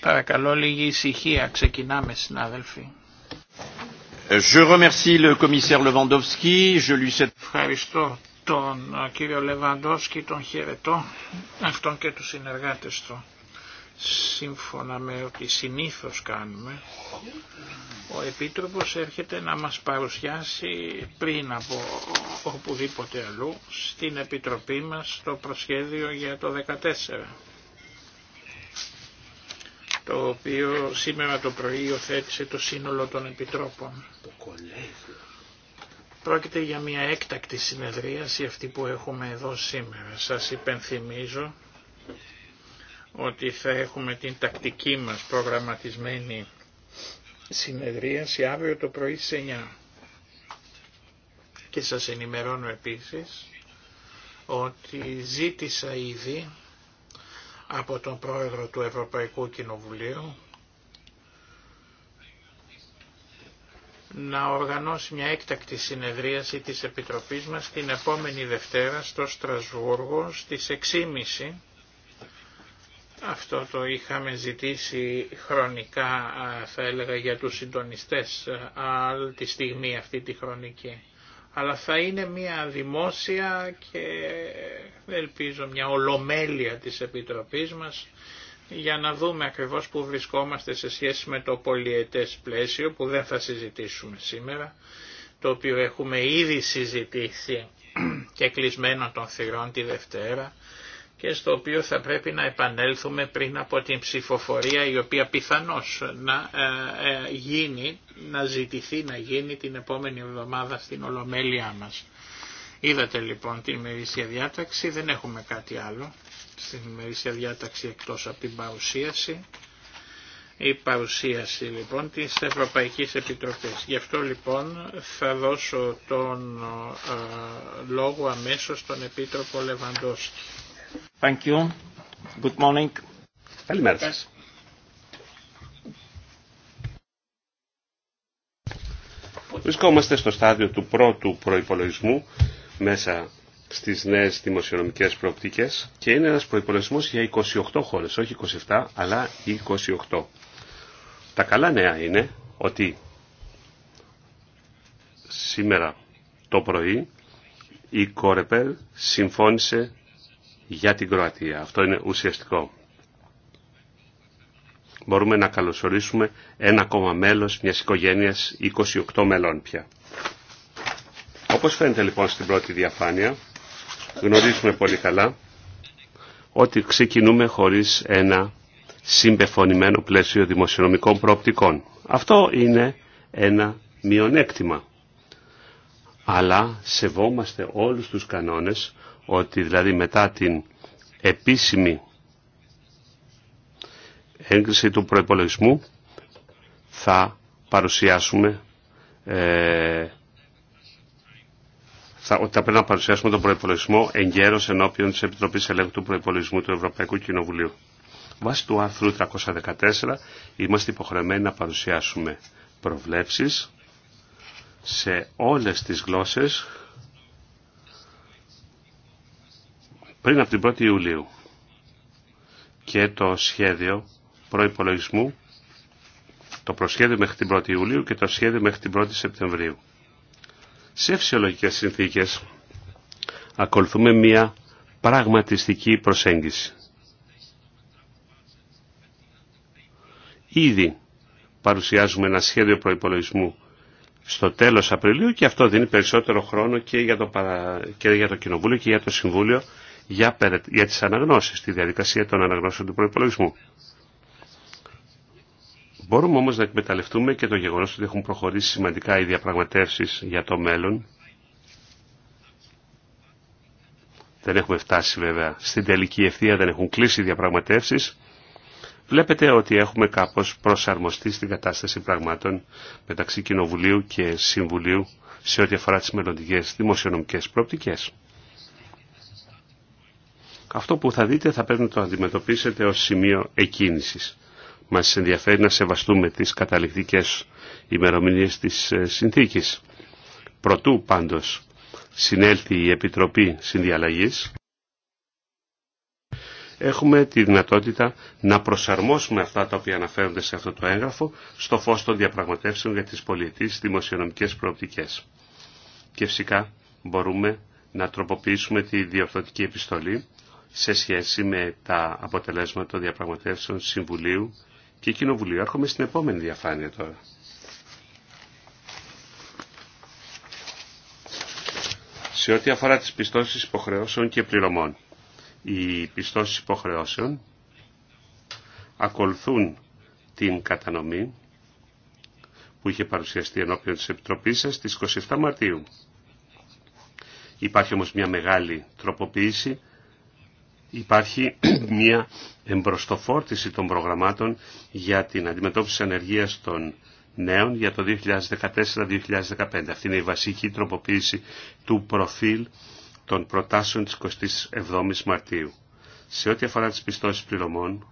Παρακαλώ λίγη ησυχία. Ξεκινάμε συνάδελφοι. Je remercie le Lewandowski. Ευχαριστώ τον κύριο Λεβαντόσκι, τον χαιρετώ, αυτόν και τους συνεργάτες του. Σύμφωνα με ό,τι συνήθως κάνουμε, ο Επίτροπος έρχεται να μας παρουσιάσει πριν από οπουδήποτε αλλού στην Επιτροπή μας το προσχέδιο για το 2014 το οποίο σήμερα το πρωί υιοθέτησε το σύνολο των επιτρόπων. Πρόκειται για μια έκτακτη συνεδρίαση αυτή που έχουμε εδώ σήμερα. Σας υπενθυμίζω ότι θα έχουμε την τακτική μας προγραμματισμένη συνεδρίαση αύριο το πρωί στις 9. Και σας ενημερώνω επίσης ότι ζήτησα ήδη από τον πρόεδρο του Ευρωπαϊκού Κοινοβουλίου να οργανώσει μια έκτακτη συνεδρίαση της Επιτροπής μας την επόμενη Δευτέρα στο Στρασβούργο στις 6.30. Αυτό το είχαμε ζητήσει χρονικά θα έλεγα για τους συντονιστές τη στιγμή αυτή τη χρονική αλλά θα είναι μια δημόσια και ελπίζω μια ολομέλεια της Επιτροπής μας για να δούμε ακριβώς που βρισκόμαστε σε σχέση με το πολιετές πλαίσιο που δεν θα συζητήσουμε σήμερα, το οποίο έχουμε ήδη συζητήσει και κλεισμένο των θυρών τη Δευτέρα και στο οποίο θα πρέπει να επανέλθουμε πριν από την ψηφοφορία η οποία πιθανώς να ε, ε, γίνει, να ζητηθεί να γίνει την επόμενη εβδομάδα στην Ολομέλειά μας. Είδατε λοιπόν την ημερήσια διάταξη, δεν έχουμε κάτι άλλο στην ημερήσια διάταξη εκτός από την παρουσίαση. Η παρουσίαση λοιπόν της Ευρωπαϊκής Επιτροπής. Γι' αυτό λοιπόν θα δώσω τον ε, λόγο αμέσως στον Επίτροπο Λεβαντόσκι. Thank you. Good morning. Καλημέρα σας. Βρισκόμαστε στο στάδιο του πρώτου προϋπολογισμού μέσα στις νέες δημοσιονομικές προοπτικές και είναι ένας προϋπολογισμός για 28 χώρες, όχι 27, αλλά 28. Τα καλά νέα είναι ότι σήμερα το πρωί η Κόρεπελ συμφώνησε για την Κροατία. Αυτό είναι ουσιαστικό. Μπορούμε να καλωσορίσουμε ένα ακόμα μέλος μιας οικογένειας 28 μελών πια. Όπως φαίνεται λοιπόν στην πρώτη διαφάνεια, γνωρίζουμε πολύ καλά ότι ξεκινούμε χωρίς ένα συμπεφωνημένο πλαίσιο δημοσιονομικών προοπτικών. Αυτό είναι ένα μειονέκτημα. Αλλά σεβόμαστε όλους τους κανόνες ότι δηλαδή μετά την επίσημη έγκριση του προϋπολογισμού θα παρουσιάσουμε ε, θα, ότι θα πρέπει να παρουσιάσουμε τον προϋπολογισμό εγκαίρως ενώπιον της Επιτροπής Ελέγχου του Προϋπολογισμού του Ευρωπαϊκού Κοινοβουλίου. Βάσει του άρθρου 314 είμαστε υποχρεωμένοι να παρουσιάσουμε προβλέψεις σε όλες τις γλώσσες πριν από την 1η Ιουλίου και το σχέδιο προϋπολογισμού, το προσχέδιο μέχρι την 1η Ιουλίου και το σχέδιο μέχρι την 1η Σεπτεμβρίου. Σε φυσιολογικές συνθήκες ακολουθούμε μία πραγματιστική προσέγγιση. Ήδη παρουσιάζουμε ένα σχέδιο προϋπολογισμού στο τέλος Απριλίου και αυτό δίνει περισσότερο χρόνο και για το, και για το Κοινοβούλιο και για το Συμβούλιο για, για τις αναγνώσεις, τη διαδικασία των αναγνώσεων του προϋπολογισμού. Μπορούμε όμως να εκμεταλλευτούμε και το γεγονός ότι έχουν προχωρήσει σημαντικά οι διαπραγματεύσεις για το μέλλον. Δεν έχουμε φτάσει βέβαια στην τελική ευθεία, δεν έχουν κλείσει οι διαπραγματεύσεις. Βλέπετε ότι έχουμε κάπως προσαρμοστεί στην κατάσταση πραγμάτων μεταξύ Κοινοβουλίου και Συμβουλίου σε ό,τι αφορά τις μελλοντικές δημοσιονομικές προοπτικές. Αυτό που θα δείτε θα πρέπει να το αντιμετωπίσετε ως σημείο εκκίνησης. Μας ενδιαφέρει να σεβαστούμε τις καταληκτικές ημερομηνίες της ε, συνθήκης. Προτού πάντως συνέλθει η Επιτροπή Συνδιαλλαγής, έχουμε τη δυνατότητα να προσαρμόσουμε αυτά τα οποία αναφέρονται σε αυτό το έγγραφο στο φως των διαπραγματεύσεων για τις πολιτικές δημοσιονομικές προοπτικές. Και φυσικά μπορούμε να τροποποιήσουμε τη διορθωτική επιστολή σε σχέση με τα αποτελέσματα των διαπραγματεύσεων Συμβουλίου και Κοινοβουλίου. Έρχομαι στην επόμενη διαφάνεια τώρα. Σε ό,τι αφορά τις πιστώσεις υποχρεώσεων και πληρωμών. Οι πιστώσεις υποχρεώσεων ακολουθούν την κατανομή που είχε παρουσιαστεί ενώπιον της Επιτροπής σας στις 27 Μαρτίου. Υπάρχει όμως μια μεγάλη τροποποίηση υπάρχει μια εμπροστοφόρτιση των προγραμμάτων για την αντιμετώπιση ανεργίας των νέων για το 2014-2015. Αυτή είναι η βασική τροποποίηση του προφίλ των προτάσεων της 27ης Μαρτίου. Σε ό,τι αφορά τις πιστώσεις πληρωμών,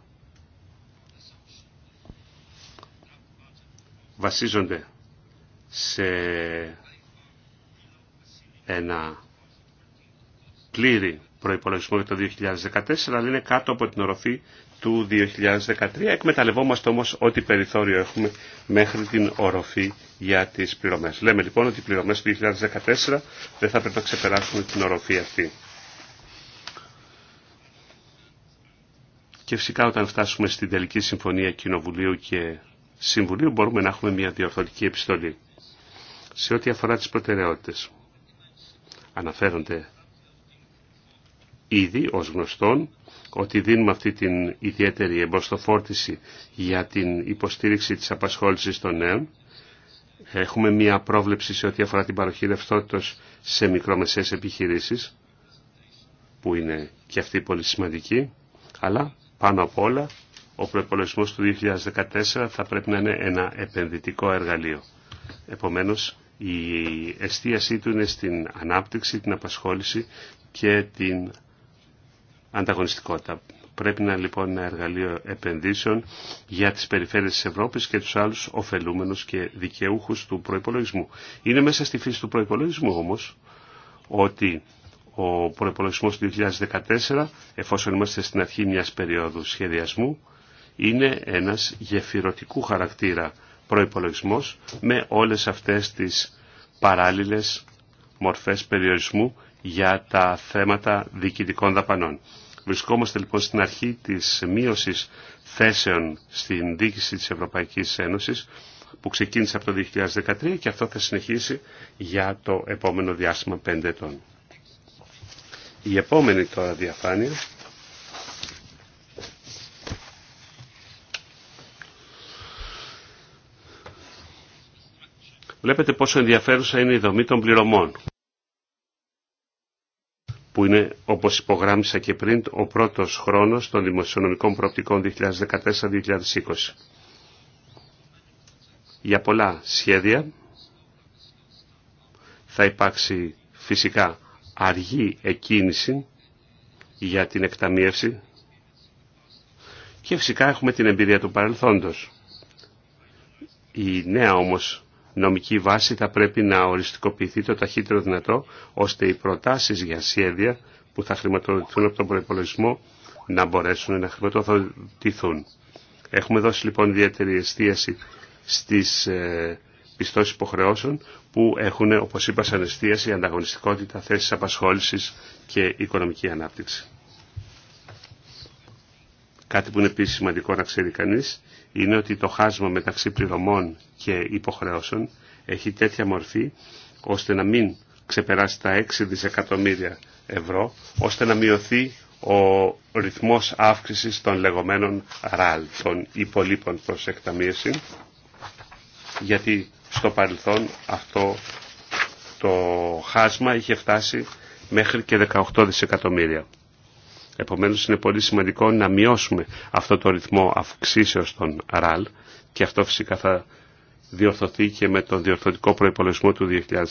βασίζονται σε ένα πλήρη προϋπολογισμό για το 2014, αλλά είναι κάτω από την οροφή του 2013. Εκμεταλλευόμαστε όμως ό,τι περιθώριο έχουμε μέχρι την οροφή για τις πληρωμές. Λέμε λοιπόν ότι οι πληρωμές του 2014 δεν θα πρέπει να ξεπεράσουν την οροφή αυτή. Και φυσικά όταν φτάσουμε στην τελική συμφωνία Κοινοβουλίου και Συμβουλίου μπορούμε να έχουμε μια διορθωτική επιστολή. Σε ό,τι αφορά τις προτεραιότητες. Αναφέρονται ήδη ως γνωστόν ότι δίνουμε αυτή την ιδιαίτερη εμποστοφόρτιση για την υποστήριξη της απασχόλησης των νέων. Έχουμε μία πρόβλεψη σε ό,τι αφορά την παροχή ρευστότητος σε μικρομεσαίες επιχειρήσεις, που είναι και αυτή πολύ σημαντική, αλλά πάνω απ' όλα ο προϋπολογισμός του 2014 θα πρέπει να είναι ένα επενδυτικό εργαλείο. Επομένως, η εστίασή του είναι στην ανάπτυξη, την απασχόληση και την ανταγωνιστικότητα. Πρέπει να λοιπόν ένα εργαλείο επενδύσεων για τις περιφέρειες της Ευρώπης και τους άλλους ωφελούμενους και δικαιούχους του προϋπολογισμού. Είναι μέσα στη φύση του προϋπολογισμού όμως ότι ο προϋπολογισμός του 2014, εφόσον είμαστε στην αρχή μιας περίοδου σχεδιασμού, είναι ένας γεφυρωτικού χαρακτήρα προϋπολογισμός με όλες αυτές τις παράλληλες μορφές περιορισμού για τα θέματα διοικητικών δαπανών. Βρισκόμαστε λοιπόν στην αρχή της μείωσης θέσεων στην δίκηση της Ευρωπαϊκής Ένωσης που ξεκίνησε από το 2013 και αυτό θα συνεχίσει για το επόμενο διάστημα 5 ετών. Η επόμενη τώρα διαφάνεια Βλέπετε πόσο ενδιαφέρουσα είναι η δομή των πληρωμών που είναι, όπως υπογράμμισα και πριν, ο πρώτος χρόνος των δημοσιονομικών προοπτικών 2014-2020. Για πολλά σχέδια θα υπάρξει φυσικά αργή εκκίνηση για την εκταμίευση και φυσικά έχουμε την εμπειρία του παρελθόντος. Η νέα όμως νομική βάση θα πρέπει να οριστικοποιηθεί το ταχύτερο δυνατό, ώστε οι προτάσεις για σχέδια που θα χρηματοδοτηθούν από τον προπολογισμό να μπορέσουν να χρηματοδοτηθούν. Έχουμε δώσει λοιπόν ιδιαίτερη εστίαση στις ε, πιστώσεις υποχρεώσεων που έχουν, όπως είπα, σαν εστίαση ανταγωνιστικότητα, θέσεις απασχόλησης και οικονομική ανάπτυξη. Κάτι που είναι επίσης σημαντικό να ξέρει κανείς είναι ότι το χάσμα μεταξύ πληρωμών και υποχρεώσεων έχει τέτοια μορφή ώστε να μην ξεπεράσει τα 6 δισεκατομμύρια ευρώ, ώστε να μειωθεί ο ρυθμός αύξησης των λεγόμενων ραλ, των υπολείπων προς εκταμίευση, γιατί στο παρελθόν αυτό το χάσμα είχε φτάσει μέχρι και 18 δισεκατομμύρια. Επομένως είναι πολύ σημαντικό να μειώσουμε αυτό το ρυθμό αυξήσεως των ραλ και αυτό φυσικά θα διορθωθεί και με τον διορθωτικό προϋπολογισμό του 2013.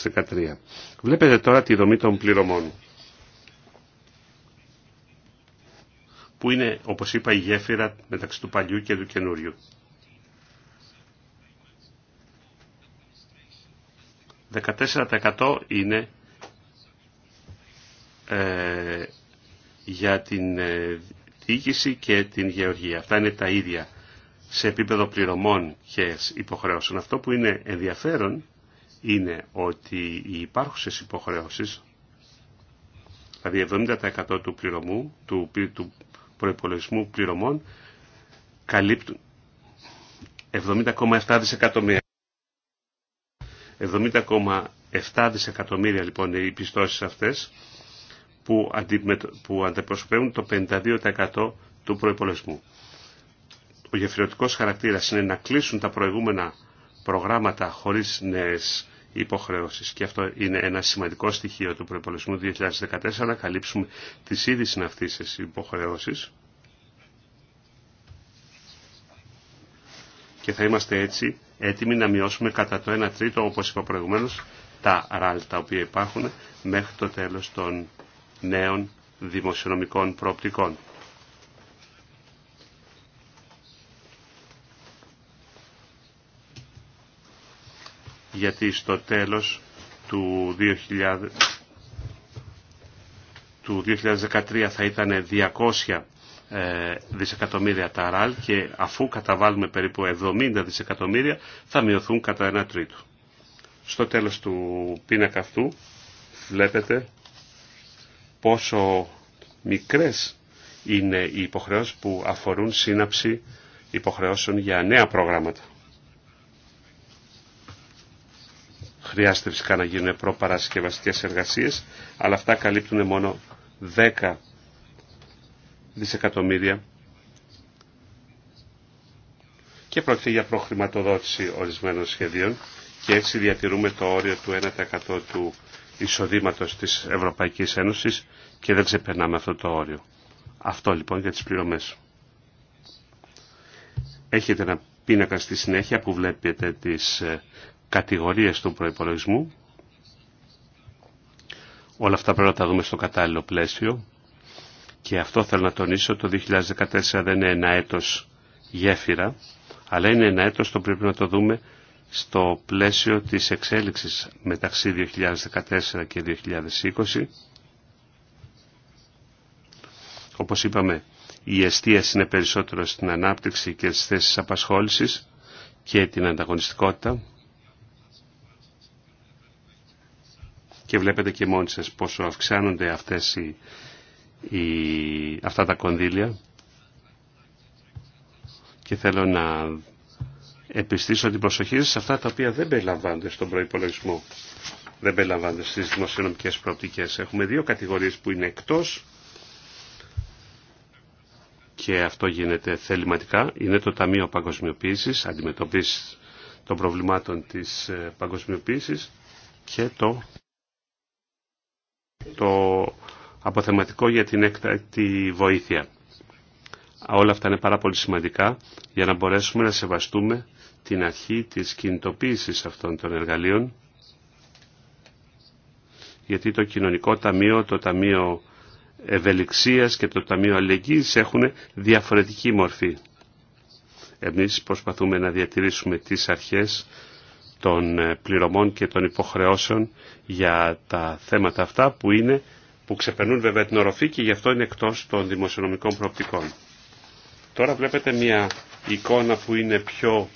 Βλέπετε τώρα τη δομή των πληρωμών που είναι, όπως είπα, η γέφυρα μεταξύ του παλιού και του καινούριου. 14% είναι ε, για την ε, διοίκηση και την γεωργία. Αυτά είναι τα ίδια σε επίπεδο πληρωμών και υποχρεώσεων. Αυτό που είναι ενδιαφέρον είναι ότι οι υπάρχουσες υποχρεώσεις, δηλαδή 70% του, πληρωμού, του, προϋπολογισμού πληρωμών, καλύπτουν 70,7 δισεκατομμύρια. 70,7 δισεκατομμύρια λοιπόν οι πιστώσεις αυτές που, που αντιπροσωπεύουν το 52% του προϋπολογισμού. Ο γεφυρωτικός χαρακτήρας είναι να κλείσουν τα προηγούμενα προγράμματα χωρίς νέες υποχρεώσεις και αυτό είναι ένα σημαντικό στοιχείο του προϋπολογισμού 2014 να καλύψουμε τις ήδη συναυτήσεις υποχρεώσεις και θα είμαστε έτσι έτοιμοι να μειώσουμε κατά το 1 τρίτο όπως είπα προηγουμένως τα ράλ τα οποία υπάρχουν μέχρι το τέλος των νέων δημοσιονομικών προοπτικών. γιατί στο τέλος του, 2000, του 2013 θα ήταν 200 ε, δισεκατομμύρια τα ΡΑΛ και αφού καταβάλουμε περίπου 70 δισεκατομμύρια θα μειωθούν κατά ένα τρίτο. Στο τέλος του πίνακα αυτού βλέπετε πόσο μικρές είναι οι υποχρεώσεις που αφορούν σύναψη υποχρεώσεων για νέα προγράμματα. Χρειάζεται φυσικά να γίνουν προπαρασκευαστικές εργασίες, αλλά αυτά καλύπτουν μόνο 10 δισεκατομμύρια και πρόκειται για προχρηματοδότηση ορισμένων σχεδίων και έτσι διατηρούμε το όριο του 1% του Εισοδήματο τη Ευρωπαϊκής Ένωσης και δεν ξεπερνάμε αυτό το όριο. Αυτό λοιπόν για τις πληρωμές. Έχετε ένα πίνακα στη συνέχεια που βλέπετε τις ε, κατηγορίες του προϋπολογισμού. Όλα αυτά πρέπει να τα δούμε στο κατάλληλο πλαίσιο. Και αυτό θέλω να τονίσω, το 2014 δεν είναι ένα έτος γέφυρα, αλλά είναι ένα έτος το πρέπει να το δούμε στο πλαίσιο της εξέλιξης μεταξύ 2014 και 2020. Όπως είπαμε, η εστίαση είναι περισσότερο στην ανάπτυξη και στις θέσεις απασχόλησης και την ανταγωνιστικότητα. Και βλέπετε και μόνοι σας πόσο αυξάνονται αυτές οι, οι, αυτά τα κονδύλια. Και θέλω να επιστήσω την προσοχή σε αυτά τα οποία δεν περιλαμβάνονται στον προϋπολογισμό. Δεν περιλαμβάνονται στις δημοσιονομικές προοπτικές. Έχουμε δύο κατηγορίες που είναι εκτός και αυτό γίνεται θεληματικά. Είναι το Ταμείο Παγκοσμιοποίησης, αντιμετωπίσεις των προβλημάτων της ε, παγκοσμιοποίησης και το, το αποθεματικό για την έκτακτη βοήθεια. Όλα αυτά είναι πάρα πολύ σημαντικά για να μπορέσουμε να σεβαστούμε την αρχή της κινητοποίησης αυτών των εργαλείων γιατί το κοινωνικό ταμείο, το ταμείο ευελιξίας και το ταμείο αλληλεγγύης έχουν διαφορετική μορφή. Εμείς προσπαθούμε να διατηρήσουμε τις αρχές των ε, πληρωμών και των υποχρεώσεων για τα θέματα αυτά που, είναι, που ξεπερνούν βέβαια την οροφή και γι' αυτό είναι εκτός των δημοσιονομικών προοπτικών. Τώρα βλέπετε μια εικόνα που είναι πιο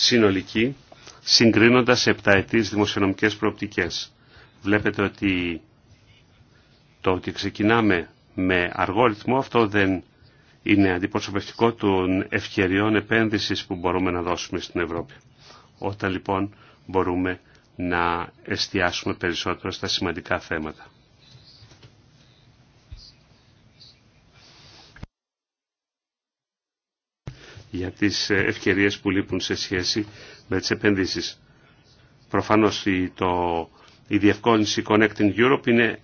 συνολική συγκρίνοντας επταετής δημοσιονομικές προοπτικές. Βλέπετε ότι το ότι ξεκινάμε με αργό ρυθμό αυτό δεν είναι αντιπροσωπευτικό των ευκαιριών επένδυσης που μπορούμε να δώσουμε στην Ευρώπη. Όταν λοιπόν μπορούμε να εστιάσουμε περισσότερο στα σημαντικά θέματα. για τις ε, ευκαιρίες που λείπουν σε σχέση με τις επενδύσεις. Προφανώς η, το, η διευκόλυνση Connecting Europe είναι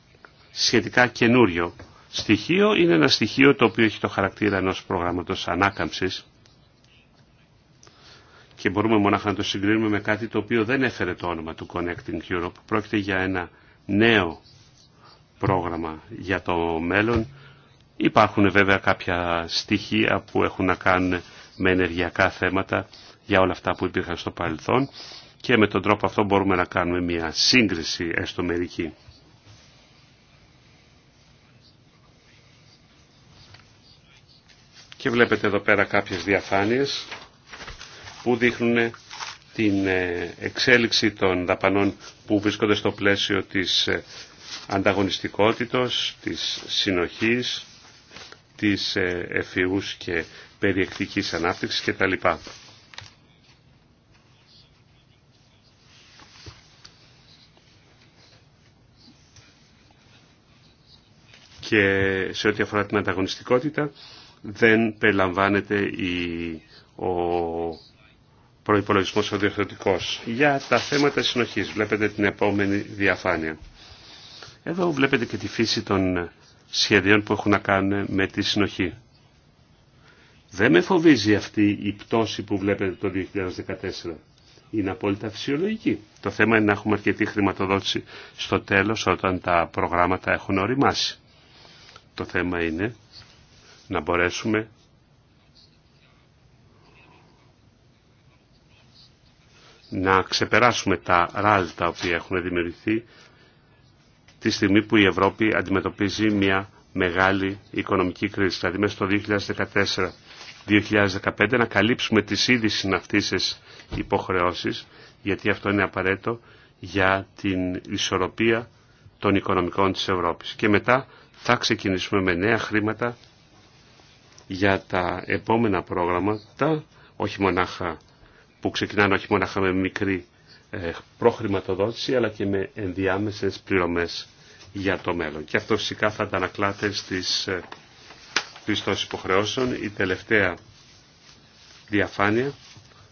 σχετικά καινούριο στοιχείο. Είναι ένα στοιχείο το οποίο έχει το χαρακτήρα ενός προγράμματος ανάκαμψης και μπορούμε μονάχα να το συγκρίνουμε με κάτι το οποίο δεν έφερε το όνομα του Connecting Europe. Πρόκειται για ένα νέο πρόγραμμα για το μέλλον. Υπάρχουν βέβαια κάποια στοιχεία που έχουν να κάνουν με ενεργειακά θέματα για όλα αυτά που υπήρχαν στο παρελθόν και με τον τρόπο αυτό μπορούμε να κάνουμε μια σύγκριση έστω μερική. Και βλέπετε εδώ πέρα κάποιες διαφάνειες που δείχνουν την ε, εξέλιξη των δαπανών που βρίσκονται στο πλαίσιο της ε, ανταγωνιστικότητος, της συνοχής, της ε, εφηβούς και περιεκτικής ανάπτυξης κτλ. και σε ό,τι αφορά την ανταγωνιστικότητα δεν περιλαμβάνεται η, ο προϋπολογισμός ο Για τα θέματα συνοχής βλέπετε την επόμενη διαφάνεια. Εδώ βλέπετε και τη φύση των σχεδίων που έχουν να κάνουν με τη συνοχή. Δεν με φοβίζει αυτή η πτώση που βλέπετε το 2014. Είναι απόλυτα φυσιολογική. Το θέμα είναι να έχουμε αρκετή χρηματοδότηση στο τέλος όταν τα προγράμματα έχουν οριμάσει. Το θέμα είναι να μπορέσουμε να ξεπεράσουμε τα ράλ τα οποία έχουν δημιουργηθεί τη στιγμή που η Ευρώπη αντιμετωπίζει μια μεγάλη οικονομική κρίση. Δηλαδή μέσα στο 2014 2015 να καλύψουμε τις ήδη συναυτήσεις υποχρεώσεις γιατί αυτό είναι απαραίτητο για την ισορροπία των οικονομικών της Ευρώπης. Και μετά θα ξεκινήσουμε με νέα χρήματα για τα επόμενα πρόγραμματα, όχι μονάχα, που ξεκινάνε όχι μονάχα με μικρή ε, προχρηματοδότηση, αλλά και με ενδιάμεσες πληρωμές για το μέλλον. Και αυτό φυσικά θα αντανακλάται στις ε, πιστός υποχρεώσεων. Η τελευταία διαφάνεια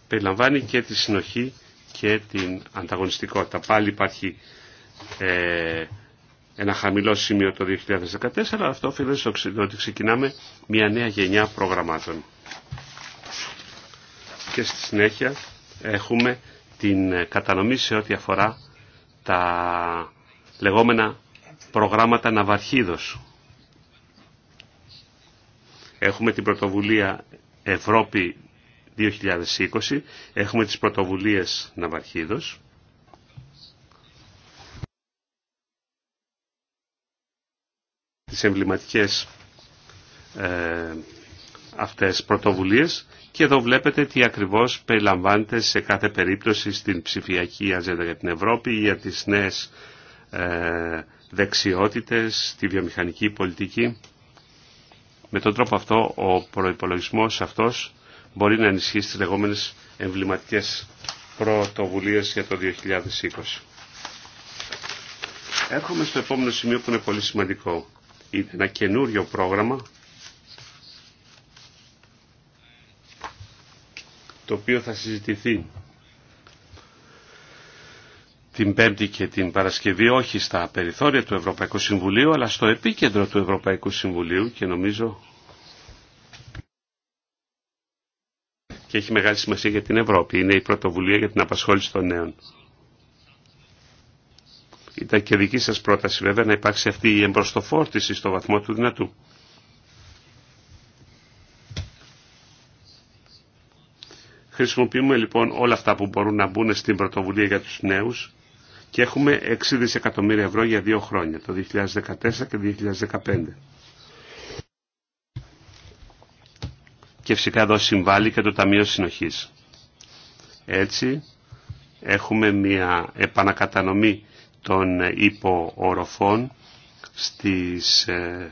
περιλαμβάνει και τη συνοχή και την ανταγωνιστικότητα. Πάλι υπάρχει ε, ένα χαμηλό σημείο το 2014, αλλά αυτό οφείλεται ότι ξεκινάμε μια νέα γενιά προγραμμάτων. Και στη συνέχεια έχουμε την κατανομή σε ό,τι αφορά τα λεγόμενα προγράμματα ναυαρχίδος. Έχουμε την πρωτοβουλία Ευρώπη 2020, έχουμε τις πρωτοβουλίες Ναυαρχίδος. τις εμβληματικές ε, αυτές πρωτοβουλίες και εδώ βλέπετε τι ακριβώς περιλαμβάνεται σε κάθε περίπτωση στην ψηφιακή αζέντα για την Ευρώπη, για τις νέες ε, δεξιότητες, τη βιομηχανική πολιτική. Με τον τρόπο αυτό ο προϋπολογισμός αυτός μπορεί να ενισχύσει τις λεγόμενες εμβληματικές πρωτοβουλίες για το 2020. Έρχομαι στο επόμενο σημείο που είναι πολύ σημαντικό. Είναι ένα καινούριο πρόγραμμα το οποίο θα συζητηθεί την Πέμπτη και την Παρασκευή όχι στα περιθώρια του Ευρωπαϊκού Συμβουλίου αλλά στο επίκεντρο του Ευρωπαϊκού Συμβουλίου και νομίζω και έχει μεγάλη σημασία για την Ευρώπη. Είναι η πρωτοβουλία για την απασχόληση των νέων. Ήταν και δική σας πρόταση βέβαια να υπάρξει αυτή η εμπροστοφόρτιση στο βαθμό του δυνατού. Χρησιμοποιούμε λοιπόν όλα αυτά που μπορούν να μπουν στην πρωτοβουλία για τους νέους και έχουμε 6 δισεκατομμύρια ευρώ για δύο χρόνια, το 2014 και 2015. Και φυσικά εδώ συμβάλλει και το Ταμείο Συνοχής. Έτσι έχουμε μια επανακατανομή των υποοροφών στις ε,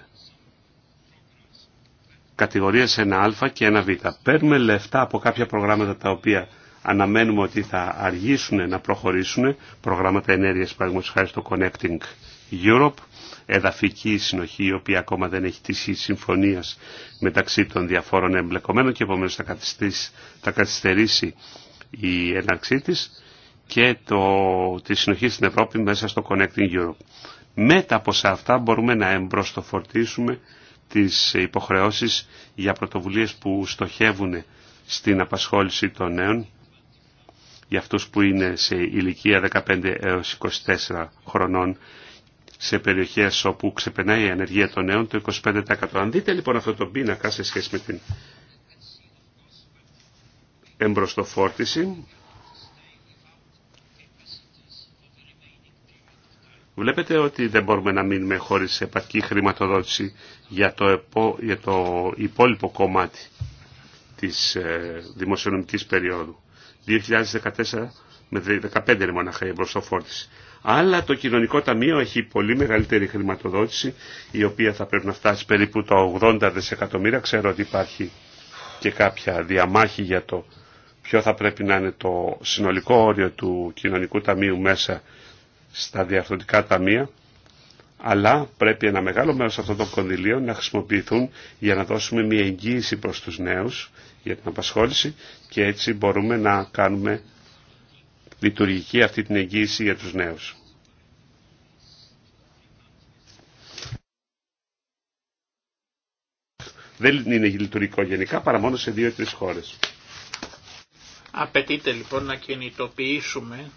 κατηγορίες 1α και 1β. Παίρνουμε λεφτά από κάποια προγράμματα τα οποία αναμένουμε ότι θα αργήσουν να προχωρήσουν προγράμματα ενέργειας παραδείγματο χάρη στο Connecting Europe, εδαφική συνοχή η οποία ακόμα δεν έχει τύχει συμφωνίας μεταξύ των διαφόρων εμπλεκομένων και επομένως θα, θα καθυστερήσει η έναρξή της και το, τη συνοχή στην Ευρώπη μέσα στο Connecting Europe. Μετά από αυτά μπορούμε να εμπροστοφορτήσουμε τις υποχρεώσεις για πρωτοβουλίες που στοχεύουν στην απασχόληση των νέων για αυτούς που είναι σε ηλικία 15 έως 24 χρονών σε περιοχές όπου ξεπερνάει η ανεργία των νέων το 25%. Αν δείτε λοιπόν αυτό το πίνακα σε σχέση με την εμπροστοφόρτιση, Βλέπετε ότι δεν μπορούμε να μείνουμε χωρίς επαρκή χρηματοδότηση για το, επο, για το υπόλοιπο κομμάτι της ε, δημοσιονομικής περίοδου. 2014 με 15 είναι μονάχα η Αλλά το κοινωνικό ταμείο έχει πολύ μεγαλύτερη χρηματοδότηση, η οποία θα πρέπει να φτάσει περίπου τα 80 δισεκατομμύρια. Ξέρω ότι υπάρχει και κάποια διαμάχη για το ποιο θα πρέπει να είναι το συνολικό όριο του κοινωνικού ταμείου μέσα στα διαρθρωτικά ταμεία. Αλλά πρέπει ένα μεγάλο μέρος αυτών των κονδυλίων να χρησιμοποιηθούν για να δώσουμε μια εγγύηση προς τους νέους για την απασχόληση και έτσι μπορούμε να κάνουμε λειτουργική αυτή την εγγύηση για τους νέους. Δεν είναι λειτουργικό γενικά παρά μόνο σε δύο-τρεις χώρες. Απαιτείται λοιπόν να κινητοποιήσουμε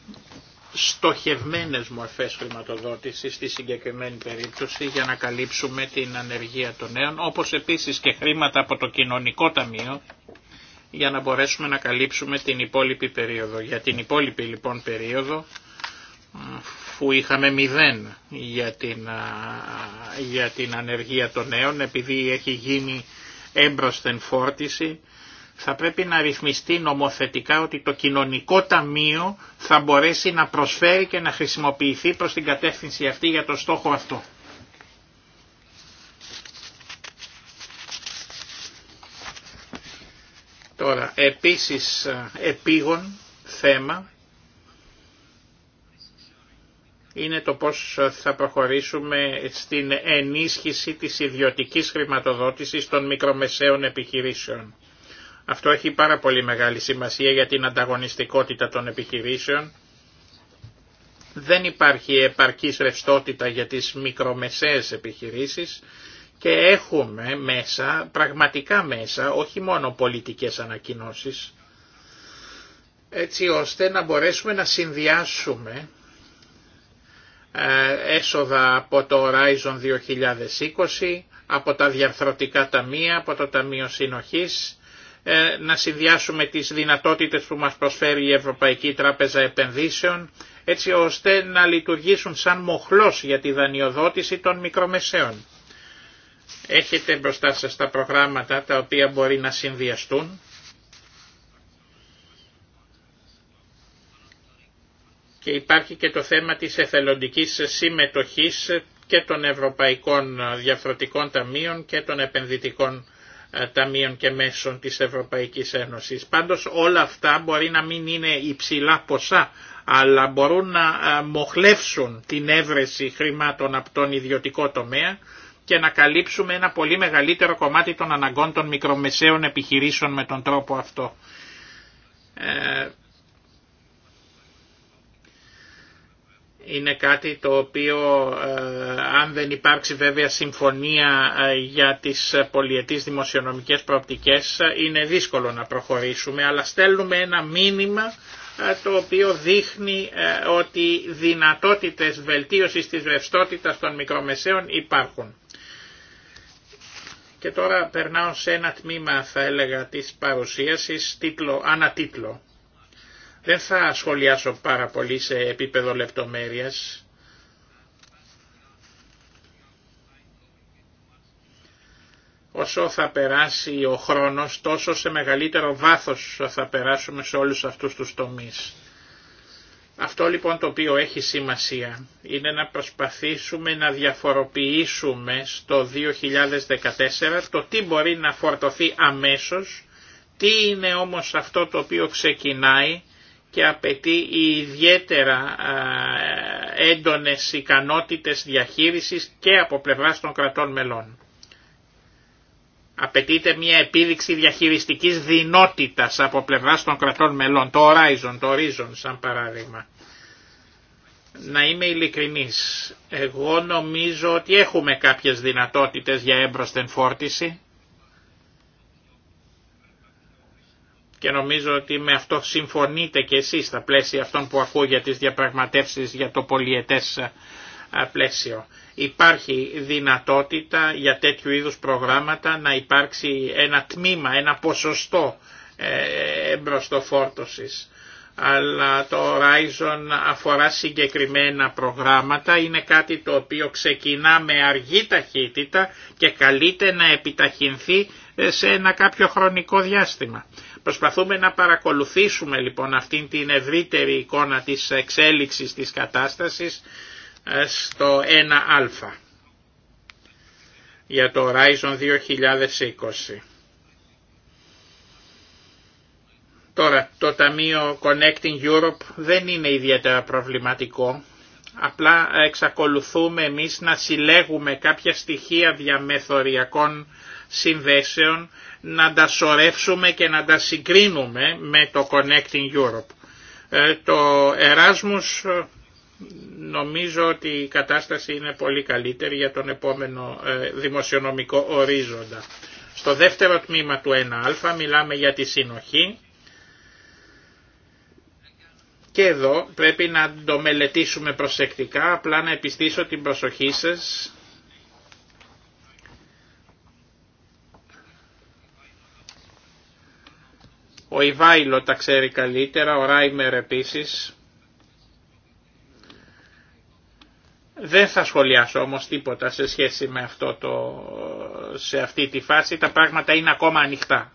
στοχευμένες μορφές χρηματοδότησης στη συγκεκριμένη περίπτωση για να καλύψουμε την ανεργία των νέων, όπως επίσης και χρήματα από το κοινωνικό ταμείο για να μπορέσουμε να καλύψουμε την υπόλοιπη περίοδο. Για την υπόλοιπη λοιπόν περίοδο που είχαμε μηδέν για την, για την ανεργία των νέων επειδή έχει γίνει έμπροσθεν φόρτιση θα πρέπει να ρυθμιστεί νομοθετικά ότι το κοινωνικό ταμείο θα μπορέσει να προσφέρει και να χρησιμοποιηθεί προς την κατεύθυνση αυτή για το στόχο αυτό. Τώρα, επίσης ε, επίγον θέμα είναι το πώς ε, θα προχωρήσουμε στην ενίσχυση της ιδιωτικής χρηματοδότησης των μικρομεσαίων επιχειρήσεων. Αυτό έχει πάρα πολύ μεγάλη σημασία για την ανταγωνιστικότητα των επιχειρήσεων. Δεν υπάρχει επαρκής ρευστότητα για τις μικρομεσαίες επιχειρήσεις και έχουμε μέσα, πραγματικά μέσα, όχι μόνο πολιτικές ανακοινώσεις, έτσι ώστε να μπορέσουμε να συνδυάσουμε ε, έσοδα από το Horizon 2020, από τα διαρθρωτικά ταμεία, από το Ταμείο Συνοχής, ε, να συνδυάσουμε τις δυνατότητες που μας προσφέρει η Ευρωπαϊκή Τράπεζα Επενδύσεων έτσι ώστε να λειτουργήσουν σαν μοχλός για τη δανειοδότηση των μικρομεσαίων. Έχετε μπροστά σας τα προγράμματα τα οποία μπορεί να συνδυαστούν. Και υπάρχει και το θέμα της εθελοντικής συμμετοχής και των Ευρωπαϊκών Διαφορετικών Ταμείων και των Επενδυτικών ε, ταμείων και μέσων της Ευρωπαϊκής Ένωσης. Πάντως όλα αυτά μπορεί να μην είναι υψηλά ποσά, αλλά μπορούν να ε, μοχλεύσουν την έβρεση χρημάτων από τον ιδιωτικό τομέα και να καλύψουμε ένα πολύ μεγαλύτερο κομμάτι των αναγκών των μικρομεσαίων επιχειρήσεων με τον τρόπο αυτό. Ε, είναι κάτι το οποίο ε, αν δεν υπάρξει βέβαια συμφωνία ε, για τις πολιετής δημοσιονομικές προοπτικές ε, είναι δύσκολο να προχωρήσουμε αλλά στέλνουμε ένα μήνυμα το οποίο δείχνει ότι δυνατότητες βελτίωσης της ρευστότητας των μικρομεσαίων υπάρχουν. Και τώρα περνάω σε ένα τμήμα θα έλεγα της παρουσίασης τίτλο, ανατίτλο δεν θα ασχολιάσω πάρα πολύ σε επίπεδο λεπτομέρειας. Όσο θα περάσει ο χρόνος, τόσο σε μεγαλύτερο βάθος θα περάσουμε σε όλους αυτούς τους τομείς. Αυτό λοιπόν το οποίο έχει σημασία είναι να προσπαθήσουμε να διαφοροποιήσουμε στο 2014 το τι μπορεί να φορτωθεί αμέσως, τι είναι όμως αυτό το οποίο ξεκινάει και απαιτεί ιδιαίτερα έντονες ικανότητες διαχείρισης και από πλευράς των κρατών μελών. Απαιτείται μια επίδειξη διαχειριστικής δυνότητας από πλευράς των κρατών μελών, το Horizon, το Horizon σαν παράδειγμα. Να είμαι ειλικρινής, εγώ νομίζω ότι έχουμε κάποιες δυνατότητες για έμπροσθεν φόρτιση, και νομίζω ότι με αυτό συμφωνείτε και εσείς στα πλαίσια αυτών που ακούω για τις διαπραγματεύσεις για το πολιετές ε, πλαίσιο. Υπάρχει δυνατότητα για τέτοιου είδους προγράμματα να υπάρξει ένα τμήμα, ένα ποσοστό ε, εμπροστοφόρτωσης. Αλλά το Horizon αφορά συγκεκριμένα προγράμματα, είναι κάτι το οποίο ξεκινά με αργή ταχύτητα και καλείται να επιταχυνθεί ε, σε ένα κάποιο χρονικό διάστημα. Προσπαθούμε να παρακολουθήσουμε λοιπόν αυτήν την ευρύτερη εικόνα της εξέλιξης της κατάστασης ε, στο 1α για το Horizon 2020. Τώρα, το Ταμείο Connecting Europe δεν είναι ιδιαίτερα προβληματικό. Απλά εξακολουθούμε εμείς να συλλέγουμε κάποια στοιχεία διαμεθοριακών συνδέσεων να τα σωρεύσουμε και να τα συγκρίνουμε με το Connecting Europe. Ε, το Erasmus ε, νομίζω ότι η κατάσταση είναι πολύ καλύτερη για τον επόμενο ε, δημοσιονομικό ορίζοντα. Στο δεύτερο τμήμα του 1α μιλάμε για τη συνοχή και εδώ πρέπει να το μελετήσουμε προσεκτικά, απλά να επιστήσω την προσοχή σας Ο Ιβάιλο τα ξέρει καλύτερα, ο Ράιμερ επίσης. Δεν θα σχολιάσω όμως τίποτα σε σχέση με αυτό το, σε αυτή τη φάση, τα πράγματα είναι ακόμα ανοιχτά.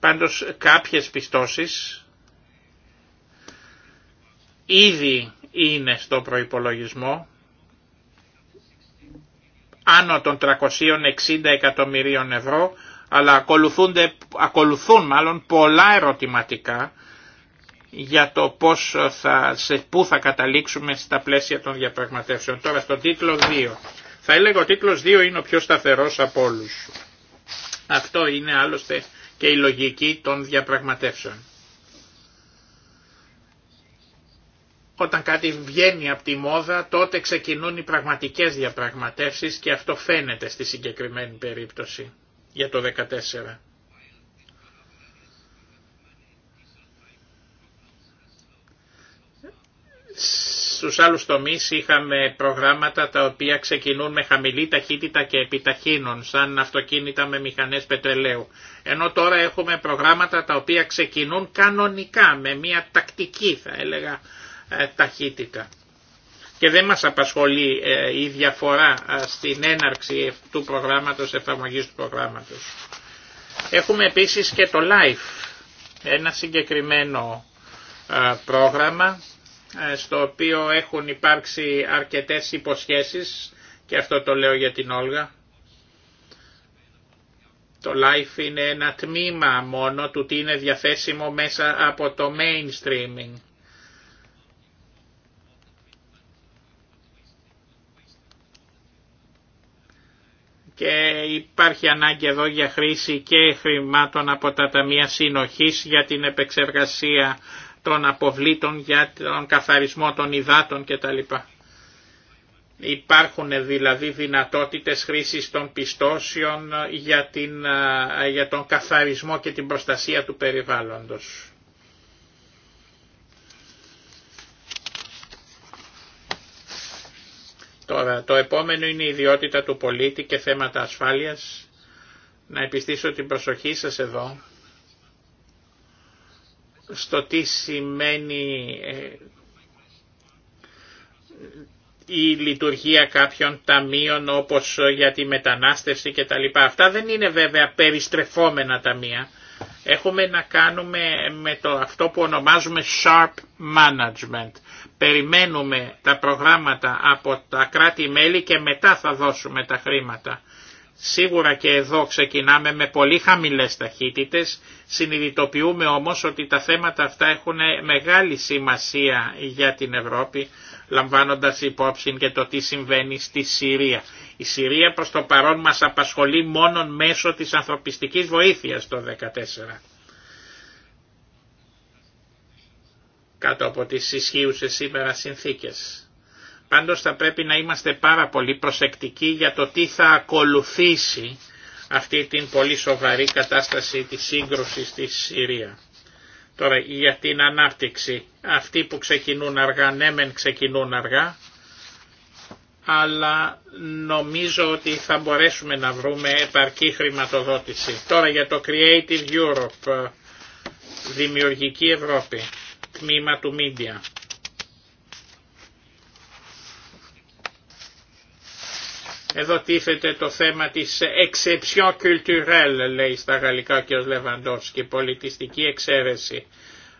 Πάντως κάποιες πιστώσεις ήδη είναι στο προϋπολογισμό άνω των 360 εκατομμυρίων ευρώ αλλά ακολουθούν μάλλον πολλά ερωτηματικά για το πώς θα, σε πού θα καταλήξουμε στα πλαίσια των διαπραγματεύσεων. Τώρα στον τίτλο 2. Θα έλεγα ο τίτλος 2 είναι ο πιο σταθερός από όλους. Αυτό είναι άλλωστε και η λογική των διαπραγματεύσεων. Όταν κάτι βγαίνει από τη μόδα τότε ξεκινούν οι πραγματικές διαπραγματεύσεις και αυτό φαίνεται στη συγκεκριμένη περίπτωση για το 14. Στους άλλους τομείς είχαμε προγράμματα τα οποία ξεκινούν με χαμηλή ταχύτητα και επιταχύνων σαν αυτοκίνητα με μηχανές πετρελαίου. Ενώ τώρα έχουμε προγράμματα τα οποία ξεκινούν κανονικά, με μια τακτική θα έλεγα ε, ταχύτητα και δεν μας απασχολεί ε, η διαφορά ε, στην έναρξη του προγράμματος, εφαρμογής του προγράμματος. Έχουμε επίσης και το LIFE, ένα συγκεκριμένο ε, πρόγραμμα στο οποίο έχουν υπάρξει αρκετές υποσχέσεις και αυτό το λέω για την Όλγα. Το LIFE είναι ένα τμήμα μόνο του τι είναι διαθέσιμο μέσα από το mainstreaming. και υπάρχει ανάγκη εδώ για χρήση και χρημάτων από τα Ταμεία Συνοχής για την επεξεργασία των αποβλήτων, για τον καθαρισμό των υδάτων κτλ. Υπάρχουν δηλαδή δυνατότητες χρήσης των πιστώσεων για, την, ε, για τον καθαρισμό και την προστασία του περιβάλλοντος. Τώρα, το επόμενο είναι η ιδιότητα του πολίτη και θέματα ασφάλειας. Να επιστήσω την προσοχή σας εδώ στο τι σημαίνει ε, η λειτουργία κάποιων ταμείων όπως για τη μετανάστευση κτλ. Αυτά δεν είναι βέβαια περιστρεφόμενα ταμεία. Έχουμε να κάνουμε με το αυτό που ονομάζουμε sharp management. Περιμένουμε τα προγράμματα από τα κράτη-μέλη και μετά θα δώσουμε τα χρήματα. Σίγουρα και εδώ ξεκινάμε με πολύ χαμηλές ταχύτητες, συνειδητοποιούμε όμως ότι τα θέματα αυτά έχουν μεγάλη σημασία για την Ευρώπη, λαμβάνοντας υπόψη και το τι συμβαίνει στη Συρία. Η Συρία προς το παρόν μας απασχολεί μόνο μέσω της ανθρωπιστικής βοήθειας το 2014. κάτω από τις ισχύουσες σήμερα συνθήκες. Πάντως θα πρέπει να είμαστε πάρα πολύ προσεκτικοί για το τι θα ακολουθήσει αυτή την πολύ σοβαρή κατάσταση της σύγκρουσης στη Συρία. Τώρα για την ανάπτυξη. Αυτοί που ξεκινούν αργά, ναι μεν ξεκινούν αργά, αλλά νομίζω ότι θα μπορέσουμε να βρούμε επαρκή χρηματοδότηση. Τώρα για το Creative Europe, ε, Δημιουργική Ευρώπη τμήμα του Media. Εδώ τίθεται το θέμα της exception culturelle, λέει στα γαλλικά και ο και πολιτιστική εξαίρεση.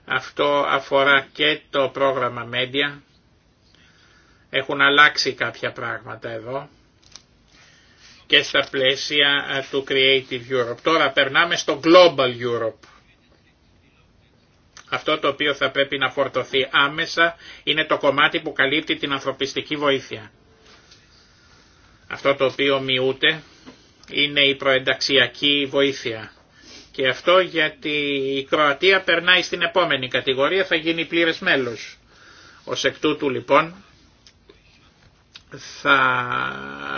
Αυτό αφορά και το πρόγραμμα Media. Έχουν αλλάξει κάποια πράγματα εδώ και στα πλαίσια ε, του Creative Europe. Τώρα περνάμε στο Global Europe. Αυτό το οποίο θα πρέπει να φορτωθεί άμεσα είναι το κομμάτι που καλύπτει την ανθρωπιστική βοήθεια. Αυτό το οποίο μειούται είναι η προενταξιακή βοήθεια. Και αυτό γιατί η Κροατία περνάει στην επόμενη κατηγορία, θα γίνει πλήρες μέλος. Ως εκ τούτου λοιπόν θα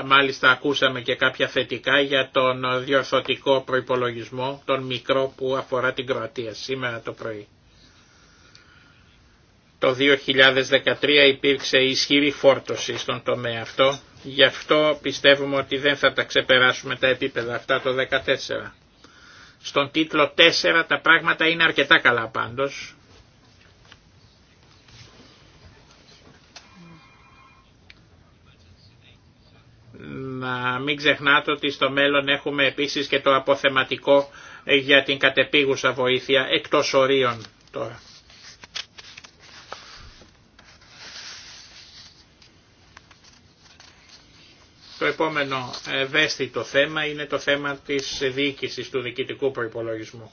μάλιστα ακούσαμε και κάποια θετικά για τον διορθωτικό προϋπολογισμό, τον μικρό που αφορά την Κροατία σήμερα το πρωί. Το 2013 υπήρξε ισχυρή φόρτωση στον τομέα αυτό, γι' αυτό πιστεύουμε ότι δεν θα τα ξεπεράσουμε τα επίπεδα αυτά το 2014. Στον τίτλο 4 τα πράγματα είναι αρκετά καλά πάντως, να μην ξεχνάτε ότι στο μέλλον έχουμε επίσης και το αποθεματικό για την κατεπίγουσα βοήθεια εκτός ορίων τώρα. Το επόμενο ευαίσθητο θέμα είναι το θέμα της διοίκησης του διοικητικού προϋπολογισμού.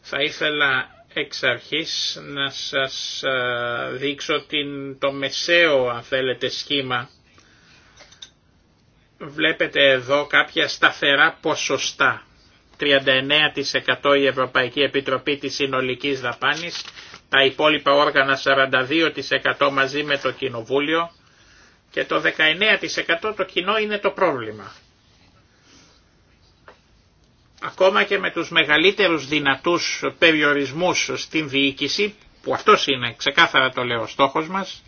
Θα ήθελα εξ αρχής να σας ε, δείξω την, το μεσαίο αν θέλετε σχήμα. Βλέπετε εδώ κάποια σταθερά ποσοστά. 39% η Ευρωπαϊκή Επιτροπή της Συνολικής Δαπάνης, τα υπόλοιπα όργανα 42% μαζί με το Κοινοβούλιο, και το 19% το κοινό είναι το πρόβλημα. Ακόμα και με τους μεγαλύτερους δυνατούς περιορισμούς στην διοίκηση, που αυτός είναι ξεκάθαρα το λέω στόχος μας,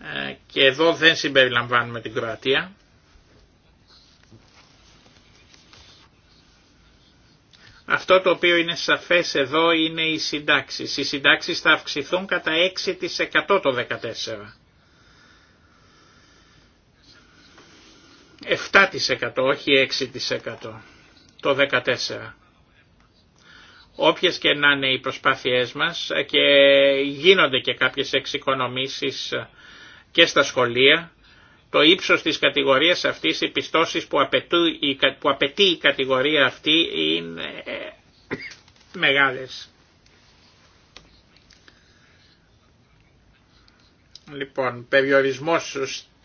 ε, και εδώ δεν συμπεριλαμβάνουμε την Κροατία, Αυτό το οποίο είναι σαφές εδώ είναι οι συντάξεις. Οι συντάξεις θα αυξηθούν κατά 6% το 2014. 7% όχι 6% το 14%. Όποιες και να είναι οι προσπάθειές μας και γίνονται και κάποιες εξοικονομήσεις και στα σχολεία, το ύψος της κατηγορίας αυτής, οι πιστώσεις που, απαιτεί, η κατηγορία αυτή είναι ε, μεγάλες. Λοιπόν, περιορισμός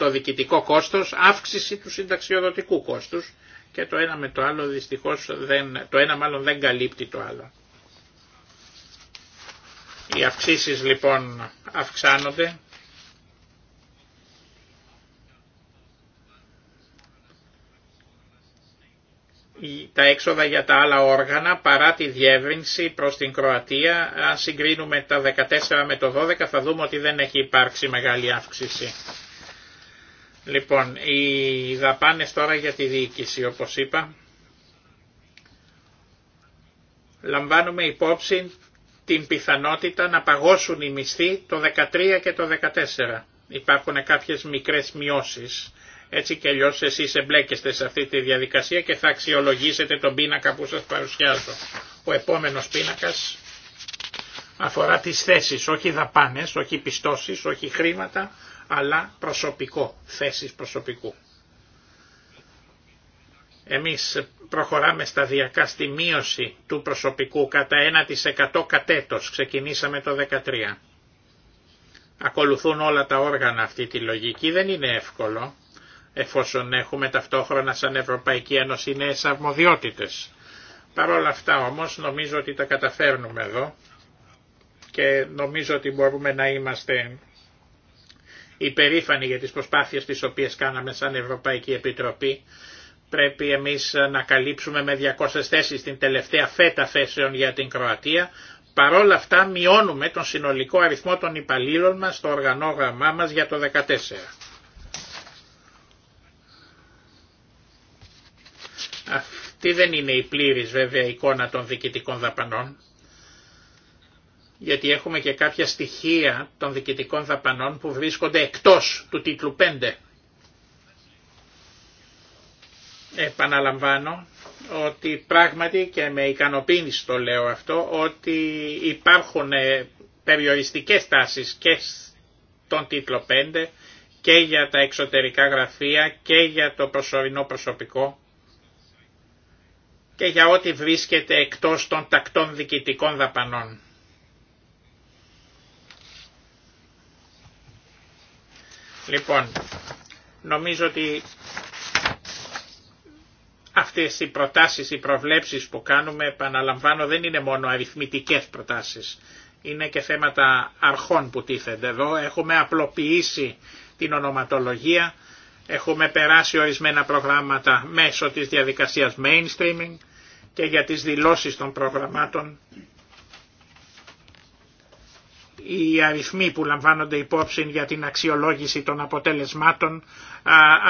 το διοικητικό κόστος, αύξηση του συνταξιοδοτικού κόστους και το ένα με το άλλο δυστυχώς δεν, το ένα μάλλον δεν καλύπτει το άλλο. Οι αυξήσει λοιπόν αυξάνονται. Τα έξοδα για τα άλλα όργανα παρά τη διεύρυνση προς την Κροατία, αν συγκρίνουμε τα 14 με το 12 θα δούμε ότι δεν έχει υπάρξει μεγάλη αύξηση. Λοιπόν, οι δαπάνες τώρα για τη διοίκηση, όπως είπα, λαμβάνουμε υπόψη την πιθανότητα να παγώσουν οι μισθοί το 13 και το 14. Υπάρχουν κάποιες μικρές μειώσεις. Έτσι κι αλλιώ εσεί εμπλέκεστε σε αυτή τη διαδικασία και θα αξιολογήσετε τον πίνακα που σας παρουσιάζω. Ο επόμενος πίνακας αφορά τις θέσεις, όχι δαπάνες, όχι πιστώσεις, όχι χρήματα, αλλά προσωπικό, θέσεις προσωπικού. Εμείς προχωράμε σταδιακά στη μείωση του προσωπικού κατά 1% κατέτος, ξεκινήσαμε το 2013. Ακολουθούν όλα τα όργανα αυτή τη λογική, δεν είναι εύκολο, εφόσον έχουμε ταυτόχρονα σαν Ευρωπαϊκή Ένωση νέες αρμοδιότητες. Παρ' όλα αυτά όμως νομίζω ότι τα καταφέρνουμε εδώ και νομίζω ότι μπορούμε να είμαστε υπερήφανοι για τις προσπάθειες τις οποίες κάναμε σαν Ευρωπαϊκή Επιτροπή. Πρέπει εμείς να καλύψουμε με 200 θέσεις την τελευταία φέτα θέσεων για την Κροατία. Παρόλα αυτά μειώνουμε τον συνολικό αριθμό των υπαλλήλων μας στο οργανόγραμμά μας για το 2014. Αυτή δεν είναι η πλήρης βέβαια εικόνα των διοικητικών δαπανών γιατί έχουμε και κάποια στοιχεία των διοικητικών δαπανών που βρίσκονται εκτός του τίτλου 5. Επαναλαμβάνω ότι πράγματι και με ικανοποίηση το λέω αυτό, ότι υπάρχουν ε, περιοριστικές τάσεις και στον τίτλο 5 και για τα εξωτερικά γραφεία και για το προσωρινό προσωπικό και για ό,τι βρίσκεται εκτός των τακτών διοικητικών δαπανών. Λοιπόν, νομίζω ότι αυτές οι προτάσεις, οι προβλέψεις που κάνουμε, επαναλαμβάνω, δεν είναι μόνο αριθμητικές προτάσεις. Είναι και θέματα αρχών που τίθενται εδώ. Έχουμε απλοποιήσει την ονοματολογία, έχουμε περάσει ορισμένα προγράμματα μέσω της διαδικασίας mainstreaming και για τις δηλώσεις των προγραμμάτων οι αριθμοί που λαμβάνονται υπόψη για την αξιολόγηση των αποτελεσμάτων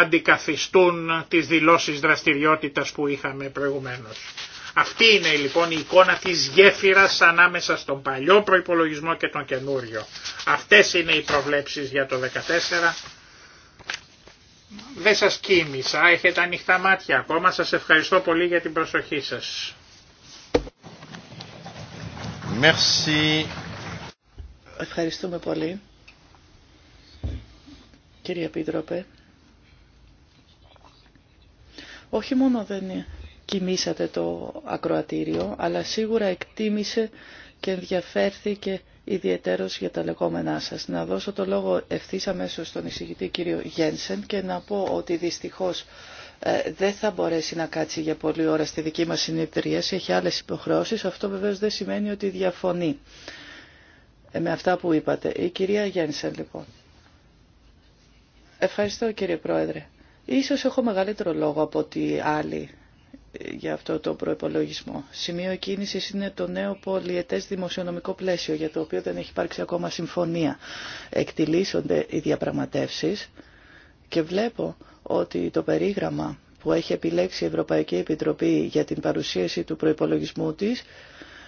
αντικαθιστούν τις δηλώσεις δραστηριότητας που είχαμε προηγουμένως. Αυτή είναι λοιπόν η εικόνα της γέφυρας ανάμεσα στον παλιό προϋπολογισμό και τον καινούριο. Αυτές είναι οι προβλέψεις για το 2014. Δεν σας κίνησα, έχετε ανοιχτά μάτια ακόμα. Σας ευχαριστώ πολύ για την προσοχή σας. Ευχαριστούμε πολύ. Κύριε Επίτροπε, όχι μόνο δεν κοιμήσατε το ακροατήριο, αλλά σίγουρα εκτίμησε και ενδιαφέρθηκε ιδιαίτερος για τα λεγόμενά σας. Να δώσω το λόγο ευθύς αμέσως στον εισηγητή κύριο Γένσεν και να πω ότι δυστυχώς ε, δεν θα μπορέσει να κάτσει για πολλή ώρα στη δική μας συνεδρίαση, έχει άλλες υποχρεώσεις. Αυτό βεβαίως δεν σημαίνει ότι διαφωνεί ε, με αυτά που είπατε. Η κυρία Γένσεν λοιπόν. Ευχαριστώ κύριε Πρόεδρε. Ίσως έχω μεγαλύτερο λόγο από ότι άλλοι ε, για αυτό το προπολογισμό. Σημείο κίνηση είναι το νέο πολιετέ δημοσιονομικό πλαίσιο, για το οποίο δεν έχει υπάρξει ακόμα συμφωνία. Εκτιλήσονται οι διαπραγματεύσει και βλέπω ότι το περίγραμμα που έχει επιλέξει η Ευρωπαϊκή Επιτροπή για την παρουσίαση του προϋπολογισμού της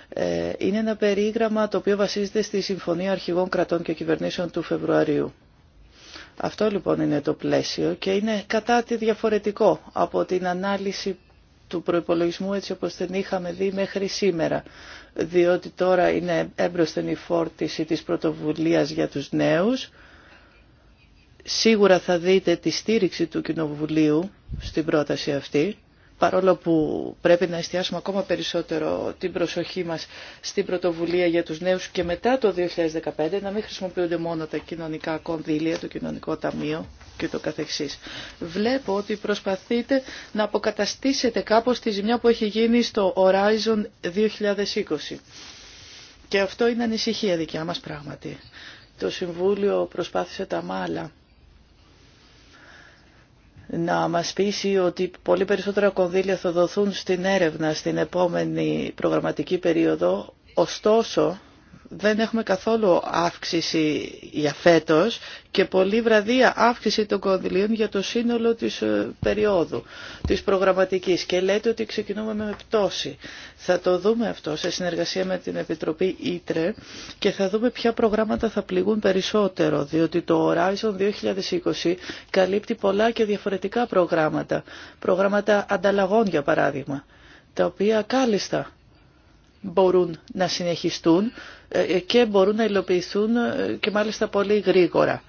ε, είναι ένα περίγραμμα το οποίο βασίζεται στη Συμφωνία Αρχηγών Κρατών και Κυβερνήσεων του Φεβρουαρίου. Αυτό λοιπόν είναι το πλαίσιο και είναι κατά τη διαφορετικό από την ανάλυση του προϋπολογισμού έτσι όπως την είχαμε δει μέχρι σήμερα, διότι τώρα είναι έμπροσθεν η φόρτιση της πρωτοβουλίας για τους νέους. Σίγουρα θα δείτε τη στήριξη του Κοινοβουλίου στην πρόταση αυτή παρόλο που πρέπει να εστιάσουμε ακόμα περισσότερο την προσοχή μας στην πρωτοβουλία για τους νέους και μετά το 2015 να μην χρησιμοποιούνται μόνο τα κοινωνικά κονδύλια, το κοινωνικό ταμείο και το καθεξής. Βλέπω ότι προσπαθείτε να αποκαταστήσετε κάπως τη ζημιά που έχει γίνει στο Horizon 2020. Και αυτό είναι ανησυχία δικιά μας πράγματι. Το Συμβούλιο προσπάθησε τα μάλα να μας πείσει ότι πολύ περισσότερα κονδύλια θα δοθούν στην έρευνα στην επόμενη προγραμματική περίοδο. Ωστόσο, δεν έχουμε καθόλου αύξηση για φέτος και πολύ βραδία αύξηση των κονδυλίων για το σύνολο της ε, περίοδου, της προγραμματικής. Και λέτε ότι ξεκινούμε με πτώση. Θα το δούμε αυτό σε συνεργασία με την Επιτροπή Ήτρε και θα δούμε ποια προγράμματα θα πληγούν περισσότερο, διότι το Horizon 2020 καλύπτει πολλά και διαφορετικά προγράμματα. Προγράμματα ανταλλαγών, για παράδειγμα, τα οποία κάλλιστα μπορούν να συνεχιστούν ε, και μπορούν να υλοποιηθούν ε, και μάλιστα πολύ γρήγορα.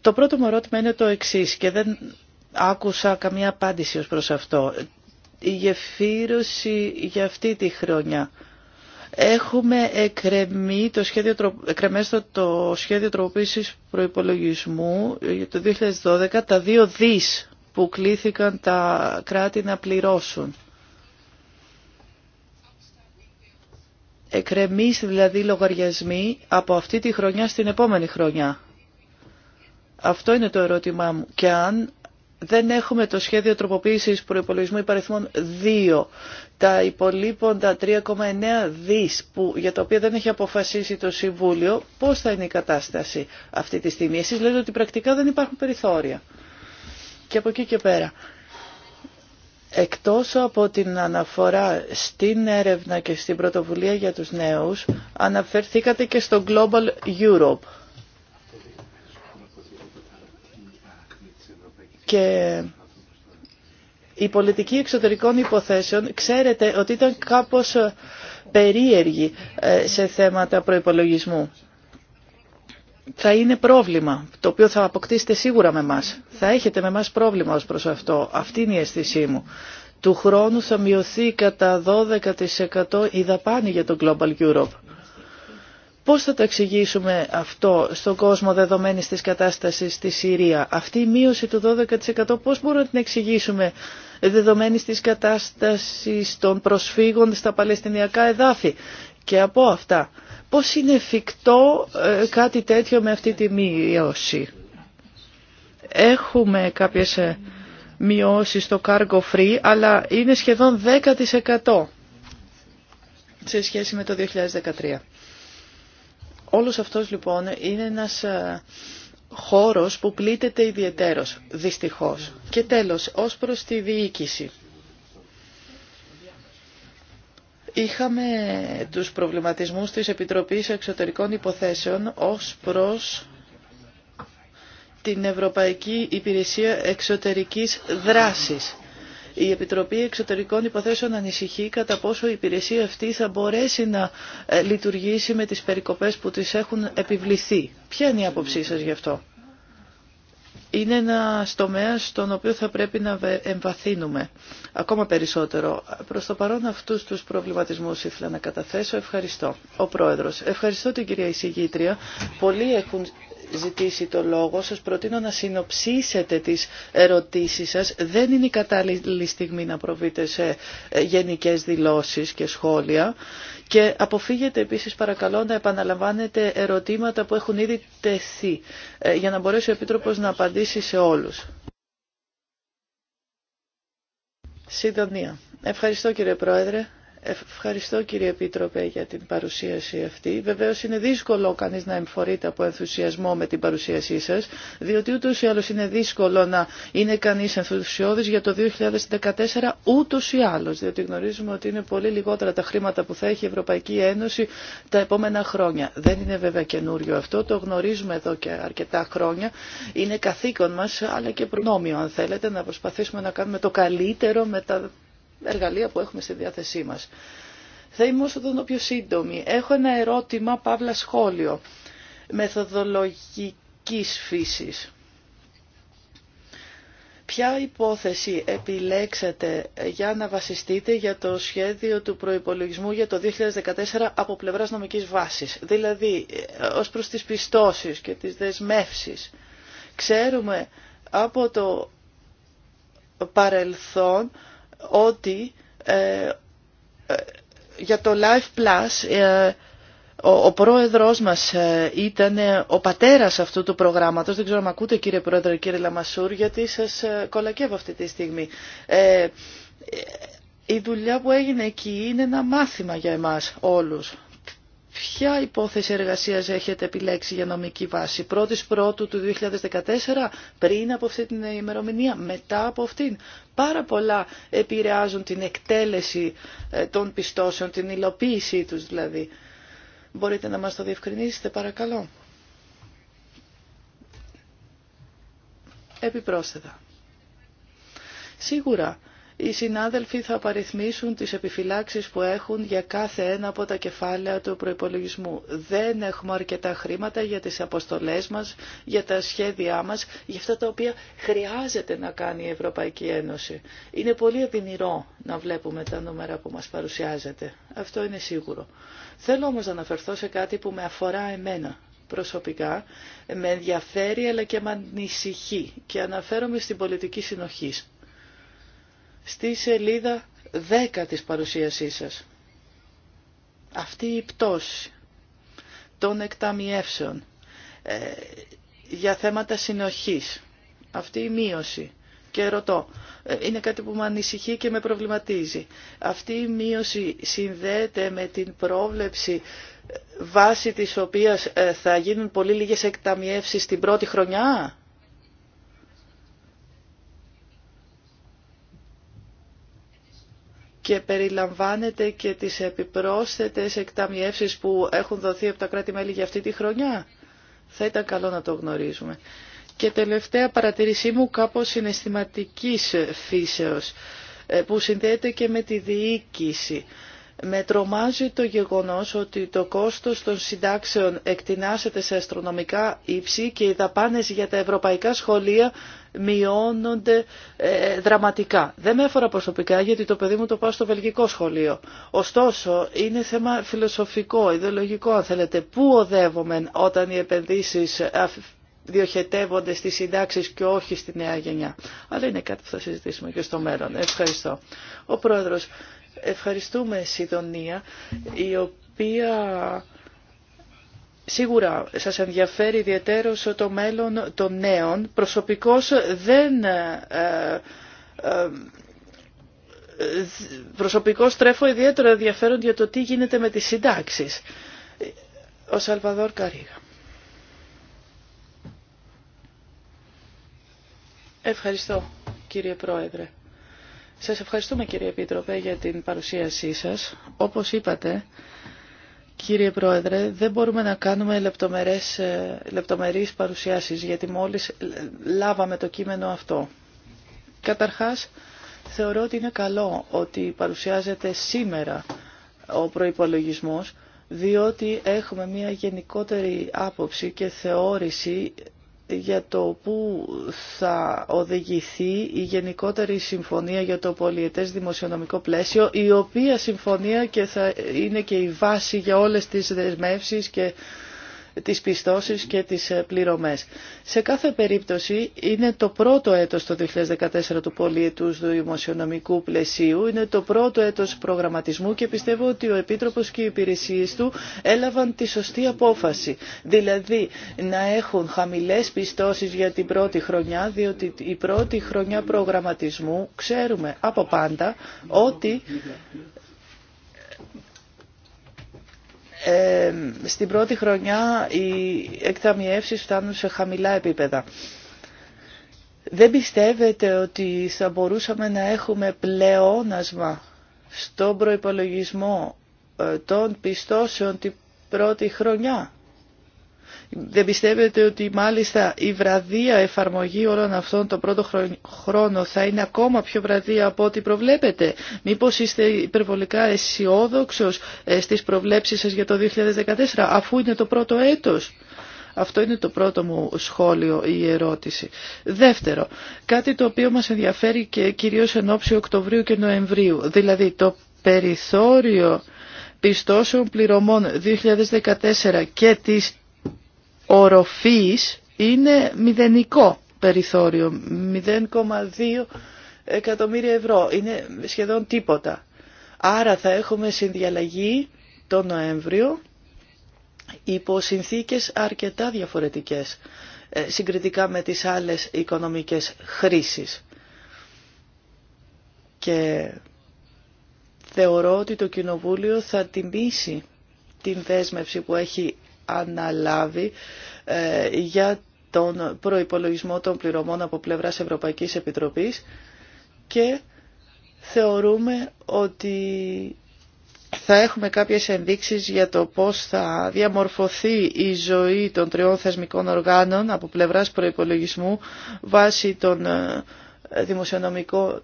Το πρώτο μου ερώτημα είναι το εξής και δεν άκουσα καμία απάντηση ως προς αυτό. Η γεφύρωση για αυτή τη χρονιά. Έχουμε εκρεμεί το σχέδιο, το, το σχέδιο τροποποίησης προϋπολογισμού για το 2012 τα δύο δις που κλήθηκαν τα κράτη να πληρώσουν. εκρεμίσει δηλαδή λογαριασμοί από αυτή τη χρονιά στην επόμενη χρονιά. Αυτό είναι το ερώτημά μου. Και αν δεν έχουμε το σχέδιο τροποποίησης προϋπολογισμού υπαριθμών 2, τα υπολείποντα 3,9 δις που, για τα οποία δεν έχει αποφασίσει το Συμβούλιο, πώς θα είναι η κατάσταση αυτή τη στιγμή. Εσείς λέτε ότι πρακτικά δεν υπάρχουν περιθώρια. Και από εκεί και πέρα. Εκτός από την αναφορά στην έρευνα και στην πρωτοβουλία για τους νέους, αναφερθήκατε και στο Global Europe. Και η πολιτική εξωτερικών υποθέσεων ξέρετε ότι ήταν κάπως περίεργη ε, σε θέματα προϋπολογισμού θα είναι πρόβλημα, το οποίο θα αποκτήσετε σίγουρα με μας. Θα έχετε με μας πρόβλημα ως προς αυτό. Αυτή είναι η αίσθησή μου. Του χρόνου θα μειωθεί κατά 12% η δαπάνη για το Global Europe. Πώς θα το εξηγήσουμε αυτό στον κόσμο δεδομένης της κατάστασης στη Συρία. Αυτή η μείωση του 12% πώς μπορούμε να την εξηγήσουμε δεδομένης της κατάστασης των προσφύγων στα Παλαιστινιακά εδάφη και από αυτά. Πώς είναι εφικτό ε, κάτι τέτοιο με αυτή τη μείωση. Έχουμε κάποιες ε, μειώσεις στο cargo free, αλλά είναι σχεδόν 10% σε σχέση με το 2013. Όλος αυτός λοιπόν είναι ένας ε, χώρος που πλήττεται ιδιαιτέρως, δυστυχώς. Και τέλος, ως προς τη διοίκηση. Είχαμε τους προβληματισμούς της Επιτροπής Εξωτερικών Υποθέσεων ως προς την Ευρωπαϊκή Υπηρεσία Εξωτερικής Δράσης. Η Επιτροπή Εξωτερικών Υποθέσεων ανησυχεί κατά πόσο η υπηρεσία αυτή θα μπορέσει να ε, λειτουργήσει με τις περικοπές που της έχουν επιβληθεί. Ποια είναι η άποψή σας γι' αυτό είναι ένα τομέα στον οποίο θα πρέπει να εμβαθύνουμε ακόμα περισσότερο. Προ το παρόν αυτού του προβληματισμού, ήθελα να καταθέσω. Ευχαριστώ. Ο πρόεδρο, Ευχαριστώ την κυρία εισηγήτρια. Πολλοί έχουν ζητήσει το λόγο. Σας προτείνω να συνοψίσετε τις ερωτήσεις σας. Δεν είναι η κατάλληλη στιγμή να προβείτε σε ε, γενικές δηλώσεις και σχόλια. Και αποφύγετε επίσης παρακαλώ να επαναλαμβάνετε ερωτήματα που έχουν ήδη τεθεί, ε, για να μπορέσει ο Επίτροπος να απαντήσει σε όλους. Συντονία. Ευχαριστώ κύριε Πρόεδρε. Ευχαριστώ κύριε Επίτροπε για την παρουσίαση αυτή. Βεβαίω είναι δύσκολο κανεί να εμφορείται από ενθουσιασμό με την παρουσίασή σα, διότι ούτω ή άλλω είναι δύσκολο να είναι κανεί ενθουσιώδη για το 2014 ούτω ή άλλω, διότι γνωρίζουμε ότι είναι πολύ λιγότερα τα χρήματα που θα έχει η Ευρωπαϊκή Ένωση τα επόμενα χρόνια. Δεν είναι βέβαια καινούριο αυτό, το γνωρίζουμε εδώ και αρκετά χρόνια. Είναι καθήκον μα, αλλά και προνόμιο αν θέλετε, να προσπαθήσουμε να κάνουμε το καλύτερο με τα εργαλεία που έχουμε στη διάθεσή μας. Θα είμαι όσο τον πιο σύντομη. Έχω ένα ερώτημα, Παύλα, σχόλιο μεθοδολογικής φύσης. Ποια υπόθεση επιλέξατε για να βασιστείτε για το σχέδιο του προϋπολογισμού για το 2014 από πλευράς νομικής βάσης, δηλαδή ως προς τις πιστώσεις και τις δεσμεύσεις. Ξέρουμε από το παρελθόν ότι ε, ε, για το Life Plus ε, ο πρόεδρός μας ήταν ο πατέρας αυτού του προγράμματος. Δεν ξέρω αν ακούτε κύριε πρόεδρε, κύριε Λαμασούρ, γιατί σας κολακεύω αυτή τη στιγμή. Η δουλειά που έγινε εκεί είναι ένα μάθημα για εμάς όλους. Ποια υπόθεση εργασίας έχετε επιλέξει για νομική βάση, πρώτης πρώτου του 2014, πριν από αυτή την ημερομηνία, μετά από αυτήν. Πάρα πολλά επηρεάζουν την εκτέλεση ε, των πιστώσεων, την υλοποίησή τους δηλαδή. Μπορείτε να μας το διευκρινίσετε παρακαλώ. Επιπρόσθετα. Σίγουρα οι συνάδελφοι θα απαριθμίσουν τις επιφυλάξεις που έχουν για κάθε ένα από τα κεφάλαια του προϋπολογισμού. Δεν έχουμε αρκετά χρήματα για τις αποστολές μας, για τα σχέδιά μας, για αυτά τα οποία χρειάζεται να κάνει η Ευρωπαϊκή Ένωση. Είναι πολύ επινηρό να βλέπουμε τα νούμερα που μας παρουσιάζεται. Αυτό είναι σίγουρο. Θέλω όμως να αναφερθώ σε κάτι που με αφορά εμένα προσωπικά, με ενδιαφέρει αλλά και με ανησυχεί και αναφέρομαι στην πολιτική συνοχής στη σελίδα 10 της παρουσίασής σας. Αυτή η πτώση των εκταμιεύσεων ε, για θέματα συνοχής, αυτή η μείωση και ρωτώ, ε, είναι κάτι που με ανησυχεί και με προβληματίζει. Αυτή η μείωση συνδέεται με την πρόβλεψη ε, βάση της οποίας θα γίνουν πολύ λίγες εκταμιεύσεις την πρώτη χρονιά και περιλαμβάνεται και τις επιπρόσθετες εκταμιεύσεις που έχουν δοθεί από τα κράτη-μέλη για αυτή τη χρονιά. Θα ήταν καλό να το γνωρίζουμε. Και τελευταία παρατηρήσή μου κάπως συναισθηματικής φύσεως ε, που συνδέεται και με τη διοίκηση. Με τρομάζει το γεγονός ότι το κόστος των συντάξεων εκτινάσεται σε αστρονομικά ύψη και οι δαπάνες για τα ευρωπαϊκά σχολεία μειώνονται ε, δραματικά. Δεν με αφορά προσωπικά γιατί το παιδί μου το πάω στο βελγικό σχολείο. Ωστόσο είναι θέμα φιλοσοφικό, ιδεολογικό αν θέλετε. Πού οδεύομαι όταν οι επενδύσεις διοχετεύονται στις συντάξεις και όχι στη νέα γενιά. Αλλά είναι κάτι που θα συζητήσουμε και στο μέλλον. Ευχαριστώ. Ο Πρόεδρος, Ευχαριστούμε Σιδονία, η οποία σίγουρα σας ενδιαφέρει ιδιαίτερο το μέλλον των νέων. Προσωπικώς δεν... Ε, ε, τρέφω ιδιαίτερο ενδιαφέρον για το τι γίνεται με τις συντάξεις. Ο Σαλβαδόρ Καρίγα. Ευχαριστώ κύριε Πρόεδρε. Σας ευχαριστούμε κύριε Επίτροπε για την παρουσίασή σας. Όπως είπατε, κύριε Πρόεδρε, δεν μπορούμε να κάνουμε λεπτομερές, ε, λεπτομερείς παρουσιάσεις γιατί μόλις λάβαμε το κείμενο αυτό. Καταρχάς, θεωρώ ότι είναι καλό ότι παρουσιάζεται σήμερα ο προϋπολογισμός διότι έχουμε μια γενικότερη άποψη και θεώρηση για το που θα οδηγηθεί η γενικότερη συμφωνία για το πολιετές δημοσιονομικό πλαίσιο, η οποία συμφωνία και θα είναι και η βάση για όλες τις δεσμεύσεις και τις πιστώσεις και τις ε, πληρωμές. Σε κάθε περίπτωση είναι το πρώτο έτος το 2014 του του δημοσιονομικού πλαισίου, είναι το πρώτο έτος προγραμματισμού και πιστεύω ότι ο Επίτροπος και οι υπηρεσίες του έλαβαν τη σωστή απόφαση. Δηλαδή να έχουν χαμηλές πιστώσεις για την πρώτη χρονιά, διότι η πρώτη χρονιά προγραμματισμού ξέρουμε από πάντα ότι ε, στην πρώτη χρονιά οι εκταμιεύσεις φτάνουν σε χαμηλά επίπεδα. Δεν πιστεύετε ότι θα μπορούσαμε να έχουμε πλεόνασμα στον προϋπολογισμό ε, των πιστώσεων την πρώτη χρονιά. Δεν πιστεύετε ότι μάλιστα η βραδία εφαρμογή όλων αυτών το πρώτο χρόνο θα είναι ακόμα πιο βραδία από ό,τι προβλέπετε. Μήπως είστε υπερβολικά αισιόδοξο ε, στις προβλέψεις σας για το 2014 αφού είναι το πρώτο έτος. Αυτό είναι το πρώτο μου σχόλιο ή ερώτηση. Δεύτερο, κάτι το οποίο μας ενδιαφέρει και κυρίως εν ώψη Οκτωβρίου και Νοεμβρίου, δηλαδή το περιθώριο πιστώσεων πληρωμών 2014 και της οροφής είναι μηδενικό περιθώριο, 0,2 εκατομμύρια ευρώ. Είναι σχεδόν τίποτα. Άρα θα έχουμε συνδιαλλαγή το Νοέμβριο υπό συνθήκες αρκετά διαφορετικές ε, συγκριτικά με τις άλλες οικονομικές χρήσεις. Και θεωρώ ότι το Κοινοβούλιο θα τιμήσει την δέσμευση που έχει αναλάβει ε, για τον προϋπολογισμό των πληρωμών από πλευράς Ευρωπαϊκής Επιτροπής και θεωρούμε ότι θα έχουμε κάποιες ενδείξεις για το πώς θα διαμορφωθεί η ζωή των τριών θεσμικών οργάνων από πλευράς προϋπολογισμού βάσει των ε, δημοσιονομικών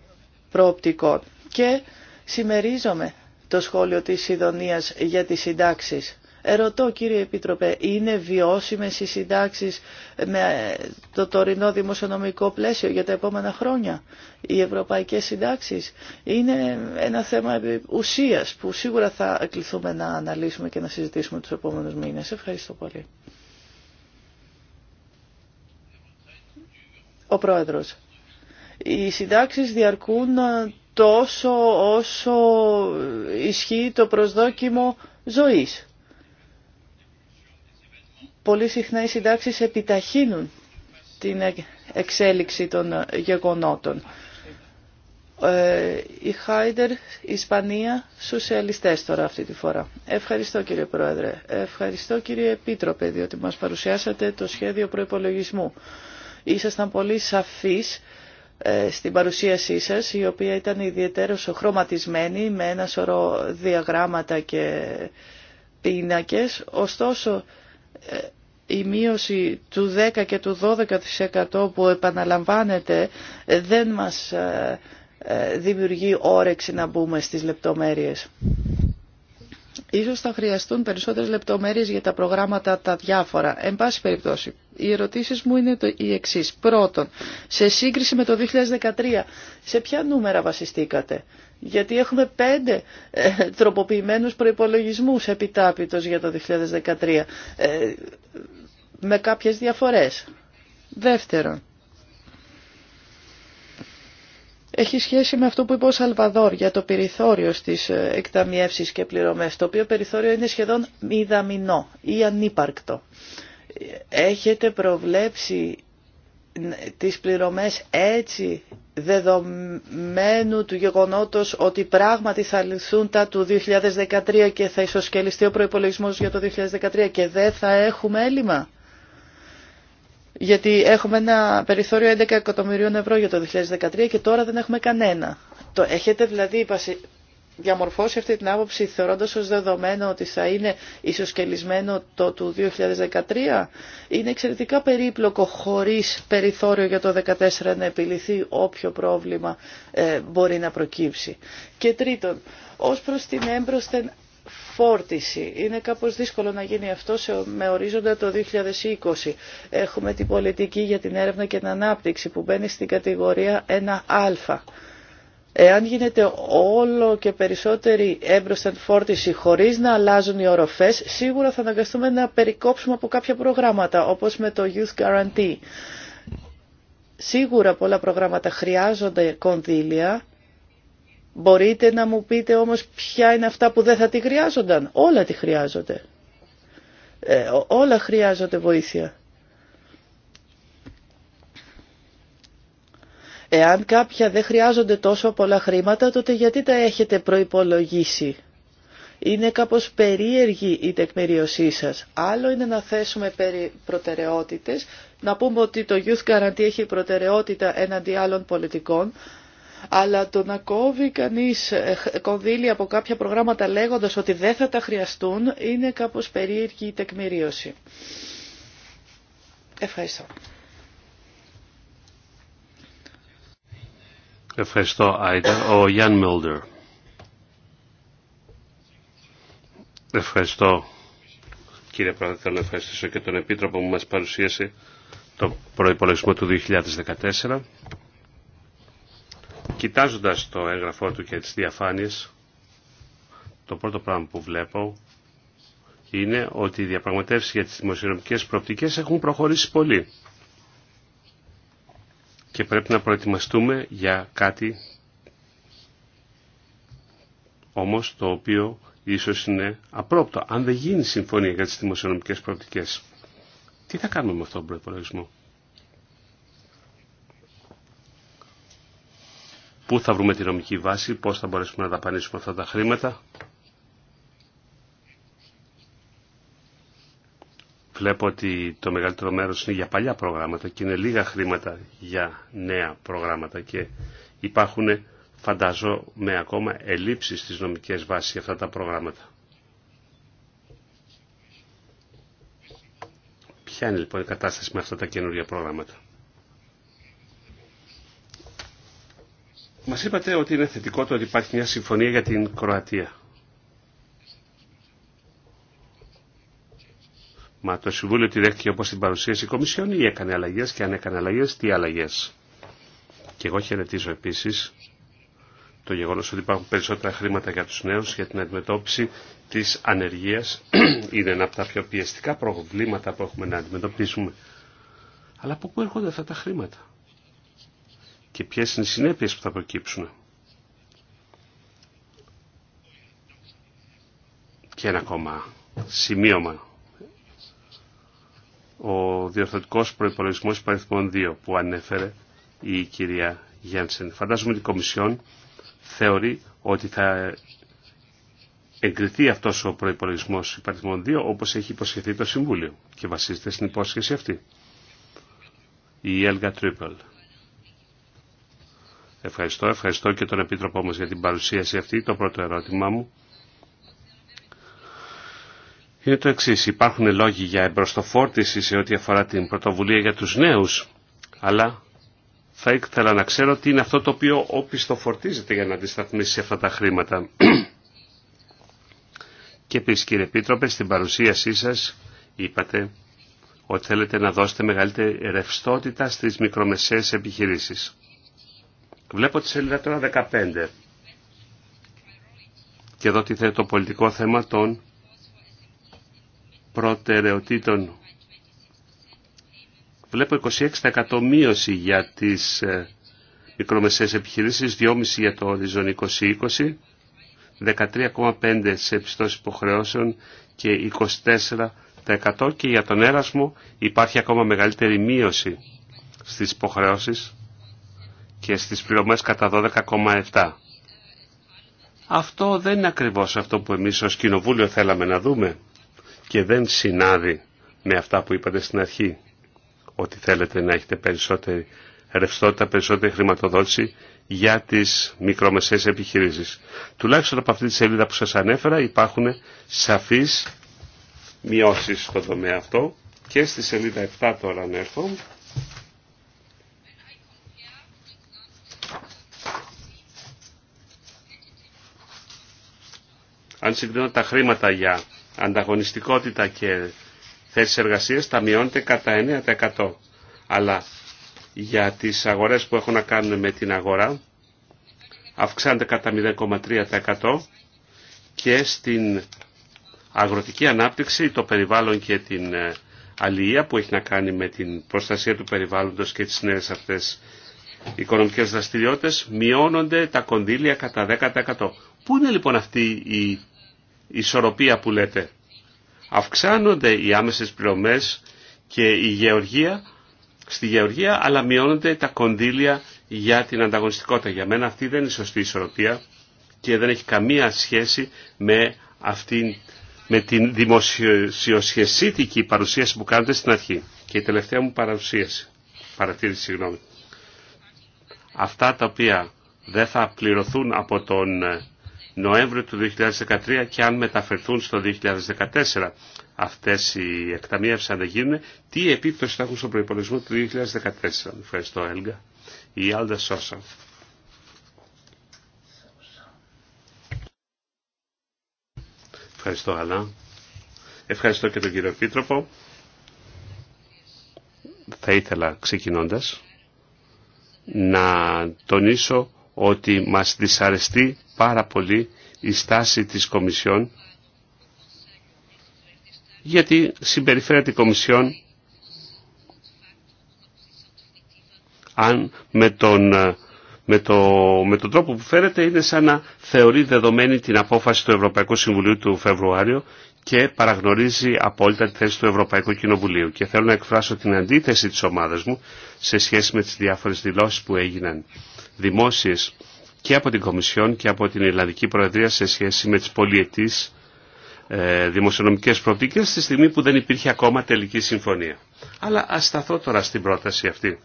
προοπτικών. Και συμμερίζομαι το σχόλιο της Ιδονίας για τις συντάξεις. Ερωτώ κύριε Επίτροπε, είναι βιώσιμες οι συντάξεις με το τωρινό δημοσιονομικό πλαίσιο για τα επόμενα χρόνια. Οι ευρωπαϊκές συντάξεις είναι ένα θέμα ουσίας που σίγουρα θα κληθούμε να αναλύσουμε και να συζητήσουμε τους επόμενους μήνες. Ευχαριστώ πολύ. Ο Πρόεδρος. Οι συντάξεις διαρκούν τόσο όσο ισχύει το προσδόκιμο ζωής πολύ συχνά οι συντάξει επιταχύνουν την εξέλιξη των γεγονότων. Ε, η Χάιντερ, Ισπανία, σοσιαλιστές τώρα αυτή τη φορά. Ευχαριστώ κύριε Πρόεδρε. Ευχαριστώ κύριε Επίτροπε, διότι μας παρουσιάσατε το σχέδιο προϋπολογισμού. Ήσασταν πολύ σαφείς ε, στην παρουσίασή σας, η οποία ήταν ιδιαίτερα χρωματισμένη με ένα σωρό διαγράμματα και πίνακες. Ωστόσο, ε, η μείωση του 10 και του 12% που επαναλαμβάνεται δεν μας ε, ε, δημιουργεί όρεξη να μπούμε στις λεπτομέρειες. Ίσως θα χρειαστούν περισσότερες λεπτομέρειες για τα προγράμματα τα διάφορα. Εν πάση περιπτώσει, οι ερωτήσεις μου είναι το, οι εξής. Πρώτον, σε σύγκριση με το 2013, σε ποια νούμερα βασιστήκατε. Γιατί έχουμε πέντε ε, τροποποιημένους προϋπολογισμούς επιτάπητος για το 2013, ε, με κάποιες διαφορές. Δεύτερον, έχει σχέση με αυτό που είπε ο Σαλβαδόρ για το περιθώριο στις ε, εκταμιεύσεις και πληρωμές, το οποίο περιθώριο είναι σχεδόν μηδαμινό ή ανύπαρκτο έχετε προβλέψει τις πληρωμές έτσι δεδομένου του γεγονότος ότι πράγματι θα λυθούν τα του 2013 και θα ισοσκελιστεί ο προϋπολογισμός για το 2013 και δεν θα έχουμε έλλειμμα. Γιατί έχουμε ένα περιθώριο 11 εκατομμυρίων ευρώ για το 2013 και τώρα δεν έχουμε κανένα. Το έχετε δηλαδή διαμορφώσει αυτή την άποψη θεωρώντας ως δεδομένο ότι θα είναι ισοσκελισμένο το του 2013 είναι εξαιρετικά περίπλοκο χωρίς περιθώριο για το 2014 να επιληθεί όποιο πρόβλημα ε, μπορεί να προκύψει. Και τρίτον, ως προς την έμπροσθεν φόρτιση. Είναι κάπως δύσκολο να γίνει αυτό σε, με ορίζοντα το 2020. Έχουμε την πολιτική για την έρευνα και την ανάπτυξη που μπαίνει στην κατηγορία 1α. Εάν γίνεται όλο και περισσότερη έμπροστα φόρτιση χωρίς να αλλάζουν οι οροφές, σίγουρα θα αναγκαστούμε να περικόψουμε από κάποια προγράμματα, όπως με το Youth Guarantee. Σίγουρα πολλά προγράμματα χρειάζονται κονδύλια. Μπορείτε να μου πείτε όμως ποια είναι αυτά που δεν θα τη χρειάζονταν. Όλα τη χρειάζονται. Ε, όλα χρειάζονται βοήθεια. Εάν κάποια δεν χρειάζονται τόσο πολλά χρήματα, τότε γιατί τα έχετε προϋπολογίσει. Είναι κάπως περίεργη η τεκμηριωσή σας. Άλλο είναι να θέσουμε προτεραιότητες, να πούμε ότι το Youth Guarantee έχει προτεραιότητα έναντι άλλων πολιτικών, αλλά το να κόβει κανείς ε, κονδύλια από κάποια προγράμματα λέγοντας ότι δεν θα τα χρειαστούν, είναι κάπως περίεργη η τεκμηρίωση. Ευχαριστώ. Ευχαριστώ, Άιντα. Ο Γιάν Μιλντερ. Ευχαριστώ, κύριε Πρόεδρε. Θέλω να ευχαριστήσω και τον Επίτροπο που μας παρουσίασε το προϋπολογισμό του 2014. Κοιτάζοντας το έγγραφό του και τις διαφάνειες, το πρώτο πράγμα που βλέπω είναι ότι οι διαπραγματεύσεις για τις δημοσιονομικές προοπτικές έχουν προχωρήσει πολύ και πρέπει να προετοιμαστούμε για κάτι όμως το οποίο ίσως είναι απρόπτο. Αν δεν γίνει συμφωνία για τις δημοσιονομικές προοπτικές, τι θα κάνουμε με αυτόν τον προπολογισμό. Πού θα βρούμε τη νομική βάση, πώς θα μπορέσουμε να δαπανίσουμε αυτά τα χρήματα. Βλέπω ότι το μεγαλύτερο μέρος είναι για παλιά προγράμματα και είναι λίγα χρήματα για νέα προγράμματα και υπάρχουν φαντάζομαι ακόμα ελλείψεις στις νομικές βάσεις για αυτά τα προγράμματα. Ποια είναι λοιπόν η κατάσταση με αυτά τα καινούργια προγράμματα. Μας είπατε ότι είναι θετικό το ότι υπάρχει μια συμφωνία για την Κροατία. Μα το Συμβούλιο τη δέχτηκε όπως την παρουσίαση η Κομισιόν ή έκανε αλλαγές και αν έκανε αλλαγές, τι αλλαγές. Και εγώ χαιρετίζω επίσης το γεγονός ότι υπάρχουν περισσότερα χρήματα για τους νέους για την αντιμετώπιση της ανεργίας. Είναι ένα από τα πιο πιεστικά προβλήματα που έχουμε να αντιμετωπίσουμε. Αλλά από πού έρχονται αυτά τα χρήματα και ποιε είναι οι συνέπειες που θα προκύψουν. Και ένα ακόμα σημείωμα ο διορθωτικός προϋπολογισμός υπαριθμών 2 που ανέφερε η κυρία Γένσεν. Φαντάζομαι ότι η Κομισιόν θεωρεί ότι θα εγκριθεί αυτός ο προϋπολογισμός υπαριθμών 2 όπως έχει υποσχεθεί το Συμβούλιο και βασίζεται στην υπόσχεση αυτή. Η Έλγα Τρίπελ. Ευχαριστώ, ευχαριστώ και τον Επίτροπό μας για την παρουσίαση αυτή. Το πρώτο ερώτημά μου είναι το εξή. Υπάρχουν λόγοι για εμπροστοφόρτιση σε ό,τι αφορά την πρωτοβουλία για τους νέους, αλλά θα ήθελα να ξέρω τι είναι αυτό το οποίο οπισθοφορτίζεται για να αντισταθμίσει αυτά τα χρήματα. Και επίση κύριε Επίτροπε, στην παρουσίασή σας είπατε ότι θέλετε να δώσετε μεγαλύτερη ρευστότητα στις μικρομεσαίες επιχειρήσεις. Βλέπω τη σελίδα τώρα 15. Και εδώ τίθεται το πολιτικό θέμα των προτεραιοτήτων. Βλέπω 26% μείωση για τις ε, μικρομεσαίες επιχειρήσεις, 2,5% για το ορίζον 2020, 13,5% σε υποχρεώσεων και 24% και για τον έρασμο υπάρχει ακόμα μεγαλύτερη μείωση στις υποχρεώσεις και στις πληρωμές κατά 12,7%. Αυτό δεν είναι ακριβώς αυτό που εμείς ως Κοινοβούλιο θέλαμε να δούμε και δεν συνάδει με αυτά που είπατε στην αρχή, ότι θέλετε να έχετε περισσότερη ρευστότητα, περισσότερη χρηματοδότηση για τις μικρομεσαίες επιχειρήσεις. Τουλάχιστον από αυτή τη σελίδα που σας ανέφερα υπάρχουν σαφείς μειώσεις στο τομέα αυτό και στη σελίδα 7 τώρα έρθω Αν συγκρίνω τα χρήματα για ανταγωνιστικότητα και θέσεις εργασίας τα μειώνεται κατά 9%. Αλλά για τις αγορές που έχουν να κάνουν με την αγορά αυξάνεται κατά 0,3% και στην αγροτική ανάπτυξη, το περιβάλλον και την ε, αλληλεία που έχει να κάνει με την προστασία του περιβάλλοντος και τις νέες αυτές οικονομικές δραστηριότητες μειώνονται τα κονδύλια κατά 10%. Πού είναι λοιπόν αυτή η ισορροπία που λέτε. Αυξάνονται οι άμεσες πληρωμές και η γεωργία στη γεωργία, αλλά μειώνονται τα κονδύλια για την ανταγωνιστικότητα. Για μένα αυτή δεν είναι η σωστή ισορροπία και δεν έχει καμία σχέση με αυτήν με την δημοσιοσχεσίτικη παρουσίαση που κάνετε στην αρχή. Και η τελευταία μου παρουσίαση, παρατήρηση, συγγνώμη. Αυτά τα οποία δεν θα πληρωθούν από τον ε, Νοέμβριο του 2013 και αν μεταφερθούν στο 2014 αυτές οι εκταμείευσεις αν δεν γίνουν, τι επίπτωση θα έχουν στον προϋπολογισμό του 2014. Ευχαριστώ Έλγα. Η Άλντα Σόσα. Ευχαριστώ Αλά. Ευχαριστώ και τον κύριο Επίτροπο. Θα ήθελα ξεκινώντας να τονίσω ότι μας δυσαρεστεί πάρα πολύ η στάση της Κομισιόν γιατί συμπεριφέρεται η Κομισιόν αν με τον, με, το, με τον τρόπο που φέρεται είναι σαν να θεωρεί δεδομένη την απόφαση του Ευρωπαϊκού Συμβουλίου του Φεβρουάριο και παραγνωρίζει απόλυτα τη θέση του Ευρωπαϊκού Κοινοβουλίου. Και θέλω να εκφράσω την αντίθεση της ομάδας μου σε σχέση με τις διάφορες δηλώσεις που έγιναν δημόσιες και από την Κομισιόν και από την Ιρλανδική Προεδρία σε σχέση με τις πολιετής ε, δημοσιονομικές προοπτικές στη στιγμή που δεν υπήρχε ακόμα τελική συμφωνία. Αλλά ας σταθώ τώρα στην πρόταση αυτή.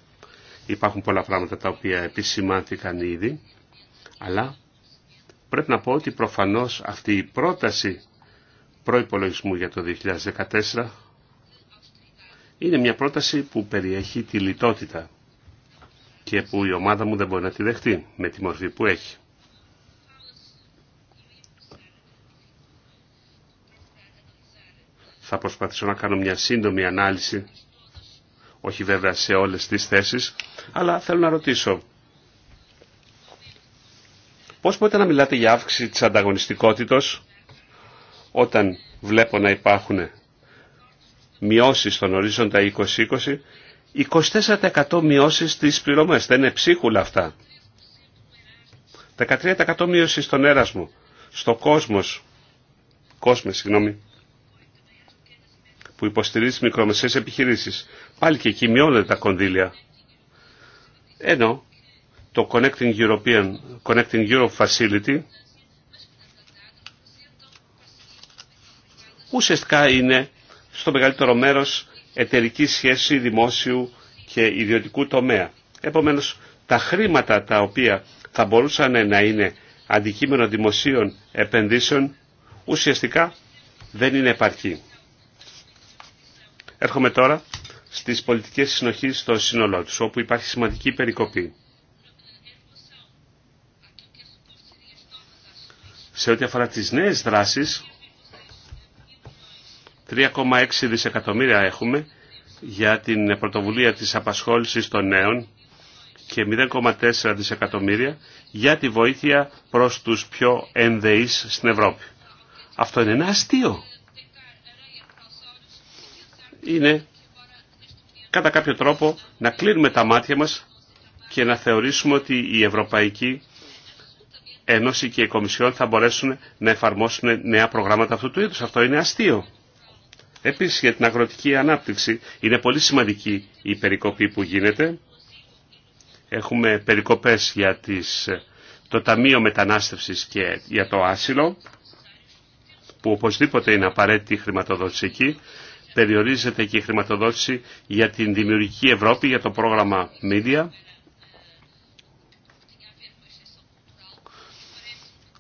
Υπάρχουν πολλά πράγματα τα οποία επισημάνθηκαν ήδη, αλλά πρέπει να πω ότι προφανώς αυτή η πρόταση προϋπολογισμού για το 2014 είναι μια πρόταση που περιέχει τη λιτότητα και που η ομάδα μου δεν μπορεί να τη δεχτεί με τη μορφή που έχει. Θα προσπαθήσω να κάνω μια σύντομη ανάλυση, όχι βέβαια σε όλες τις θέσεις, αλλά θέλω να ρωτήσω Πώς μπορείτε να μιλάτε για αύξηση της ανταγωνιστικότητος όταν βλέπω να υπάρχουν μειώσεις στον ορίζοντα 2020, 24% μειώσεις στις πληρωμές. Δεν είναι ψίχουλα αυτά. 13% μείωση στον έρασμο, στο κόσμος, κόσμο, συγγνώμη, που υποστηρίζει τις μικρομεσαίες επιχειρήσεις. Πάλι και εκεί μειώνονται τα κονδύλια. Ενώ το Connecting, European, Connecting Europe Facility ουσιαστικά είναι στο μεγαλύτερο μέρος εταιρική σχέση δημόσιου και ιδιωτικού τομέα. Επομένως, τα χρήματα τα οποία θα μπορούσαν να είναι αντικείμενο δημοσίων επενδύσεων ουσιαστικά δεν είναι επαρκή. Έρχομαι τώρα στις πολιτικές συνοχής στο σύνολό τους, όπου υπάρχει σημαντική περικοπή. Σε ό,τι αφορά τις νέες δράσεις, 3,6 δισεκατομμύρια έχουμε για την πρωτοβουλία της απασχόλησης των νέων και 0,4 δισεκατομμύρια για τη βοήθεια προς τους πιο ενδεείς στην Ευρώπη. Αυτό είναι ένα αστείο. Είναι κατά κάποιο τρόπο να κλείνουμε τα μάτια μας και να θεωρήσουμε ότι η Ευρωπαϊκή Ένωση και η Κομισιόν θα μπορέσουν να εφαρμόσουν νέα προγράμματα αυτού του είδους. Αυτό είναι αστείο. Επίση για την αγροτική ανάπτυξη είναι πολύ σημαντική η περικοπή που γίνεται. Έχουμε περικοπές για τις, το Ταμείο Μετανάστευσης και για το Άσυλο, που οπωσδήποτε είναι απαραίτητη χρηματοδότηση εκεί. Περιορίζεται και η χρηματοδότηση για την Δημιουργική Ευρώπη, για το πρόγραμμα Media.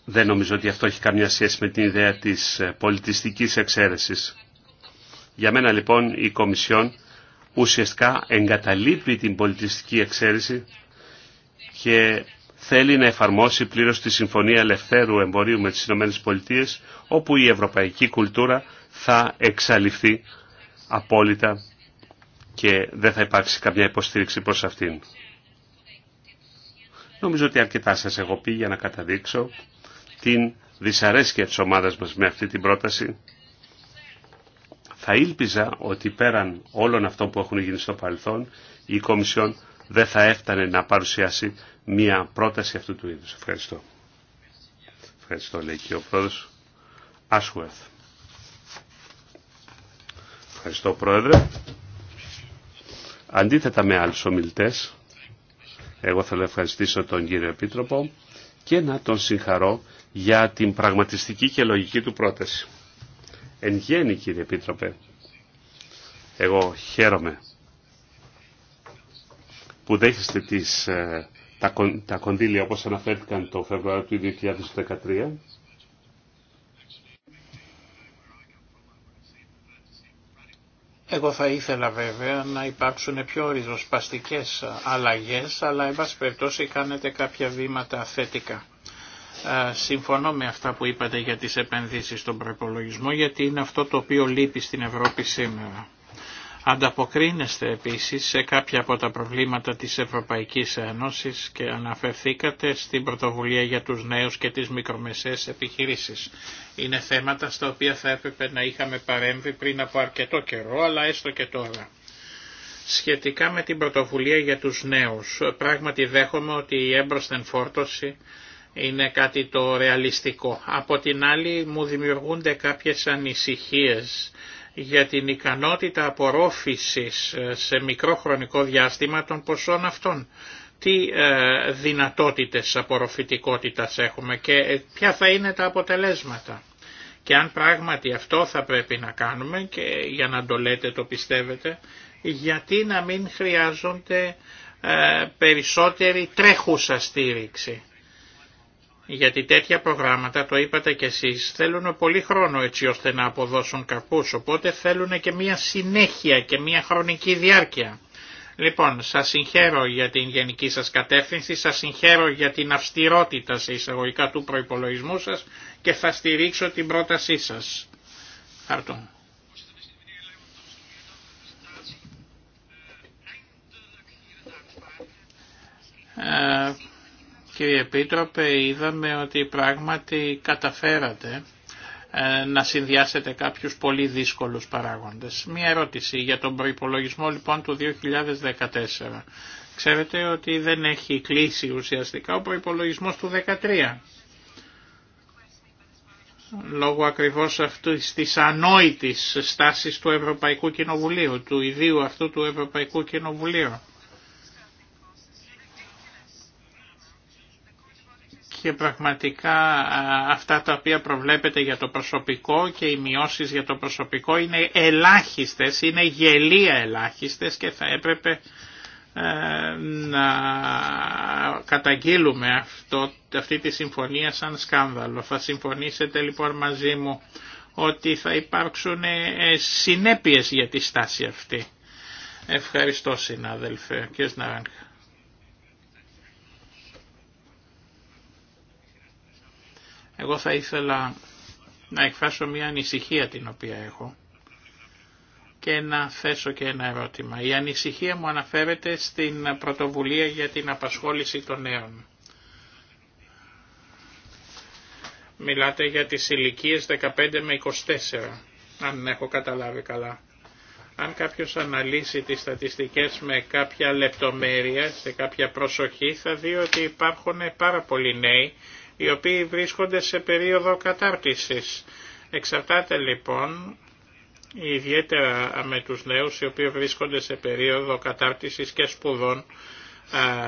Δεν νομίζω ότι αυτό έχει καμιά σχέση με την ιδέα της πολιτιστικής εξαίρεσης. Για μένα λοιπόν η Κομισιόν ουσιαστικά εγκαταλείπει την πολιτιστική εξαίρεση και θέλει να εφαρμόσει πλήρως τη Συμφωνία Ελευθέρου Εμπορίου με τις ΗΠΑ όπου η ευρωπαϊκή κουλτούρα θα εξαλειφθεί απόλυτα και δεν θα υπάρξει καμιά υποστήριξη προς αυτήν. Νομίζω ότι αρκετά σας έχω πει για να καταδείξω την δυσαρέσκεια της ομάδας μας με αυτή την πρόταση θα ήλπιζα ότι πέραν όλων αυτών που έχουν γίνει στο παρελθόν, η Κομισιόν δεν θα έφτανε να παρουσιάσει μία πρόταση αυτού του είδους. Ευχαριστώ. Ευχαριστώ, λέει και ο πρόεδρος Ashworth. Ευχαριστώ, πρόεδρε. Αντίθετα με άλλους ομιλητές, εγώ θέλω να ευχαριστήσω τον κύριο Επίτροπο και να τον συγχαρώ για την πραγματιστική και λογική του πρόταση. Εν γέννη κύριε Επίτροπε, εγώ χαίρομαι που δέχεστε τις, ε, τα, τα κονδύλια όπως αναφέρθηκαν το Φεβρουάριο του 2013 Εγώ θα ήθελα βέβαια να υπάρξουν πιο ριζοσπαστικές αλλαγές, αλλά εν πάση περιπτώσει κάνετε κάποια βήματα θετικά. Ε, συμφωνώ με αυτά που είπατε για τις επενδύσεις στον προπολογισμό γιατί είναι αυτό το οποίο λείπει στην Ευρώπη σήμερα. Ανταποκρίνεστε επίσης σε κάποια από τα προβλήματα της Ευρωπαϊκής Ένωσης και αναφερθήκατε στην πρωτοβουλία για τους νέους και τις μικρομεσαίες επιχειρήσεις. Είναι θέματα στα οποία θα έπρεπε να είχαμε παρέμβει πριν από αρκετό καιρό, αλλά έστω και τώρα. Σχετικά με την πρωτοβουλία για τους νέους, πράγματι δέχομαι ότι η έμπροσθεν φόρτωση είναι κάτι το ρεαλιστικό. Από την άλλη μου δημιουργούνται κάποιες ανησυχίες για την ικανότητα απορρόφησης ε, σε μικρό χρονικό διάστημα των ποσών αυτών. Τι ε, δυνατότητες απορροφητικότητας έχουμε και ε, ποια θα είναι τα αποτελέσματα. Και αν πράγματι αυτό θα πρέπει να κάνουμε και για να το λέτε το πιστεύετε, γιατί να μην χρειάζονται περισσότερη τρέχουσα στήριξη γιατί τέτοια προγράμματα, το είπατε κι εσείς, θέλουν πολύ χρόνο έτσι ώστε να αποδώσουν καρπούς, οπότε θέλουν και μία συνέχεια και μία χρονική διάρκεια. Λοιπόν, σας συγχαίρω για την γενική σας κατεύθυνση, σας συγχαίρω για την αυστηρότητα σε εισαγωγικά του προϋπολογισμού σας και θα στηρίξω την πρότασή σας. Κύριε Επίτροπε, είδαμε ότι πράγματι καταφέρατε ε, να συνδυάσετε κάποιους πολύ δύσκολους παράγοντες. Μία ερώτηση για τον προϋπολογισμό λοιπόν του 2014. Ξέρετε ότι δεν έχει κλείσει ουσιαστικά ο προϋπολογισμός του 2013. Λόγω ακριβώς αυτού της ανόητης στάσης του Ευρωπαϊκού Κοινοβουλίου, του ιδίου αυτού του Ευρωπαϊκού Κοινοβουλίου. και πραγματικά αυτά τα οποία προβλέπετε για το προσωπικό και οι μειώσεις για το προσωπικό είναι ελάχιστες, είναι γελία ελάχιστες και θα έπρεπε ε, να καταγγείλουμε αυτό, αυτή τη συμφωνία σαν σκάνδαλο. Θα συμφωνήσετε λοιπόν μαζί μου ότι θα υπάρξουν ε, συνέπειες για τη στάση αυτή. Ευχαριστώ συνάδελφε. Και Εγώ θα ήθελα να εκφράσω μια ανησυχία την οποία έχω και να θέσω και ένα ερώτημα. Η ανησυχία μου αναφέρεται στην πρωτοβουλία για την απασχόληση των νέων. Μιλάτε για τις ηλικίε 15 με 24, αν έχω καταλάβει καλά. Αν κάποιος αναλύσει τις στατιστικές με κάποια λεπτομέρεια, σε κάποια προσοχή, θα δει ότι υπάρχουν πάρα πολλοί νέοι οι οποίοι βρίσκονται σε περίοδο κατάρτισης. Εξαρτάται λοιπόν ιδιαίτερα με τους νέους οι οποίοι βρίσκονται σε περίοδο κατάρτισης και σπουδών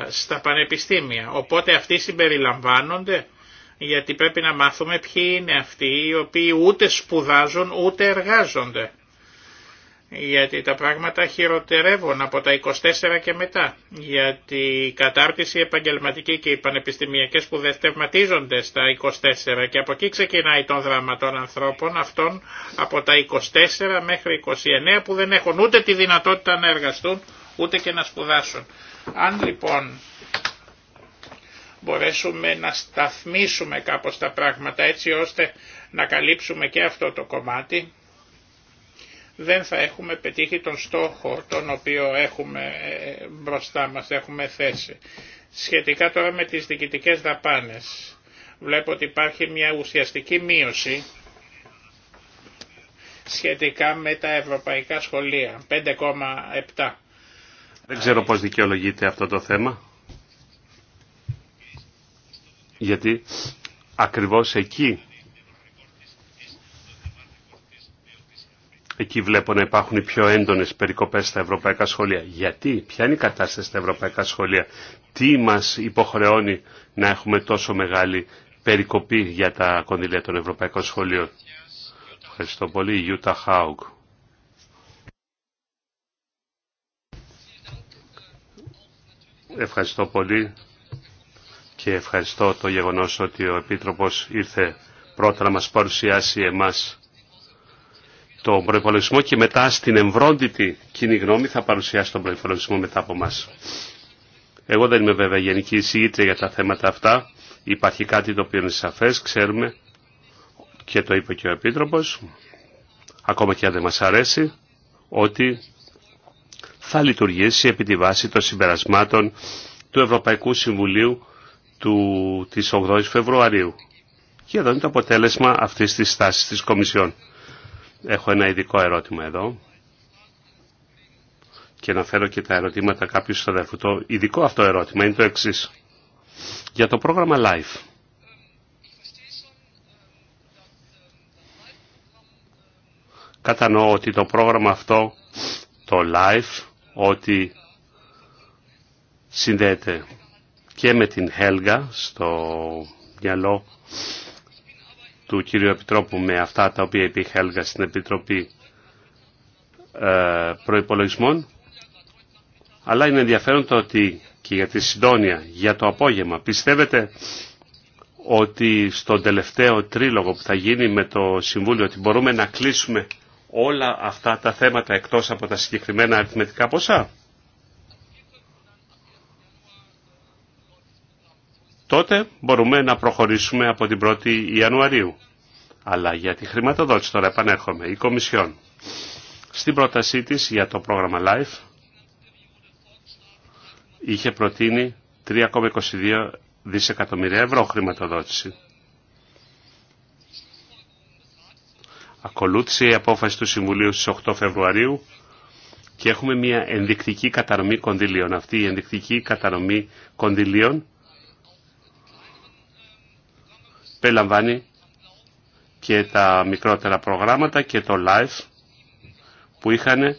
στα πανεπιστήμια. Οπότε αυτοί συμπεριλαμβάνονται γιατί πρέπει να μάθουμε ποιοι είναι αυτοί οι οποίοι ούτε σπουδάζουν ούτε εργάζονται γιατί τα πράγματα χειροτερεύουν από τα 24 και μετά, γιατί η κατάρτιση επαγγελματική και οι πανεπιστημιακές που τερματίζονται στα 24 και από εκεί ξεκινάει το δράμα των ανθρώπων αυτών από τα 24 μέχρι 29 που δεν έχουν ούτε τη δυνατότητα να εργαστούν ούτε και να σπουδάσουν. Αν λοιπόν μπορέσουμε να σταθμίσουμε κάπως τα πράγματα έτσι ώστε να καλύψουμε και αυτό το κομμάτι, δεν θα έχουμε πετύχει τον στόχο τον οποίο έχουμε ε, μπροστά μας, έχουμε θέσει. Σχετικά τώρα με τις διοικητικές δαπάνες, βλέπω ότι υπάρχει μια ουσιαστική μείωση σχετικά με τα ευρωπαϊκά σχολεία, 5,7. Δεν ξέρω πώς δικαιολογείται αυτό το θέμα, γιατί ακριβώς εκεί Εκεί βλέπω να υπάρχουν οι πιο έντονες περικοπές στα ευρωπαϊκά σχολεία. Γιατί, ποια είναι η κατάσταση στα ευρωπαϊκά σχολεία, τι μας υποχρεώνει να έχουμε τόσο μεγάλη περικοπή για τα κονδυλία των ευρωπαϊκών σχολείων. Ευχαριστώ πολύ, Ιούτα Χάουγκ. Ευχαριστώ πολύ και ευχαριστώ το γεγονός ότι ο Επίτροπος ήρθε πρώτα να μας παρουσιάσει εμάς τον προπολογισμό και μετά στην εμβρόντιτη κοινή γνώμη θα παρουσιάσει τον προπολογισμό μετά από εμά. Εγώ δεν είμαι βέβαια γενική εισηγήτρια για τα θέματα αυτά. Υπάρχει κάτι το οποίο είναι σαφέ, ξέρουμε και το είπε και ο Επίτροπο, ακόμα και αν δεν μα αρέσει, ότι θα λειτουργήσει επί τη βάση των συμπερασμάτων του Ευρωπαϊκού Συμβουλίου του, της 8ης Φεβρουαρίου. Και εδώ είναι το αποτέλεσμα αυτής της στάσης της Κομισιόν. Έχω ένα ειδικό ερώτημα εδώ και να φέρω και τα ερωτήματα κάποιου αδέρφου. Το ειδικό αυτό ερώτημα είναι το εξής. Για το πρόγραμμα LIFE. Κατανοώ ότι το πρόγραμμα αυτό, το LIFE, ότι συνδέεται και με την Helga στο μυαλό του κυρίου Επιτρόπου με αυτά τα οποία υπήρχε έλεγα στην Επιτροπή ε, Προϋπολογισμών. Αλλά είναι ενδιαφέρον το ότι και για τη συντόνια, για το απόγευμα, πιστεύετε ότι στον τελευταίο τρίλογο που θα γίνει με το Συμβούλιο ότι μπορούμε να κλείσουμε όλα αυτά τα θέματα εκτός από τα συγκεκριμένα αριθμητικά ποσά. τότε μπορούμε να προχωρήσουμε από την 1η Ιανουαρίου. Αλλά για τη χρηματοδότηση τώρα επανέρχομαι, η Κομισιόν. Στην πρότασή της για το πρόγραμμα LIFE είχε προτείνει 3,22 δισεκατομμύρια ευρώ χρηματοδότηση. Ακολούθησε η απόφαση του Συμβουλίου στις 8 Φεβρουαρίου και έχουμε μια ενδεικτική κατανομή κονδυλίων. Αυτή η ενδεικτική κατανομή κονδυλίων περιλαμβάνει και τα μικρότερα προγράμματα και το live που είχαν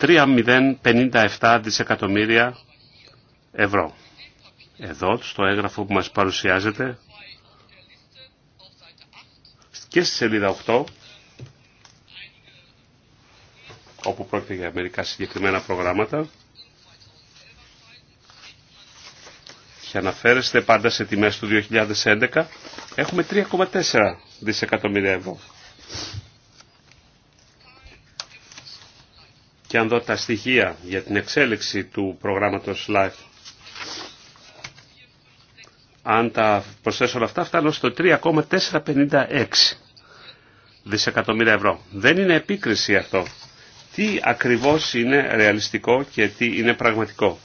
3,057 δισεκατομμύρια ευρώ. Εδώ στο έγγραφο που μας παρουσιάζεται και στη σελίδα 8 όπου πρόκειται για μερικά συγκεκριμένα προγράμματα και αναφέρεστε πάντα σε τιμές του 2011 Έχουμε 3,4 δισεκατομμύρια ευρώ. Και αν δω τα στοιχεία για την εξέλιξη του προγράμματος LIFE, αν τα προσθέσω όλα αυτά, φτάνω στο 3,456 δισεκατομμύρια ευρώ. Δεν είναι επίκριση αυτό. Τι ακριβώς είναι ρεαλιστικό και τι είναι πραγματικό.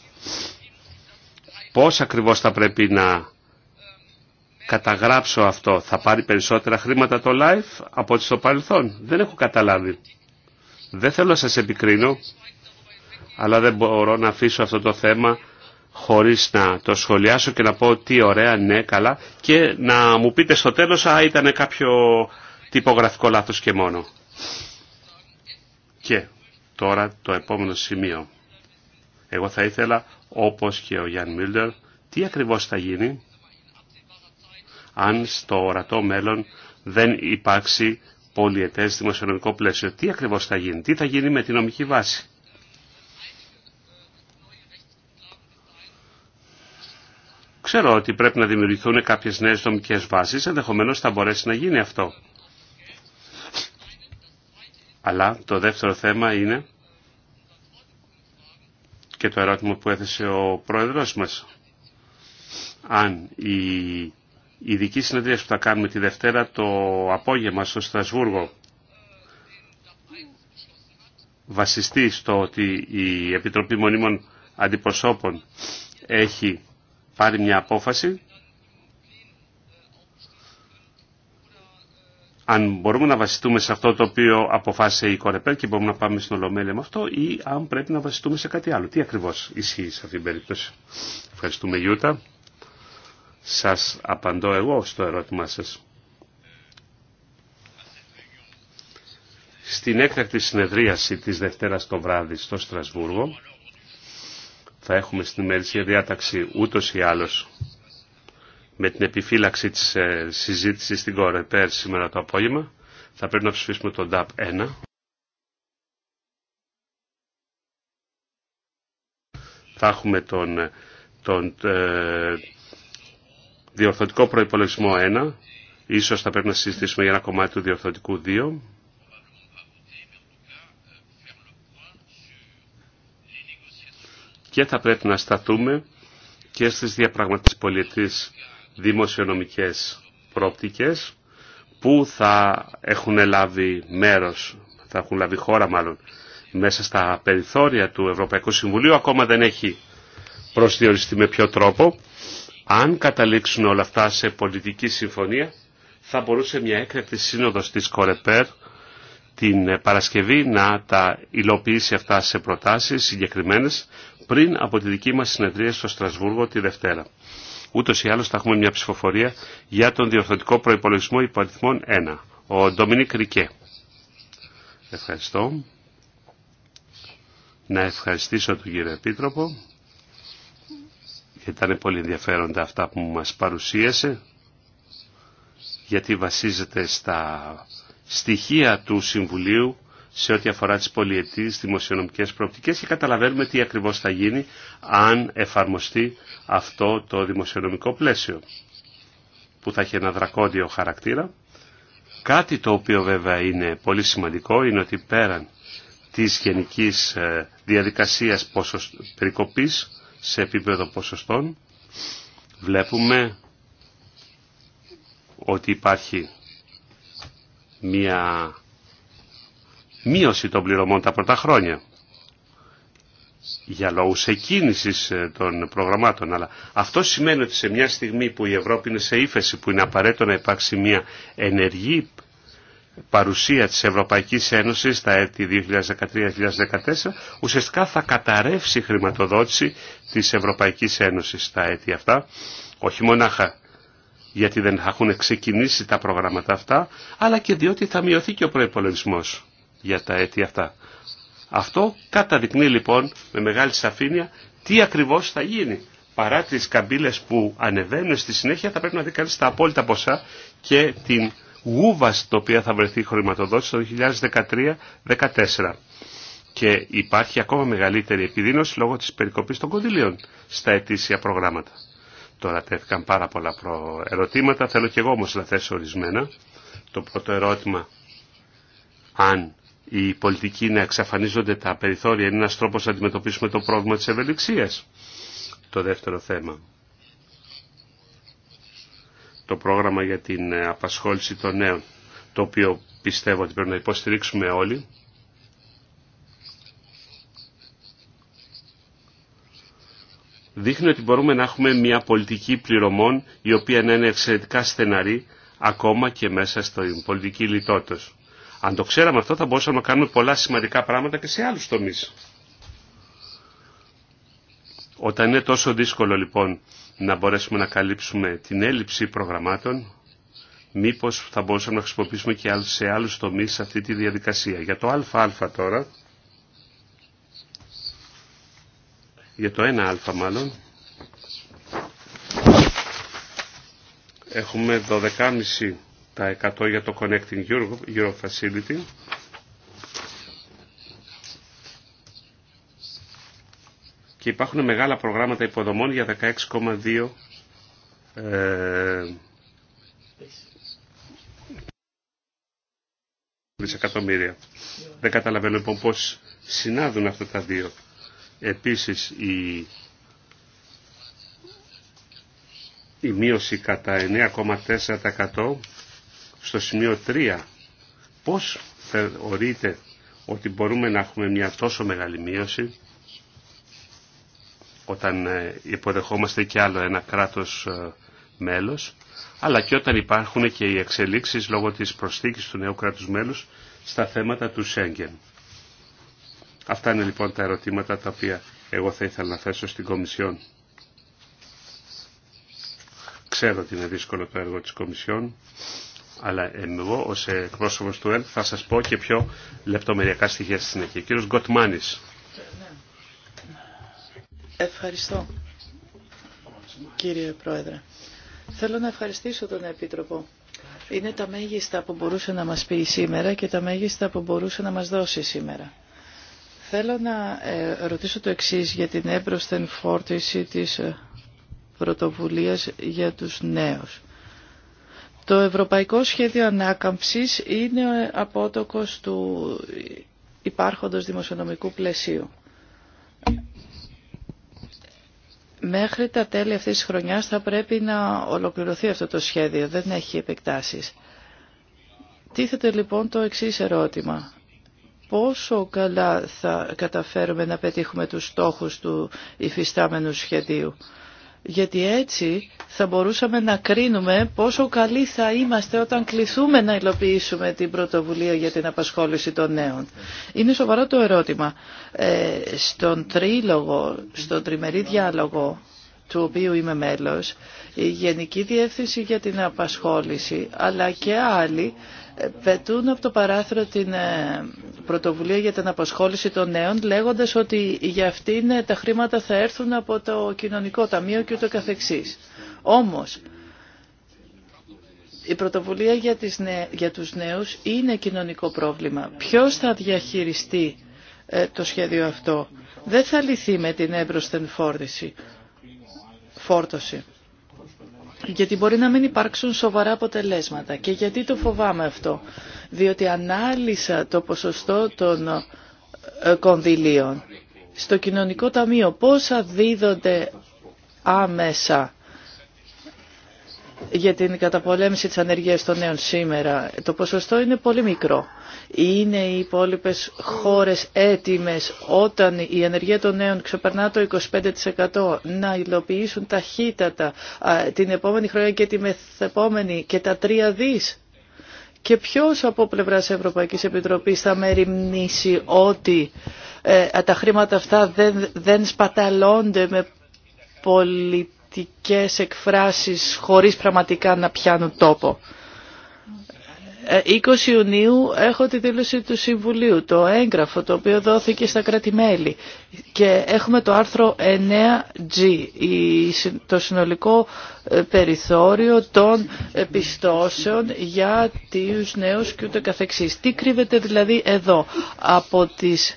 Πώς ακριβώς θα πρέπει να καταγράψω αυτό. Θα πάρει περισσότερα χρήματα το live από ό,τι στο παρελθόν. Δεν έχω καταλάβει. Δεν θέλω να σας επικρίνω, αλλά δεν μπορώ να αφήσω αυτό το θέμα χωρίς να το σχολιάσω και να πω τι ωραία, ναι, καλά και να μου πείτε στο τέλος, α, ήταν κάποιο τυπογραφικό λάθος και μόνο. Και τώρα το επόμενο σημείο. Εγώ θα ήθελα, όπως και ο Γιάνν Μίλντερ, τι ακριβώς θα γίνει αν στο ορατό μέλλον δεν υπάρξει πολιετές δημοσιονομικό πλαίσιο. Τι ακριβώς θα γίνει, τι θα γίνει με τη νομική βάση. Ξέρω ότι πρέπει να δημιουργηθούν κάποιες νέες νομικές βάσεις, ενδεχομένως θα μπορέσει να γίνει αυτό. Αλλά το δεύτερο θέμα είναι και το ερώτημα που έθεσε ο πρόεδρος μας. Αν η ειδική συνεδρία που θα κάνουμε τη Δευτέρα το απόγευμα στο Στρασβούργο βασιστεί στο ότι η Επιτροπή Μονίμων Αντιπροσώπων έχει πάρει μια απόφαση αν μπορούμε να βασιστούμε σε αυτό το οποίο αποφάσισε η Κορεπέρ και μπορούμε να πάμε στην Ολομέλεια με αυτό ή αν πρέπει να βασιστούμε σε κάτι άλλο. Τι ακριβώς ισχύει σε αυτήν την περίπτωση. Ευχαριστούμε Γιούτα. Σας απαντώ εγώ στο ερώτημά σας. Στην έκτακτη συνεδρίαση της Δευτέρας το βράδυ στο Στρασβούργο θα έχουμε στην ημερησία διάταξη ούτως ή άλλως με την επιφύλαξη της ε, συζήτησης στην Κορεπέρ σήμερα το απόγευμα θα πρέπει να ψηφίσουμε τον ΤΑΠ 1. Θα έχουμε τον, τον, ε, διορθωτικό προϋπολογισμό 1, ίσως θα πρέπει να συζητήσουμε για ένα κομμάτι του διορθωτικού 2, και θα πρέπει να σταθούμε και στις διαπραγματικές πολιτικές δημοσιονομικές πρόπτικες που θα έχουν λάβει μέρος, θα έχουν λάβει χώρα μάλλον, μέσα στα περιθώρια του Ευρωπαϊκού Συμβουλίου. Ακόμα δεν έχει προσδιοριστεί με ποιο τρόπο αν καταλήξουν όλα αυτά σε πολιτική συμφωνία, θα μπορούσε μια έκτακτη σύνοδος της Κορεπέρ την ε, Παρασκευή να τα υλοποιήσει αυτά σε προτάσεις συγκεκριμένες πριν από τη δική μας συνεδρία στο Στρασβούργο τη Δευτέρα. Ούτως ή άλλως θα έχουμε μια ψηφοφορία για τον διορθωτικό προϋπολογισμό υποαριθμών 1. Ο Ντομινίκ Ρικέ. Ευχαριστώ. Να ευχαριστήσω τον κύριο Επίτροπο ήταν πολύ ενδιαφέροντα αυτά που μας παρουσίασε γιατί βασίζεται στα στοιχεία του Συμβουλίου σε ό,τι αφορά τις πολιετήσεις δημοσιονομικές προοπτικές και καταλαβαίνουμε τι ακριβώς θα γίνει αν εφαρμοστεί αυτό το δημοσιονομικό πλαίσιο που θα έχει ένα δρακόντιο χαρακτήρα. Κάτι το οποίο βέβαια είναι πολύ σημαντικό είναι ότι πέραν της γενικής ε, διαδικασίας περικοπής σε επίπεδο ποσοστών. Βλέπουμε ότι υπάρχει μία μείωση των πληρωμών τα πρώτα χρόνια για λόγους εκκίνησης ε, των προγραμμάτων. Αλλά αυτό σημαίνει ότι σε μια στιγμή που η Ευρώπη είναι σε ύφεση, που είναι απαραίτητο να υπάρξει μια ενεργή παρουσία της Ευρωπαϊκής Ένωσης στα έτη 2013-2014 ουσιαστικά θα καταρρεύσει η χρηματοδότηση της Ευρωπαϊκής Ένωσης στα έτη αυτά, όχι μονάχα γιατί δεν θα έχουν ξεκινήσει τα προγράμματα αυτά, αλλά και διότι θα μειωθεί και ο προϋπολογισμός για τα έτη αυτά. Αυτό καταδεικνύει λοιπόν με μεγάλη σαφήνεια τι ακριβώς θα γίνει. Παρά τις καμπύλες που ανεβαίνουν στη συνέχεια θα πρέπει να δει κανείς τα απόλυτα ποσά και την γούβας, στην οποία θα βρεθεί χρηματοδότηση το 2013-2014. Και υπάρχει ακόμα μεγαλύτερη επιδείνωση λόγω της περικοπής των κονδυλίων στα ετήσια προγράμματα. Τώρα τέθηκαν πάρα πολλά ερωτήματα, θέλω και εγώ όμως να θέσω ορισμένα. Το πρώτο ερώτημα, αν η πολιτική να εξαφανίζονται τα περιθώρια είναι ένας τρόπος να αντιμετωπίσουμε το πρόβλημα της ευελιξίας. Το δεύτερο θέμα το πρόγραμμα για την ε, απασχόληση των νέων, το οποίο πιστεύω ότι πρέπει να υποστηρίξουμε όλοι. Δείχνει ότι μπορούμε να έχουμε μια πολιτική πληρωμών η οποία να είναι εξαιρετικά στεναρή ακόμα και μέσα στην πολιτική λιτότητας. Αν το ξέραμε αυτό θα μπορούσαμε να κάνουμε πολλά σημαντικά πράγματα και σε άλλους τομείς. Όταν είναι τόσο δύσκολο λοιπόν να μπορέσουμε να καλύψουμε την έλλειψη προγραμμάτων, μήπως θα μπορούσαμε να χρησιμοποιήσουμε και σε άλλους τομείς αυτή τη διαδικασία. Για το ΑΑ τώρα, για το 1α μάλλον, έχουμε 12,5% για το Connecting Euro Europe Facility και υπάρχουν μεγάλα προγράμματα υποδομών για 16,2 ε, δισεκατομμύρια. Δεν καταλαβαίνω λοιπόν πώς συνάδουν αυτά τα δύο. Επίσης η, η μείωση κατά 9,4% στο σημείο 3. Πώς θεωρείτε ότι μπορούμε να έχουμε μια τόσο μεγάλη μείωση όταν ε, υποδεχόμαστε και άλλο ένα κράτος ε, μέλος, αλλά και όταν υπάρχουν και οι εξελίξεις λόγω της προσθήκης του νέου κράτους μέλους στα θέματα του Σέγγεν. Αυτά είναι λοιπόν τα ερωτήματα τα οποία εγώ θα ήθελα να θέσω στην Κομισιόν. Ξέρω ότι είναι δύσκολο το έργο της Κομισιόν, αλλά εγώ ως εκπρόσωπος του ΕΛ θα σας πω και πιο λεπτομεριακά στοιχεία στην συνέχεια. Κύριος Γκοτμάνης. Ευχαριστώ, κύριε Πρόεδρε. Θέλω να ευχαριστήσω τον Επίτροπο. Είναι τα μέγιστα που μπορούσε να μας πει σήμερα και τα μέγιστα που μπορούσε να μας δώσει σήμερα. Θέλω να ε, ρωτήσω το εξής για την έμπροσθεν φόρτιση της ε, πρωτοβουλίας για τους νέους. Το Ευρωπαϊκό Σχέδιο Ανάκαμψης είναι ε, απότοκος του υπάρχοντος δημοσιονομικού πλαισίου. Μέχρι τα τέλη αυτής της χρονιάς θα πρέπει να ολοκληρωθεί αυτό το σχέδιο, δεν έχει επεκτάσεις. Τίθεται λοιπόν το εξής ερώτημα. Πόσο καλά θα καταφέρουμε να πετύχουμε τους στόχους του υφιστάμενου σχεδίου γιατί έτσι θα μπορούσαμε να κρίνουμε πόσο καλοί θα είμαστε όταν κληθούμε να υλοποιήσουμε την πρωτοβουλία για την απασχόληση των νέων. Είναι σοβαρό το ερώτημα. Ε, στον τρίλογο, στον τριμερή διάλογο του οποίου είμαι μέλος, η Γενική Διεύθυνση για την Απασχόληση, αλλά και άλλοι πετούν από το παράθυρο την ε, πρωτοβουλία για την απασχόληση των νέων λέγοντας ότι για αυτήν ε, τα χρήματα θα έρθουν από το κοινωνικό ταμείο και ούτω καθεξής. Όμως, η πρωτοβουλία για, τις για τους νέους είναι κοινωνικό πρόβλημα. Ποιος θα διαχειριστεί ε, το σχέδιο αυτό. Δεν θα λυθεί με την έμπροσθεν φόρτωση γιατί μπορεί να μην υπάρξουν σοβαρά αποτελέσματα. Και γιατί το φοβάμαι αυτό. Διότι ανάλυσα το ποσοστό των ε, κονδυλίων στο κοινωνικό ταμείο. Πόσα δίδονται άμεσα για την καταπολέμηση της ανεργίας των νέων σήμερα. Το ποσοστό είναι πολύ μικρό. Είναι οι υπόλοιπε χώρες έτοιμες όταν η ανεργία των νέων ξεπερνά το 25% να υλοποιήσουν ταχύτατα την επόμενη χρονιά και τη μεθεπόμενη και τα τρία δις. Και ποιος από πλευράς Ευρωπαϊκής Επιτροπής θα μεριμνήσει ότι ε, τα χρήματα αυτά δεν, δεν σπαταλώνται με πολύ πραγματικές εκφράσεις χωρίς πραγματικά να πιάνουν τόπο. 20 ε, Ιουνίου έχω τη δήλωση του Συμβουλίου, το έγγραφο το οποίο δόθηκε στα κρατη και έχουμε το άρθρο 9G, το συνολικό ε, περιθώριο των επιστώσεων για τους νέους και ούτε καθεξής. Τι κρύβεται δηλαδή εδώ από τις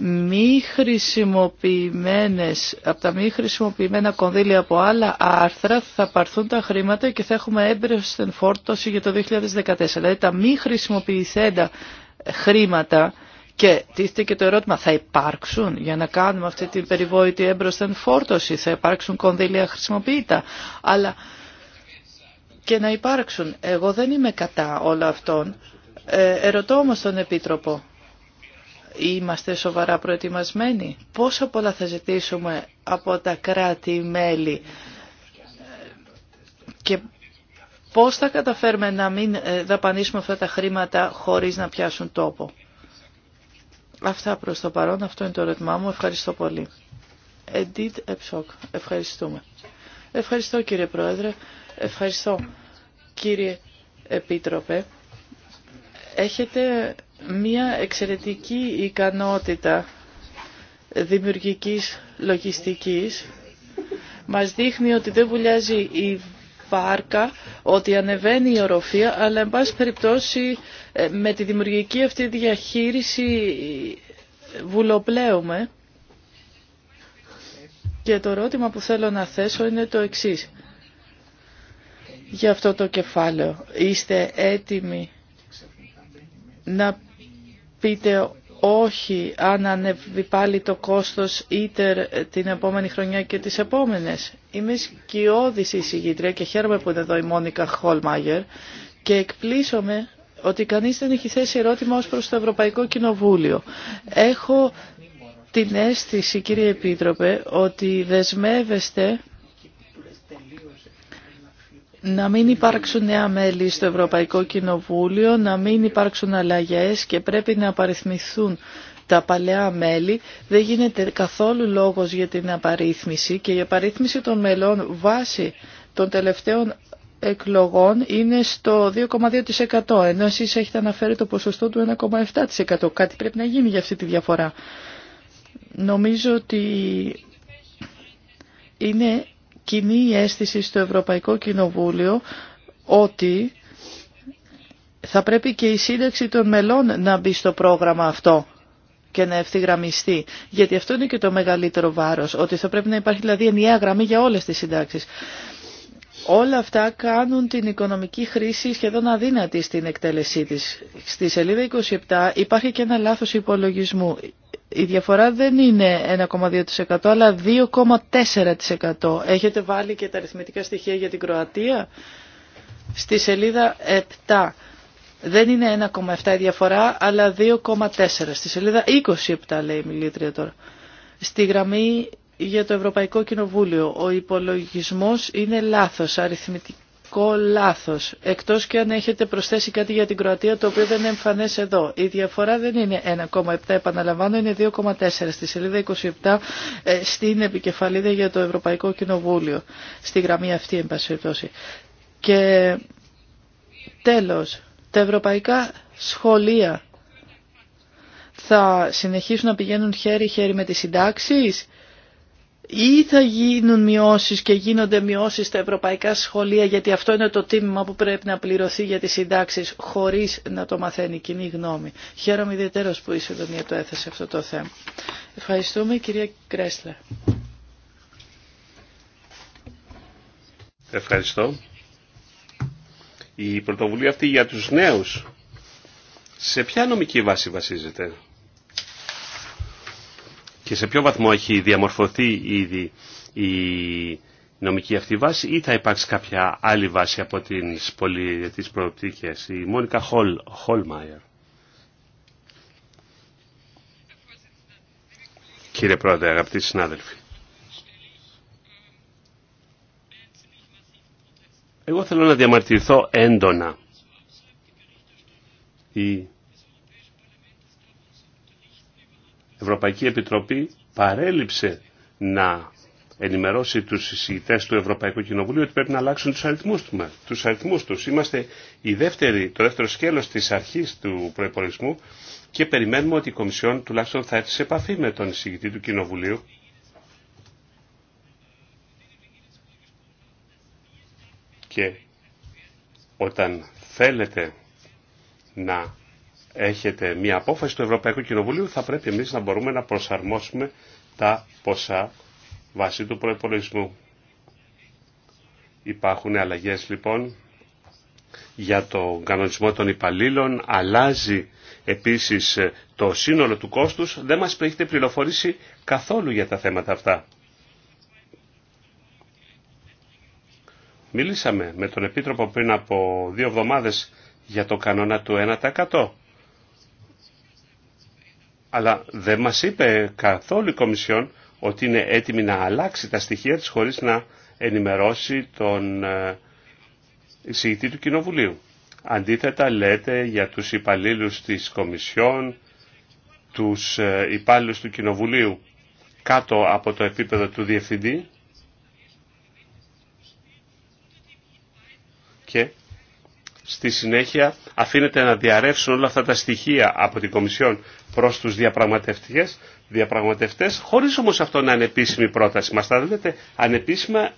μη χρησιμοποιημένες, από τα μη χρησιμοποιημένα κονδύλια από άλλα άρθρα θα παρθούν τα χρήματα και θα έχουμε στην φόρτωση για το 2014. Δηλαδή τα μη χρησιμοποιηθέντα χρήματα και τίθεται και το ερώτημα θα υπάρξουν για να κάνουμε αυτή την περιβόητη έμπροσθεν φόρτωση, θα υπάρξουν κονδύλια χρησιμοποιητά. Αλλά και να υπάρξουν. Εγώ δεν είμαι κατά όλο αυτών. Ε, ερωτώ όμως τον Επίτροπο Είμαστε σοβαρά προετοιμασμένοι. Πόσα πολλά θα ζητήσουμε από τα κράτη-μέλη και πώς θα καταφέρουμε να μην ε, δαπανίσουμε αυτά τα χρήματα χωρίς να πιάσουν τόπο. Αυτά προς το παρόν, αυτό είναι το ερώτημά μου. Ευχαριστώ πολύ. Εντίτ Εψόκ. Ευχαριστούμε. Ευχαριστώ κύριε Πρόεδρε. Ευχαριστώ κύριε Επίτροπε. Έχετε μια εξαιρετική ικανότητα δημιουργικής λογιστικής μας δείχνει ότι δεν βουλιάζει η βάρκα, ότι ανεβαίνει η οροφία, αλλά εν πάση περιπτώσει ε, με τη δημιουργική αυτή διαχείριση ε, βουλοπλέουμε. Και το ερώτημα που θέλω να θέσω είναι το εξής. Για αυτό το κεφάλαιο, είστε έτοιμοι να πείτε όχι αν ανεβεί πάλι το κόστος είτε την επόμενη χρονιά και τις επόμενες. Είμαι σκιώδης εισηγήτρια και χαίρομαι που είναι εδώ η Μόνικα Χολμάγερ και εκπλήσωμαι ότι κανείς δεν έχει θέσει ερώτημα ως προς το Ευρωπαϊκό Κοινοβούλιο. Έχω την αίσθηση, κύριε Επίτροπε, ότι δεσμεύεστε να μην υπάρξουν νέα μέλη στο Ευρωπαϊκό Κοινοβούλιο, να μην υπάρξουν αλλαγές και πρέπει να απαριθμηθούν τα παλαιά μέλη. Δεν γίνεται καθόλου λόγος για την απαρίθμηση και η απαρίθμηση των μελών βάσει των τελευταίων εκλογών είναι στο 2,2% ενώ εσείς έχετε αναφέρει το ποσοστό του 1,7%. Κάτι πρέπει να γίνει για αυτή τη διαφορά. Νομίζω ότι είναι κοινή αίσθηση στο Ευρωπαϊκό Κοινοβούλιο ότι θα πρέπει και η σύνταξη των μελών να μπει στο πρόγραμμα αυτό και να ευθυγραμμιστεί. Γιατί αυτό είναι και το μεγαλύτερο βάρος, ότι θα πρέπει να υπάρχει δηλαδή ενιαία γραμμή για όλες τις συντάξεις. Όλα αυτά κάνουν την οικονομική χρήση σχεδόν αδύνατη στην εκτέλεσή της. Στη σελίδα 27 υπάρχει και ένα λάθος υπολογισμού η διαφορά δεν είναι 1,2% αλλά 2,4%. Έχετε βάλει και τα αριθμητικά στοιχεία για την Κροατία στη σελίδα 7. Δεν είναι 1,7 η διαφορά, αλλά 2,4. Στη σελίδα 27 λέει η μιλήτρια τώρα. Στη γραμμή για το Ευρωπαϊκό Κοινοβούλιο ο υπολογισμός είναι λάθος. αριθμητικά βασικό εκτός και αν έχετε προσθέσει κάτι για την Κροατία το οποίο δεν είναι εδώ. Η διαφορά δεν είναι 1,7 επαναλαμβάνω, είναι 2,4 στη σελίδα 27 ε, στην επικεφαλίδα για το Ευρωπαϊκό Κοινοβούλιο, στη γραμμή αυτή εν πάση Και τέλος, τα ευρωπαϊκά σχολεία θα συνεχίσουν να πηγαίνουν χέρι-χέρι με τι συντάξεις ή θα γίνουν μειώσεις και γίνονται μειώσεις στα ευρωπαϊκά σχολεία γιατί αυτό είναι το τίμημα που πρέπει να πληρωθεί για τις συντάξεις χωρίς να το μαθαίνει η κοινή γνώμη. Χαίρομαι ιδιαίτερος που η Συντονία το έθεσε αυτό το θέμα. Ευχαριστούμε κυρία Κρέσλε. Ευχαριστώ. Η πρωτοβουλία αυτή για τους νέους σε ποια νομική βάση βασίζεται και σε ποιο βαθμό έχει διαμορφωθεί ήδη η νομική αυτή βάση ή θα υπάρξει κάποια άλλη βάση από τις πολυετής προοπτικές. Η Μόνικα Χολ, Χολμάιερ. Κύριε Πρόεδρε, αγαπητοί συνάδελφοι. Εγώ θέλω να διαμαρτυρηθώ έντονα. Η Ευρωπαϊκή Επιτροπή παρέλειψε να ενημερώσει τους συζητητές του Ευρωπαϊκού Κοινοβουλίου ότι πρέπει να αλλάξουν τους αριθμούς, του, τους αριθμούς τους. Είμαστε η δεύτερη, το δεύτερο σκέλος της αρχής του προεπολισμού και περιμένουμε ότι η Κομισιόν τουλάχιστον θα έρθει σε επαφή με τον εισηγητή του Κοινοβουλίου και όταν θέλετε να έχετε μια απόφαση του Ευρωπαϊκού Κοινοβουλίου, θα πρέπει εμείς να μπορούμε να προσαρμόσουμε τα ποσά βάσει του προϋπολογισμού. Υπάρχουν αλλαγές λοιπόν για τον κανονισμό των υπαλλήλων, αλλάζει επίσης το σύνολο του κόστους, δεν μας έχετε πληροφορήσει καθόλου για τα θέματα αυτά. Μίλησαμε με τον Επίτροπο πριν από δύο εβδομάδες για το κανόνα του 1% αλλά δεν μας είπε καθόλου η Κομισιόν ότι είναι έτοιμη να αλλάξει τα στοιχεία της χωρίς να ενημερώσει τον ε, εισηγητή του Κοινοβουλίου. Αντίθετα λέτε για τους υπαλλήλους της Κομισιόν, τους ε, υπάλληλους του Κοινοβουλίου κάτω από το επίπεδο του Διευθυντή και στη συνέχεια αφήνεται να διαρρεύσουν όλα αυτά τα στοιχεία από την Κομισιόν προς τους διαπραγματευτές, διαπραγματευτές χωρίς όμως αυτό να είναι επίσημη πρόταση. Μας τα δίνετε ανεπίσημα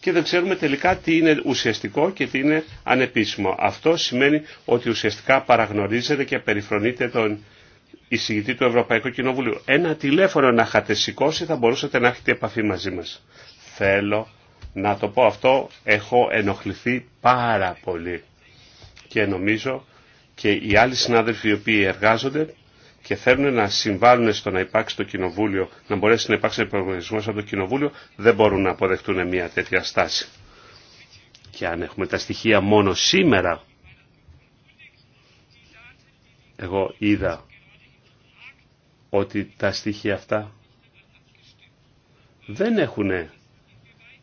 και δεν ξέρουμε τελικά τι είναι ουσιαστικό και τι είναι ανεπίσημο. Αυτό σημαίνει ότι ουσιαστικά παραγνωρίζετε και περιφρονείται τον εισηγητή του Ευρωπαϊκού Κοινοβουλίου. Ένα τηλέφωνο να είχατε σηκώσει θα μπορούσατε να έχετε επαφή μαζί μας. Θέλω να το πω αυτό, έχω ενοχληθεί πάρα πολύ και νομίζω και οι άλλοι συνάδελφοι οι οποίοι εργάζονται και θέλουν να συμβάλλουν στο να υπάρξει το κοινοβούλιο, να μπορέσει να υπάρξει προγραμματισμό από το κοινοβούλιο, δεν μπορούν να αποδεχτούν μια τέτοια στάση. Και αν έχουμε τα στοιχεία μόνο σήμερα, εγώ είδα ότι τα στοιχεία αυτά δεν έχουνε,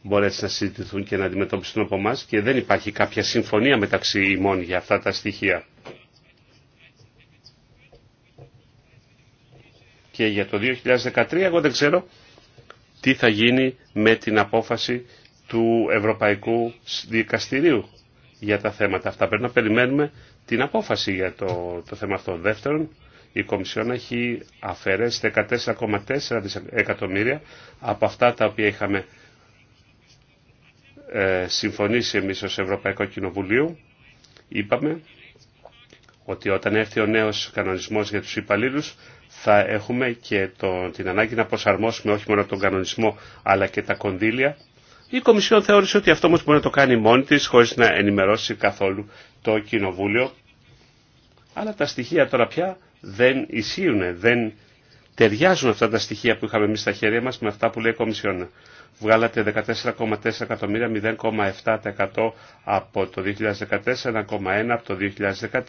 μπορέσει να συζητηθούν και να αντιμετωπιστούν από εμά και δεν υπάρχει κάποια συμφωνία μεταξύ ημών για αυτά τα στοιχεία. Και για το 2013 εγώ δεν ξέρω τι θα γίνει με την απόφαση του Ευρωπαϊκού Δικαστηρίου για τα θέματα αυτά. Πρέπει να περιμένουμε την απόφαση για το, το θέμα αυτό. Δεύτερον, η Κομισιόν έχει αφαιρέσει 14,4 εκατομμύρια από αυτά τα οποία είχαμε ε, συμφωνήσει εμείς ως Ευρωπαϊκό Κοινοβουλίο, είπαμε ότι όταν έρθει ο νέος κανονισμός για τους υπαλλήλους θα έχουμε και το, την ανάγκη να προσαρμόσουμε όχι μόνο τον κανονισμό αλλά και τα κονδύλια. Η Κομισιόν θεώρησε ότι αυτό όμως μπορεί να το κάνει μόνη της χωρίς να ενημερώσει καθόλου το Κοινοβούλιο. Αλλά τα στοιχεία τώρα πια δεν ισχύουν, δεν ταιριάζουν αυτά τα στοιχεία που είχαμε εμεί στα χέρια μας με αυτά που λέει η Κομισιόν βγάλατε 14,4 εκατομμύρια, 0,7% από το 2014, 1,1% από το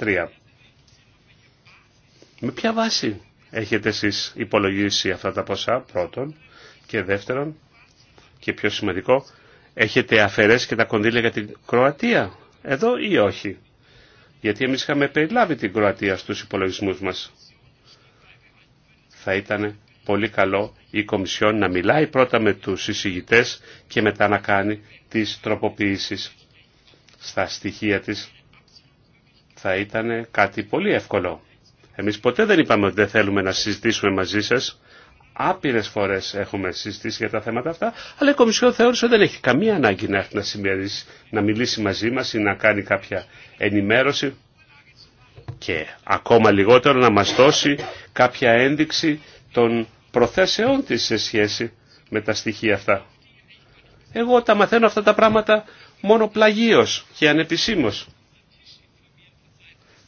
2013. Με ποια βάση έχετε εσείς υπολογίσει αυτά τα ποσά πρώτον και δεύτερον και πιο σημαντικό έχετε αφαιρέσει και τα κονδύλια για την Κροατία εδώ ή όχι. Γιατί εμείς είχαμε περιλάβει την Κροατία στους υπολογισμούς μας. Θα ήτανε πολύ καλό η Κομισιόν να μιλάει πρώτα με τους εισηγητές και μετά να κάνει τις τροποποιήσεις στα στοιχεία της. Θα ήταν κάτι πολύ εύκολο. Εμείς ποτέ δεν είπαμε ότι δεν θέλουμε να συζητήσουμε μαζί σας. Άπειρες φορές έχουμε συζητήσει για τα θέματα αυτά, αλλά η Κομισιόν θεώρησε ότι δεν έχει καμία ανάγκη να έρθει να, να μιλήσει μαζί μας ή να κάνει κάποια ενημέρωση και ακόμα λιγότερο να μας δώσει κάποια ένδειξη των προθέσεών της σε σχέση με τα στοιχεία αυτά. Εγώ τα μαθαίνω αυτά τα πράγματα μόνο πλαγίως και ανεπισήμως.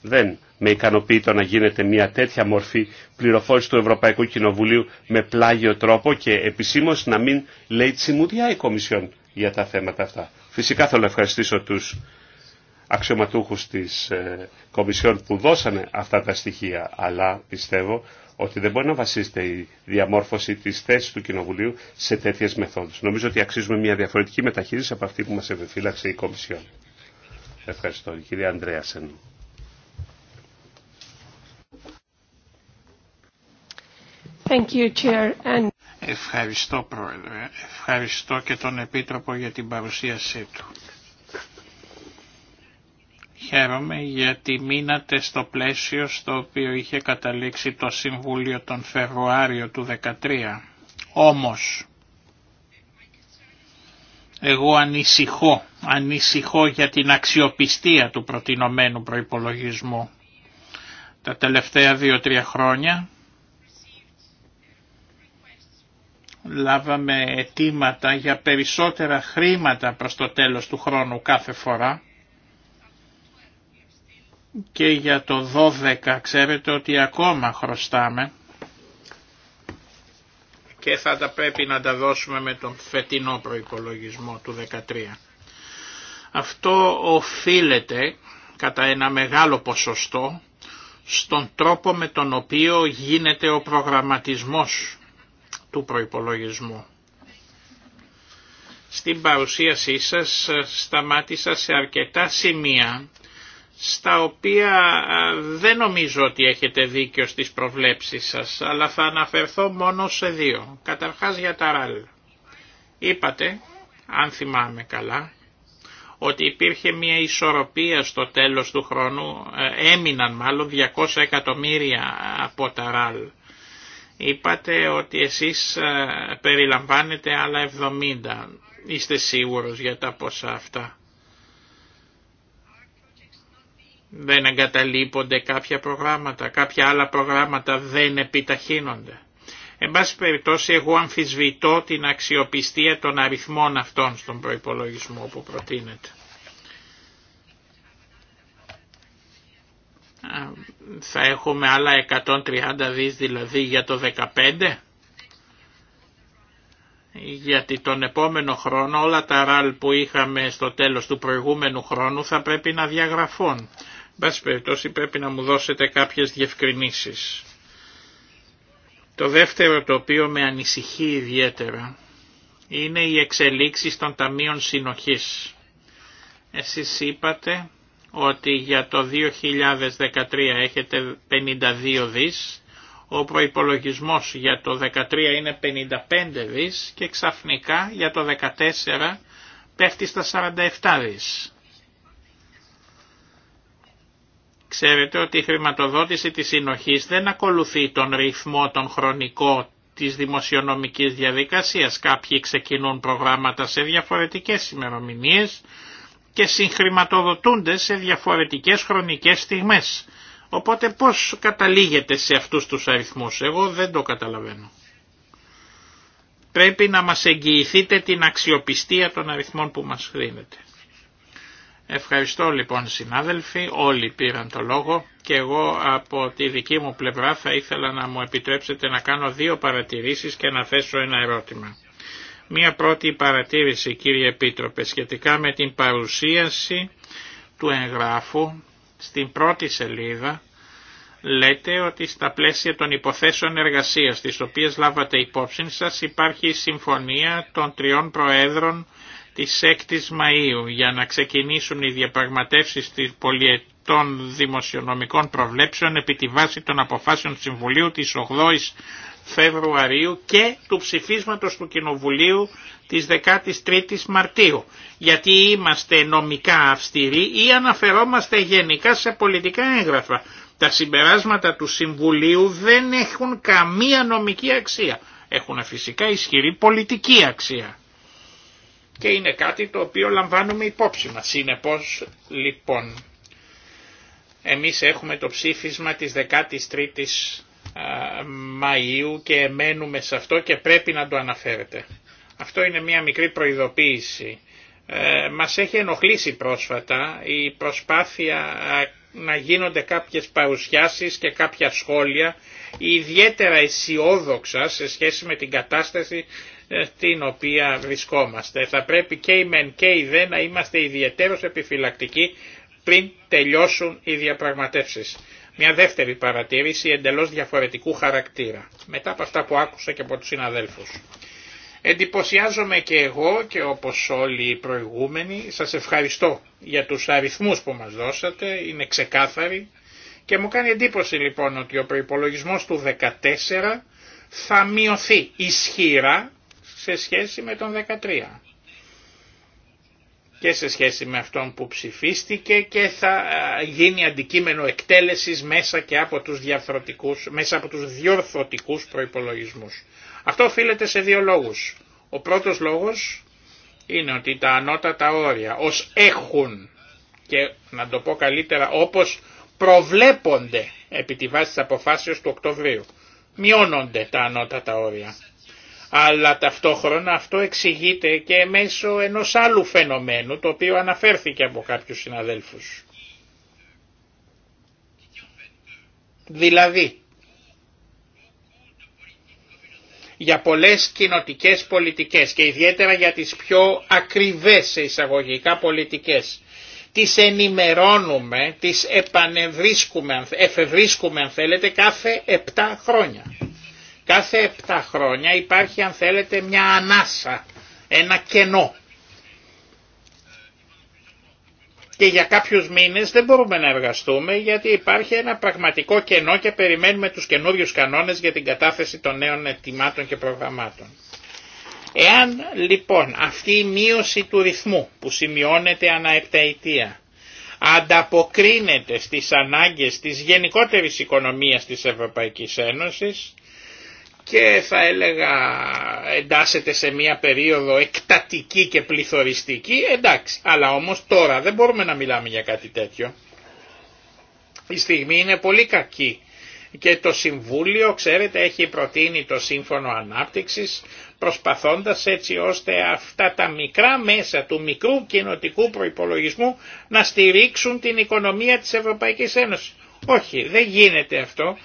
Δεν με ικανοποιεί το να γίνεται μια τέτοια μορφή πληροφόρηση του Ευρωπαϊκού Κοινοβουλίου με πλάγιο τρόπο και επισήμως να μην λέει τσιμουδιά η Κομισιόν για τα θέματα αυτά. Φυσικά θέλω να ευχαριστήσω τους αξιωματούχους της ε, Κομισιόν που δώσανε αυτά τα στοιχεία, αλλά πιστεύω ότι δεν μπορεί να βασίζεται η διαμόρφωση της θέσης του Κοινοβουλίου σε τέτοιε μεθόδους. Νομίζω ότι αξίζουμε μια διαφορετική μεταχείριση από αυτή που μας επιφύλαξε η Κομισιόν. Ευχαριστώ. Η κυρία Ανδρέα Thank Ευχαριστώ Πρόεδρε. Ευχαριστώ και τον Επίτροπο για την παρουσίασή του χαίρομαι γιατί μείνατε στο πλαίσιο στο οποίο είχε καταλήξει το Συμβούλιο τον Φεβρουάριο του 2013. Όμως, εγώ ανησυχώ, ανησυχώ για την αξιοπιστία του προτινομένου προϋπολογισμού. Τα τελευταία δύο-τρία χρόνια λάβαμε αιτήματα για περισσότερα χρήματα προς το τέλος του χρόνου κάθε φορά και για το 12 ξέρετε ότι ακόμα χρωστάμε και θα τα πρέπει να τα δώσουμε με τον φετινό προϋπολογισμό του 13. Αυτό οφείλεται κατά ένα μεγάλο ποσοστό στον τρόπο με τον οποίο γίνεται ο προγραμματισμός του προϋπολογισμού. Στην παρουσίασή σας σταμάτησα σε αρκετά σημεία στα οποία δεν νομίζω ότι έχετε δίκιο στις προβλέψεις σας, αλλά θα αναφερθώ μόνο σε δύο. Καταρχάς για τα ράλ. Είπατε, αν θυμάμαι καλά, ότι υπήρχε μια ισορροπία στο τέλος του χρόνου, ε, έμειναν μάλλον 200 εκατομμύρια από τα ράλ. Είπατε ότι εσείς ε, περιλαμβάνετε άλλα 70. Είστε σίγουρος για τα ποσά αυτά. δεν εγκαταλείπονται κάποια προγράμματα, κάποια άλλα προγράμματα δεν επιταχύνονται. Εν πάση περιπτώσει εγώ αμφισβητώ την αξιοπιστία των αριθμών αυτών στον προϋπολογισμό που προτείνεται. Θα έχουμε άλλα 130 δις δηλαδή για το 15 γιατί τον επόμενο χρόνο όλα τα ραλ που είχαμε στο τέλος του προηγούμενου χρόνου θα πρέπει να διαγραφούν. Μπας περιπτώσει πρέπει να μου δώσετε κάποιες διευκρινήσεις. Το δεύτερο το οποίο με ανησυχεί ιδιαίτερα είναι οι εξελίξεις των ταμείων συνοχής. Εσείς είπατε ότι για το 2013 έχετε 52 δις, ο προϋπολογισμός για το 2013 είναι 55 δις και ξαφνικά για το 2014 πέφτει στα 47 δις. Ξέρετε ότι η χρηματοδότηση της συνοχής δεν ακολουθεί τον ρυθμό, τον χρονικό της δημοσιονομικής διαδικασίας. Κάποιοι ξεκινούν προγράμματα σε διαφορετικές ημερομηνίε και συγχρηματοδοτούνται σε διαφορετικές χρονικές στιγμές. Οπότε πώς καταλήγεται σε αυτούς τους αριθμούς, εγώ δεν το καταλαβαίνω. Πρέπει να μας εγγυηθείτε την αξιοπιστία των αριθμών που μας χρήνετε. Ευχαριστώ λοιπόν συνάδελφοι, όλοι πήραν το λόγο και εγώ από τη δική μου πλευρά θα ήθελα να μου επιτρέψετε να κάνω δύο παρατηρήσεις και να θέσω ένα ερώτημα. Μία πρώτη παρατήρηση κύριε Επίτροπε σχετικά με την παρουσίαση του εγγράφου στην πρώτη σελίδα λέτε ότι στα πλαίσια των υποθέσεων εργασίας τις οποίες λάβατε υπόψη σας υπάρχει συμφωνία των τριών προέδρων της 6ης Μαΐου για να ξεκινήσουν οι διαπραγματεύσεις της πολιετών δημοσιονομικών προβλέψεων επί τη βάση των αποφάσεων του Συμβουλίου της 8ης Φεβρουαρίου και του ψηφίσματος του Κοινοβουλίου της 13ης Μαρτίου. Γιατί είμαστε νομικά αυστηροί ή αναφερόμαστε γενικά σε πολιτικά έγγραφα. Τα συμπεράσματα του Συμβουλίου δεν έχουν καμία νομική αξία. Έχουν φυσικά ισχυρή πολιτική αξία. Και είναι κάτι το οποίο λαμβάνουμε υπόψη μας. Συνεπώς λοιπόν εμείς έχουμε το ψήφισμα της 13ης Μαΐου και μένουμε σε αυτό και πρέπει να το αναφέρετε. Αυτό είναι μια μικρή προειδοποίηση. Ε, μας έχει ενοχλήσει πρόσφατα η προσπάθεια να γίνονται κάποιες παρουσιάσεις και κάποια σχόλια ιδιαίτερα αισιόδοξα σε σχέση με την κατάσταση ε, την οποία βρισκόμαστε. Θα πρέπει και οι μεν και οι δε να είμαστε ιδιαίτερως επιφυλακτικοί πριν τελειώσουν οι διαπραγματεύσεις. Μια δεύτερη παρατήρηση εντελώς διαφορετικού χαρακτήρα, μετά από αυτά που άκουσα και από τους συναδέλφους. Εντυπωσιάζομαι και εγώ και όπως όλοι οι προηγούμενοι, σας ευχαριστώ για τους αριθμούς που μας δώσατε, είναι ξεκάθαροι και μου κάνει εντύπωση λοιπόν ότι ο προϋπολογισμός του 14 θα μειωθεί ισχύρα σε σχέση με τον 13 και σε σχέση με αυτόν που ψηφίστηκε και θα γίνει αντικείμενο εκτέλεσης μέσα και από τους, διαρθρωτικούς, μέσα από τους διορθωτικούς προϋπολογισμούς. Αυτό οφείλεται σε δύο λόγους. Ο πρώτος λόγος είναι ότι τα ανώτατα όρια ως έχουν και να το πω καλύτερα όπως προβλέπονται επί τη βάση της αποφάσεως του Οκτωβρίου. Μειώνονται τα ανώτατα όρια αλλά ταυτόχρονα αυτό εξηγείται και μέσω ενός άλλου φαινομένου το οποίο αναφέρθηκε από κάποιους συναδέλφους. Δηλαδή, για πολλές κοινοτικές πολιτικές και ιδιαίτερα για τις πιο ακριβές εισαγωγικά πολιτικές. Τις ενημερώνουμε, τις επανευρίσκουμε, εφευρίσκουμε αν θέλετε κάθε 7 χρόνια. Κάθε 7 χρόνια υπάρχει αν θέλετε μια ανάσα, ένα κενό. Και για κάποιους μήνες δεν μπορούμε να εργαστούμε γιατί υπάρχει ένα πραγματικό κενό και περιμένουμε τους καινούριου κανόνες για την κατάθεση των νέων ετοιμάτων και προγραμμάτων. Εάν λοιπόν αυτή η μείωση του ρυθμού που σημειώνεται ανά επταετία ανταποκρίνεται στις ανάγκες της γενικότερης οικονομίας της Ευρωπαϊκής Ένωσης, και θα έλεγα εντάσσεται σε μια περίοδο εκτατική και πληθωριστική, εντάξει. Αλλά όμως τώρα δεν μπορούμε να μιλάμε για κάτι τέτοιο. Η στιγμή είναι πολύ κακή και το Συμβούλιο, ξέρετε, έχει προτείνει το Σύμφωνο Ανάπτυξης προσπαθώντας έτσι ώστε αυτά τα μικρά μέσα του μικρού κοινοτικού προϋπολογισμού να στηρίξουν την οικονομία της Ευρωπαϊκής Ένωσης. Όχι, δεν γίνεται αυτό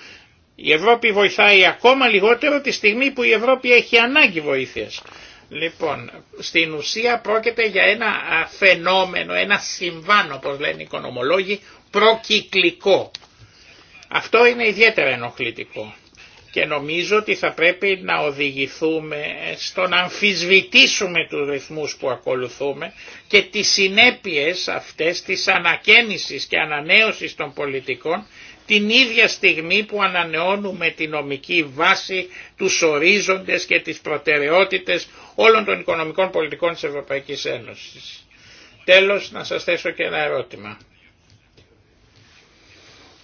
η Ευρώπη βοηθάει ακόμα λιγότερο τη στιγμή που η Ευρώπη έχει ανάγκη βοήθειας. Λοιπόν, στην ουσία πρόκειται για ένα φαινόμενο, ένα συμβάν όπως λένε οι οικονομολόγοι, προκυκλικό. Αυτό είναι ιδιαίτερα ενοχλητικό και νομίζω ότι θα πρέπει να οδηγηθούμε στο να αμφισβητήσουμε τους ρυθμούς που ακολουθούμε και τις συνέπειες αυτές της ανακαίνησης και ανανέωσης των πολιτικών την ίδια στιγμή που ανανεώνουμε τη νομική βάση, τους ορίζοντες και τις προτεραιότητες όλων των οικονομικών πολιτικών της Ευρωπαϊκής Ένωσης. Τέλος, να σας θέσω και ένα ερώτημα.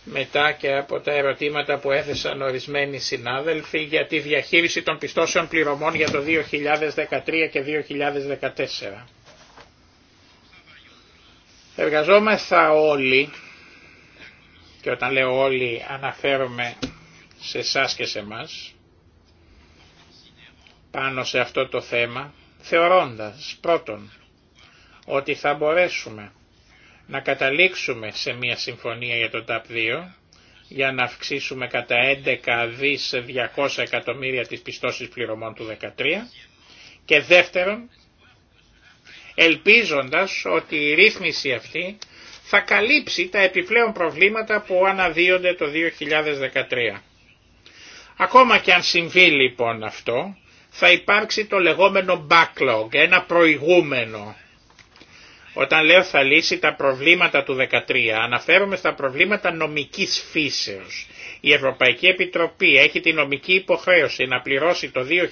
Μετά και από τα ερωτήματα που έθεσαν ορισμένοι συνάδελφοι για τη διαχείριση των πιστώσεων πληρωμών για το 2013 και 2014. Εργαζόμεθα όλοι και όταν λέω όλοι αναφέρομαι σε εσά και σε εμά πάνω σε αυτό το θέμα θεωρώντας πρώτον ότι θα μπορέσουμε να καταλήξουμε σε μια συμφωνία για το ταπ 2 για να αυξήσουμε κατά 11 δις 200 εκατομμύρια τις πιστώσεις πληρωμών του 2013 και δεύτερον ελπίζοντας ότι η ρύθμιση αυτή θα καλύψει τα επιπλέον προβλήματα που αναδύονται το 2013. Ακόμα και αν συμβεί λοιπόν αυτό, θα υπάρξει το λεγόμενο backlog, ένα προηγούμενο όταν λέω θα λύσει τα προβλήματα του 2013, αναφέρομαι στα προβλήματα νομικής φύσεως. Η Ευρωπαϊκή Επιτροπή έχει τη νομική υποχρέωση να πληρώσει το 2013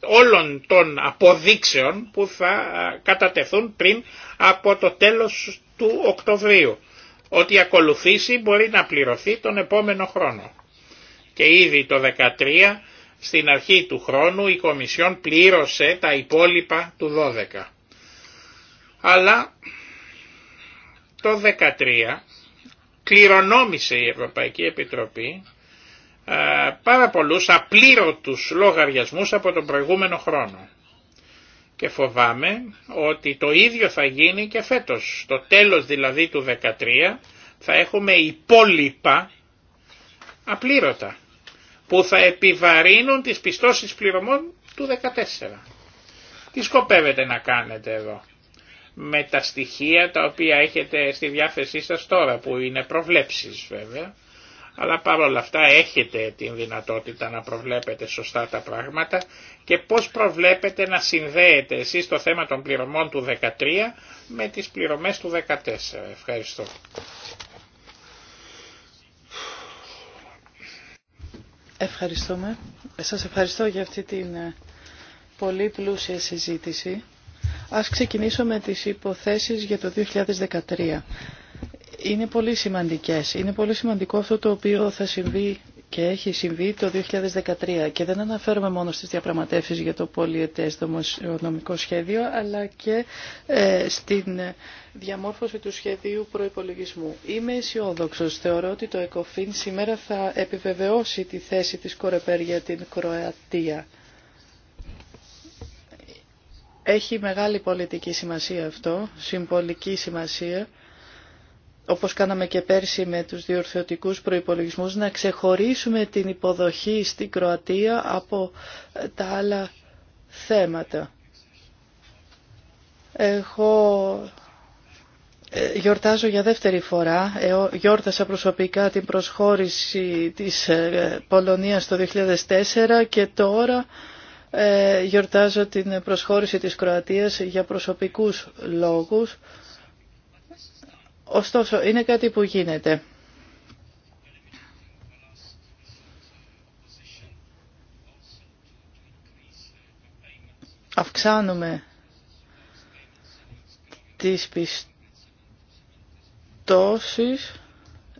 όλων των αποδείξεων που θα κατατεθούν πριν από το τέλος του Οκτωβρίου. Ό,τι ακολουθήσει μπορεί να πληρωθεί τον επόμενο χρόνο. Και ήδη το 2013 στην αρχή του χρόνου η Κομισιόν πλήρωσε τα υπόλοιπα του 12 αλλά το 2013 κληρονόμησε η Ευρωπαϊκή Επιτροπή ε, πάρα πολλούς απλήρωτους λογαριασμούς από τον προηγούμενο χρόνο. Και φοβάμαι ότι το ίδιο θα γίνει και φέτος. Το τέλος δηλαδή του 2013 θα έχουμε υπόλοιπα απλήρωτα που θα επιβαρύνουν τις πιστώσεις πληρωμών του 2014. Τι σκοπεύετε να κάνετε εδώ με τα στοιχεία τα οποία έχετε στη διάθεσή σας τώρα που είναι προβλέψεις βέβαια αλλά παρόλα αυτά έχετε την δυνατότητα να προβλέπετε σωστά τα πράγματα και πώς προβλέπετε να συνδέετε εσείς το θέμα των πληρωμών του 13 με τις πληρωμές του 14. Ευχαριστώ. Ευχαριστούμε. Σας ευχαριστώ για αυτή την ε, πολύ πλούσια συζήτηση. Ας ξεκινήσω με τις υποθέσεις για το 2013. Είναι πολύ σημαντικές. Είναι πολύ σημαντικό αυτό το οποίο θα συμβεί και έχει συμβεί το 2013 και δεν αναφέρομαι μόνο στις διαπραγματεύσεις για το πολιετές νομικό σχέδιο αλλά και ε, στην διαμόρφωση του σχεδίου προϋπολογισμού. Είμαι αισιόδοξο. Θεωρώ ότι το ΕΚΟΦΗΝ σήμερα θα επιβεβαιώσει τη θέση της Κορεπέρ για την Κροατία. Έχει μεγάλη πολιτική σημασία αυτό, συμπολική σημασία, όπως κάναμε και πέρσι με τους διορθωτικούς προϋπολογισμούς, να ξεχωρίσουμε την υποδοχή στην Κροατία από ε, τα άλλα θέματα. Εγώ ε, γιορτάζω για δεύτερη φορά, γιόρτασα προσωπικά την προσχώρηση της ε, Πολωνίας το 2004 και τώρα ε, γιορτάζω την προσχώρηση της Κροατίας για προσωπικούς λόγους. Ωστόσο, είναι κάτι που γίνεται. Αυξάνουμε τις πιστώσεις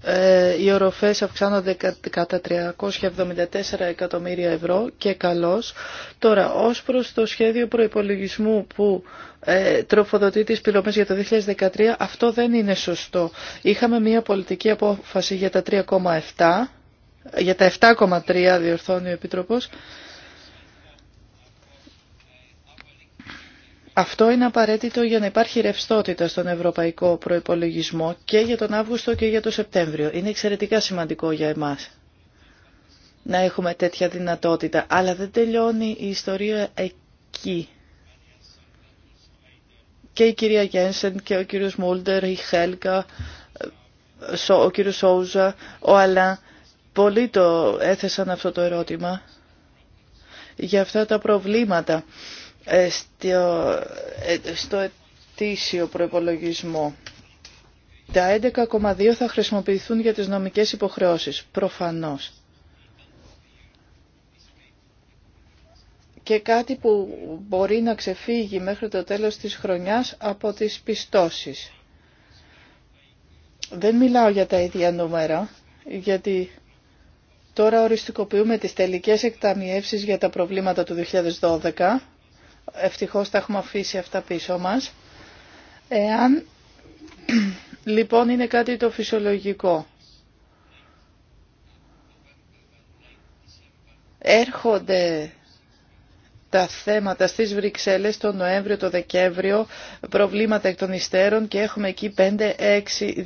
ε, οι οροφές αυξάνονται κατά 374 εκατομμύρια ευρώ και καλώς. Τώρα, ως προς το σχέδιο προϋπολογισμού που ε, τροφοδοτεί τις πληρωμές για το 2013, αυτό δεν είναι σωστό. Είχαμε μια πολιτική απόφαση για τα 3,7, για τα 7,3 διορθώνει ο Επιτροπός, Αυτό είναι απαραίτητο για να υπάρχει ρευστότητα στον ευρωπαϊκό προϋπολογισμό και για τον Αύγουστο και για τον Σεπτέμβριο. Είναι εξαιρετικά σημαντικό για εμάς να έχουμε τέτοια δυνατότητα. Αλλά δεν τελειώνει η ιστορία εκεί. Και η κυρία Γένσεν και ο κύριος Μούλτερ, η Χέλκα, ο κύριος Σόουζα, ο Αλά, πολλοί το έθεσαν αυτό το ερώτημα για αυτά τα προβλήματα ε, ε, στο ετήσιο προϋπολογισμό. Τα 11,2 θα χρησιμοποιηθούν για τις νομικές υποχρεώσεις, προφανώς. Και κάτι που μπορεί να ξεφύγει μέχρι το τέλος της χρονιάς από τις πιστώσεις. Δεν μιλάω για τα ίδια νούμερα, γιατί τώρα οριστικοποιούμε τις τελικές εκταμιεύσεις για τα προβλήματα του 2012 Ευτυχώς τα έχουμε αφήσει αυτά πίσω μας. Εάν λοιπόν είναι κάτι το φυσιολογικό, έρχονται τα θέματα στις Βρυξέλλες τον Νοέμβριο, το Δεκέμβριο, προβλήματα εκ των υστέρων και έχουμε εκεί 5-6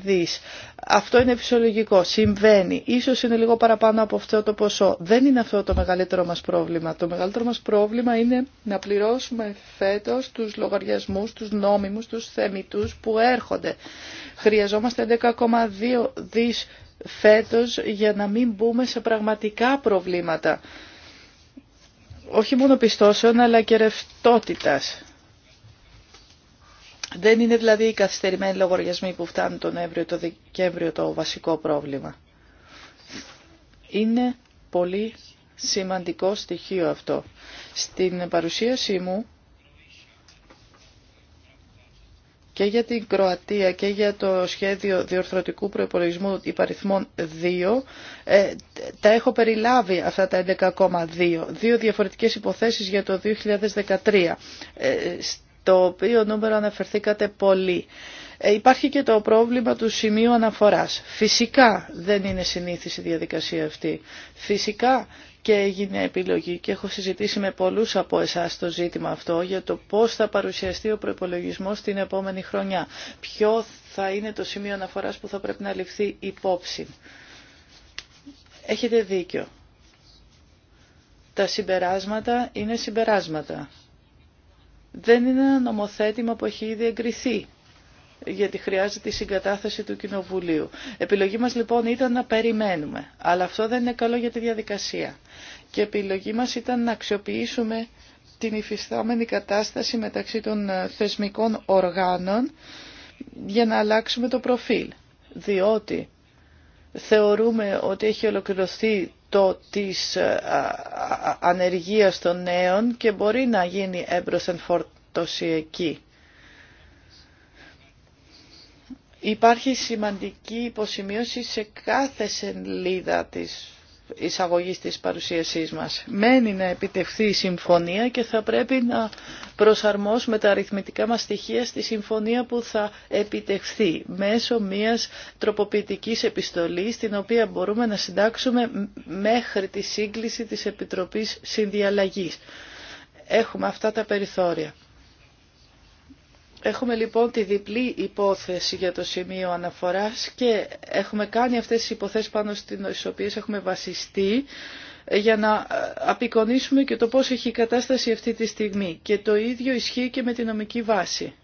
δις. Αυτό είναι φυσιολογικό, συμβαίνει. Ίσως είναι λίγο παραπάνω από αυτό το ποσό. Δεν είναι αυτό το μεγαλύτερο μας πρόβλημα. Το μεγαλύτερο μας πρόβλημα είναι να πληρώσουμε φέτος τους λογαριασμούς, τους νόμιμους, τους θεμητούς που έρχονται. Χρειαζόμαστε 11,2 δις φέτος για να μην μπούμε σε πραγματικά προβλήματα όχι μόνο πιστώσεων αλλά και ρευτότητα. Δεν είναι δηλαδή οι καθυστερημένοι λογαριασμοί που φτάνουν τον Εύριο το Δεκέμβριο το βασικό πρόβλημα. Είναι πολύ σημαντικό στοιχείο αυτό. Στην παρουσίασή μου και για την Κροατία και για το σχέδιο διορθωτικού προϋπολογισμού υπαριθμών 2 ε, τα έχω περιλάβει αυτά τα 11,2 δύο διαφορετικές υποθέσεις για το 2013 ε, στο οποίο νούμερο αναφερθήκατε πολύ ε, Υπάρχει και το πρόβλημα του σημείου αναφοράς. Φυσικά δεν είναι συνήθιση η διαδικασία αυτή. Φυσικά και έγινε επιλογή και έχω συζητήσει με πολλούς από εσάς το ζήτημα αυτό για το πώς θα παρουσιαστεί ο προϋπολογισμός την επόμενη χρονιά. Ποιο θα είναι το σημείο αναφοράς που θα πρέπει να ληφθεί υπόψη. Έχετε δίκιο. Τα συμπεράσματα είναι συμπεράσματα. Δεν είναι ένα νομοθέτημα που έχει ήδη εγκριθεί γιατί χρειάζεται η συγκατάθεση του Κοινοβουλίου. Επιλογή μας λοιπόν ήταν να περιμένουμε, αλλά αυτό δεν είναι καλό για τη διαδικασία. Και επιλογή μας ήταν να αξιοποιήσουμε την υφιστάμενη κατάσταση μεταξύ των ε, θεσμικών οργάνων για να αλλάξουμε το προφίλ. Διότι θεωρούμε ότι έχει ολοκληρωθεί το της ε, ανεργίας των νέων και μπορεί να γίνει έμπρος φορτωσιακή. Υπάρχει σημαντική υποσημείωση σε κάθε σελίδα της εισαγωγής της παρουσίασής μας. Μένει να επιτευχθεί η συμφωνία και θα πρέπει να προσαρμόσουμε τα αριθμητικά μας στοιχεία στη συμφωνία που θα επιτευχθεί μέσω μιας τροποποιητικής επιστολής την οποία μπορούμε να συντάξουμε μέχρι τη σύγκληση της Επιτροπής Συνδιαλλαγής. Έχουμε αυτά τα περιθώρια. Έχουμε λοιπόν τη διπλή υπόθεση για το σημείο αναφοράς και έχουμε κάνει αυτές τις υποθέσεις πάνω στις οποίες έχουμε βασιστεί ε, για να ε, απεικονίσουμε και το πώς έχει η κατάσταση αυτή τη στιγμή. Και το ίδιο ισχύει και με τη νομική βάση.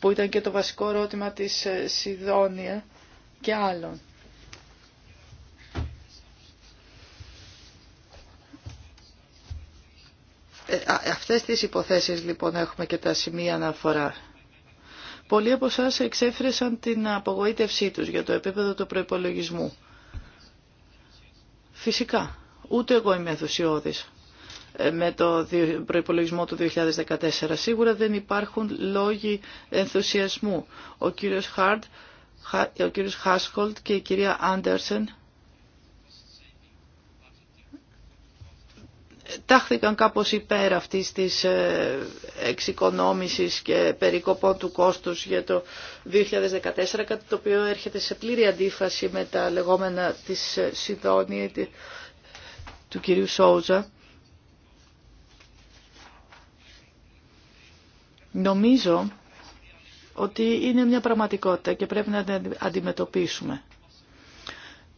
Που ήταν και το βασικό ερώτημα της ε, Σιδόνια και άλλων. Ε, αυτές τις υποθέσεις λοιπόν έχουμε και τα σημεία αναφορά. Πολλοί από εσά εξέφρασαν την απογοήτευσή τους για το επίπεδο του προϋπολογισμού. Φυσικά, ούτε εγώ είμαι ενθουσιώδης ε, με το προϋπολογισμό του 2014. Σίγουρα δεν υπάρχουν λόγοι ενθουσιασμού. Ο κύριος Χάρτ, ο κύριος Χάσχολτ και η κυρία Άντερσεν τάχθηκαν κάπως υπέρ αυτής της ε, εξοικονόμησης και περικοπών του κόστους για το 2014, κάτι το οποίο έρχεται σε πλήρη αντίφαση με τα λεγόμενα της ε, Σιδόνια του κυρίου Σόουζα. Νομίζω ότι είναι μια πραγματικότητα και πρέπει να την αντιμετωπίσουμε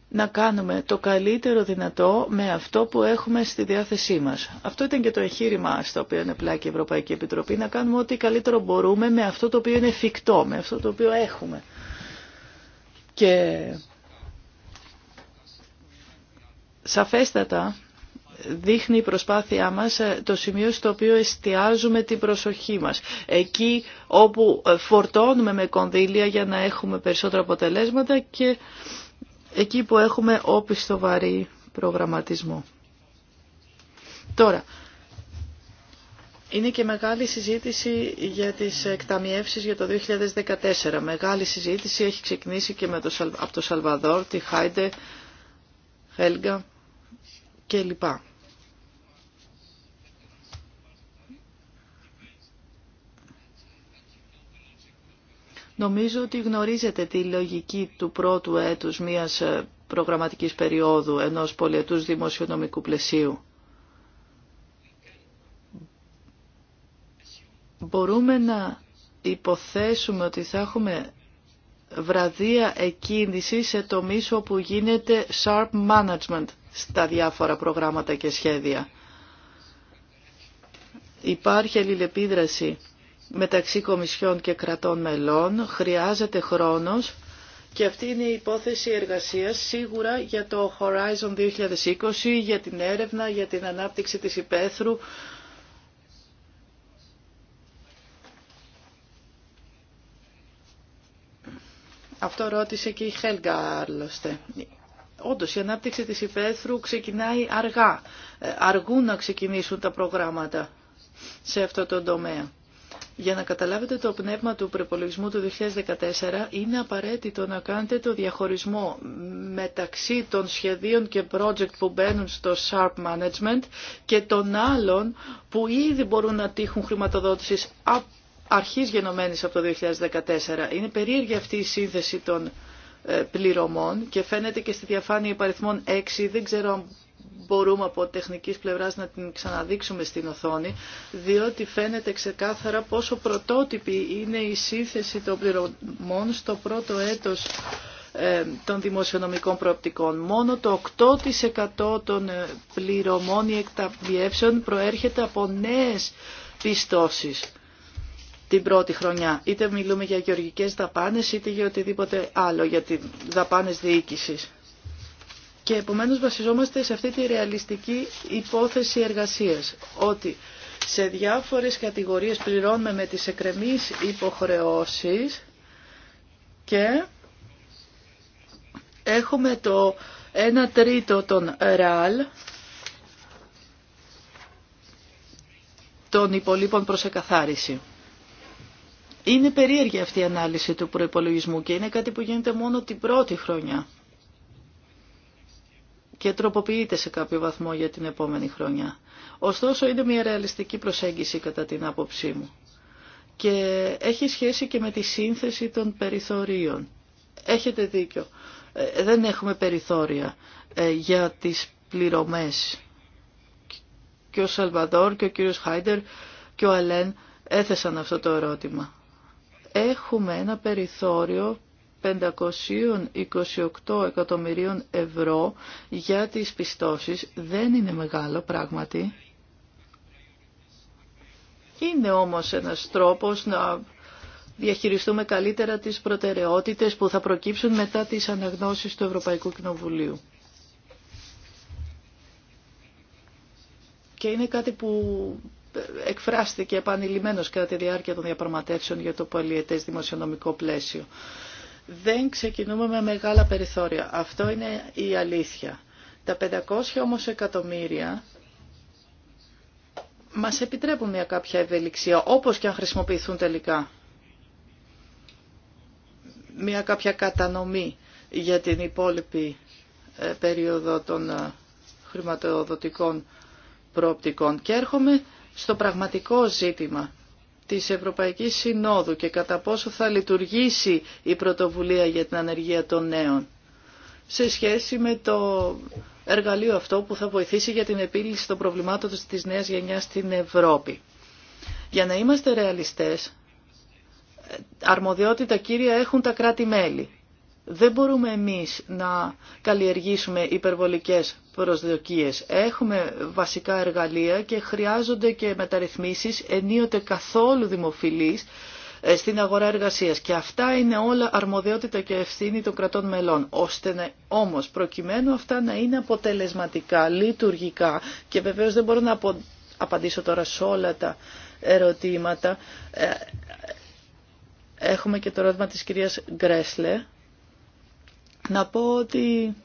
να κάνουμε το καλύτερο δυνατό με αυτό που έχουμε στη διάθεσή μας. Αυτό ήταν και το εγχείρημα στο οποίο είναι πλάκη η Ευρωπαϊκή Επιτροπή, να κάνουμε ό,τι καλύτερο μπορούμε με αυτό το οποίο είναι εφικτό, με αυτό το οποίο έχουμε. Και σαφέστατα δείχνει η προσπάθειά μας ε, το σημείο στο οποίο εστιάζουμε την προσοχή μας. Εκεί όπου ε, φορτώνουμε με κονδύλια για να έχουμε περισσότερα αποτελέσματα και εκεί που έχουμε όπιστο βαρύ προγραμματισμό. Τώρα, είναι και μεγάλη συζήτηση για τις εκταμιεύσεις για το 2014. Μεγάλη συζήτηση έχει ξεκινήσει και με το, από το Σαλβαδόρ, τη Χάιντε, Χέλγκα κλπ. Νομίζω ότι γνωρίζετε τη λογική του πρώτου έτους μιας ε, προγραμματικής περίοδου ενός πολιετούς δημοσιονομικού πλαισίου. Μπορούμε να υποθέσουμε ότι θα έχουμε βραδία εκκίνηση σε τομείς όπου γίνεται sharp management στα διάφορα προγράμματα και σχέδια. Υπάρχει αλληλεπίδραση μεταξύ Κομισιών και κρατών μελών. Χρειάζεται χρόνος και αυτή είναι η υπόθεση εργασίας σίγουρα για το Horizon 2020, για την έρευνα, για την ανάπτυξη της υπαίθρου. Αυτό ρώτησε και η Χέλγκα άλλωστε. Όντως η ανάπτυξη της υπαίθρου ξεκινάει αργά. Ε, αργούν να ξεκινήσουν τα προγράμματα σε αυτό το τομέα. Για να καταλάβετε το πνεύμα του προπολογισμού του 2014 είναι απαραίτητο να κάνετε το διαχωρισμό μεταξύ των σχεδίων και project που μπαίνουν στο Sharp Management και των άλλων που ήδη μπορούν να τύχουν χρηματοδότησης αρχής γενομένης από το 2014. Είναι περίεργη αυτή η σύνθεση των ε, πληρωμών και φαίνεται και στη διαφάνεια υπαριθμών 6, δεν ξέρω αν μπορούμε από τεχνικής πλευράς να την ξαναδείξουμε στην οθόνη, διότι φαίνεται ξεκάθαρα πόσο πρωτότυπη είναι η σύνθεση των πληρωμών στο πρώτο έτος ε, των δημοσιονομικών προοπτικών. Μόνο το 8% των ε, πληρωμών ή εκταμιεύσεων προέρχεται από νέες πιστώσεις την πρώτη χρονιά. Είτε μιλούμε για γεωργικές δαπάνες, είτε για οτιδήποτε άλλο, για δαπάνες διοίκησης. Και επομένως βασιζόμαστε σε αυτή τη ρεαλιστική υπόθεση εργασίας, ότι σε διάφορες κατηγορίες πληρώνουμε με τις εκρεμείς υποχρεώσεις και έχουμε το 1 τρίτο των ραλ, των υπολείπων προς εκαθάριση. Είναι περίεργη αυτή η ανάλυση του προϋπολογισμού και είναι κάτι που γίνεται μόνο την πρώτη χρονιά και τροποποιείται σε κάποιο βαθμό για την επόμενη χρονιά. Ωστόσο είναι μια ρεαλιστική προσέγγιση κατά την άποψή μου και έχει σχέση και με τη σύνθεση των περιθωρίων. Έχετε δίκιο. Ε, δεν έχουμε περιθώρια ε, για τις πληρωμές. Και ο Σαλβαδόρ και ο κύριος Χάιντερ και ο Αλέν έθεσαν αυτό το ερώτημα. Έχουμε ένα περιθώριο 528 εκατομμυρίων ευρώ για τις πιστώσεις δεν είναι μεγάλο πράγματι. Είναι όμως ένας τρόπος να διαχειριστούμε καλύτερα τις προτεραιότητες που θα προκύψουν μετά τις αναγνώσεις του Ευρωπαϊκού Κοινοβουλίου. Και είναι κάτι που εκφράστηκε επανειλημμένος κατά τη διάρκεια των διαπραγματεύσεων για το πολιετές δημοσιονομικό πλαίσιο δεν ξεκινούμε με μεγάλα περιθώρια. Αυτό είναι η αλήθεια. Τα 500 όμως εκατομμύρια μας επιτρέπουν μια κάποια ευελιξία, όπως και αν χρησιμοποιηθούν τελικά. Μια κάποια κατανομή για την υπόλοιπη ε, περίοδο των ε, χρηματοδοτικών προοπτικών. Και έρχομαι στο πραγματικό ζήτημα της Ευρωπαϊκής Συνόδου και κατά πόσο θα λειτουργήσει η πρωτοβουλία για την ανεργία των νέων σε σχέση με το εργαλείο αυτό που θα βοηθήσει για την επίλυση των προβλημάτων της νέας γενιάς στην Ευρώπη. Για να είμαστε ρεαλιστές, αρμοδιότητα κύρια έχουν τα κράτη-μέλη δεν μπορούμε εμείς να καλλιεργήσουμε υπερβολικές προσδοκίες. Έχουμε βασικά εργαλεία και χρειάζονται και μεταρρυθμίσεις ενίοτε καθόλου δημοφιλείς ε, στην αγορά εργασίας. Και αυτά είναι όλα αρμοδιότητα και ευθύνη των κρατών μελών. Ώστε να, όμως προκειμένου αυτά να είναι αποτελεσματικά, λειτουργικά και βεβαίως δεν μπορώ να απαντήσω τώρα σε όλα τα ερωτήματα. Ε, έχουμε και το ερώτημα της κυρίας Γκρέσλε να πω ότι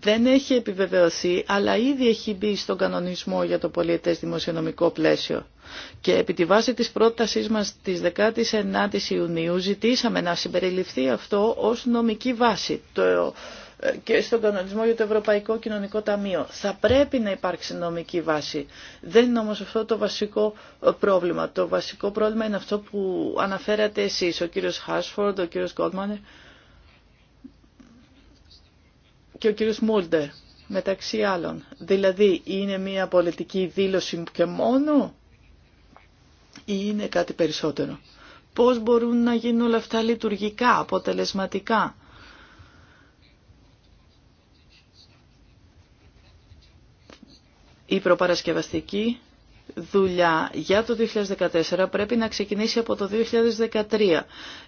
δεν έχει επιβεβαιωθεί, αλλά ήδη έχει μπει στον κανονισμό για το πολιετές δημοσιονομικό πλαίσιο. Και επί τη βάση της πρότασής μας της 19ης Ιουνίου ζητήσαμε να συμπεριληφθεί αυτό ως νομική βάση το, ε, και στον κανονισμό για το Ευρωπαϊκό Κοινωνικό Ταμείο. Θα πρέπει να υπάρξει νομική βάση. Δεν είναι όμως αυτό το βασικό ε, πρόβλημα. Το βασικό πρόβλημα είναι αυτό που αναφέρατε εσείς, ο κύριος Χάσφορντ, ο κύριος Κόλμανε, και ο κύριος Μούλτερ, μεταξύ άλλων. Δηλαδή, είναι μια πολιτική δήλωση και μόνο ή είναι κάτι περισσότερο. Πώς μπορούν να γίνουν όλα αυτά λειτουργικά, αποτελεσματικά. Η προπαρασκευαστική δουλειά για το 2014 πρέπει να ξεκινήσει από το 2013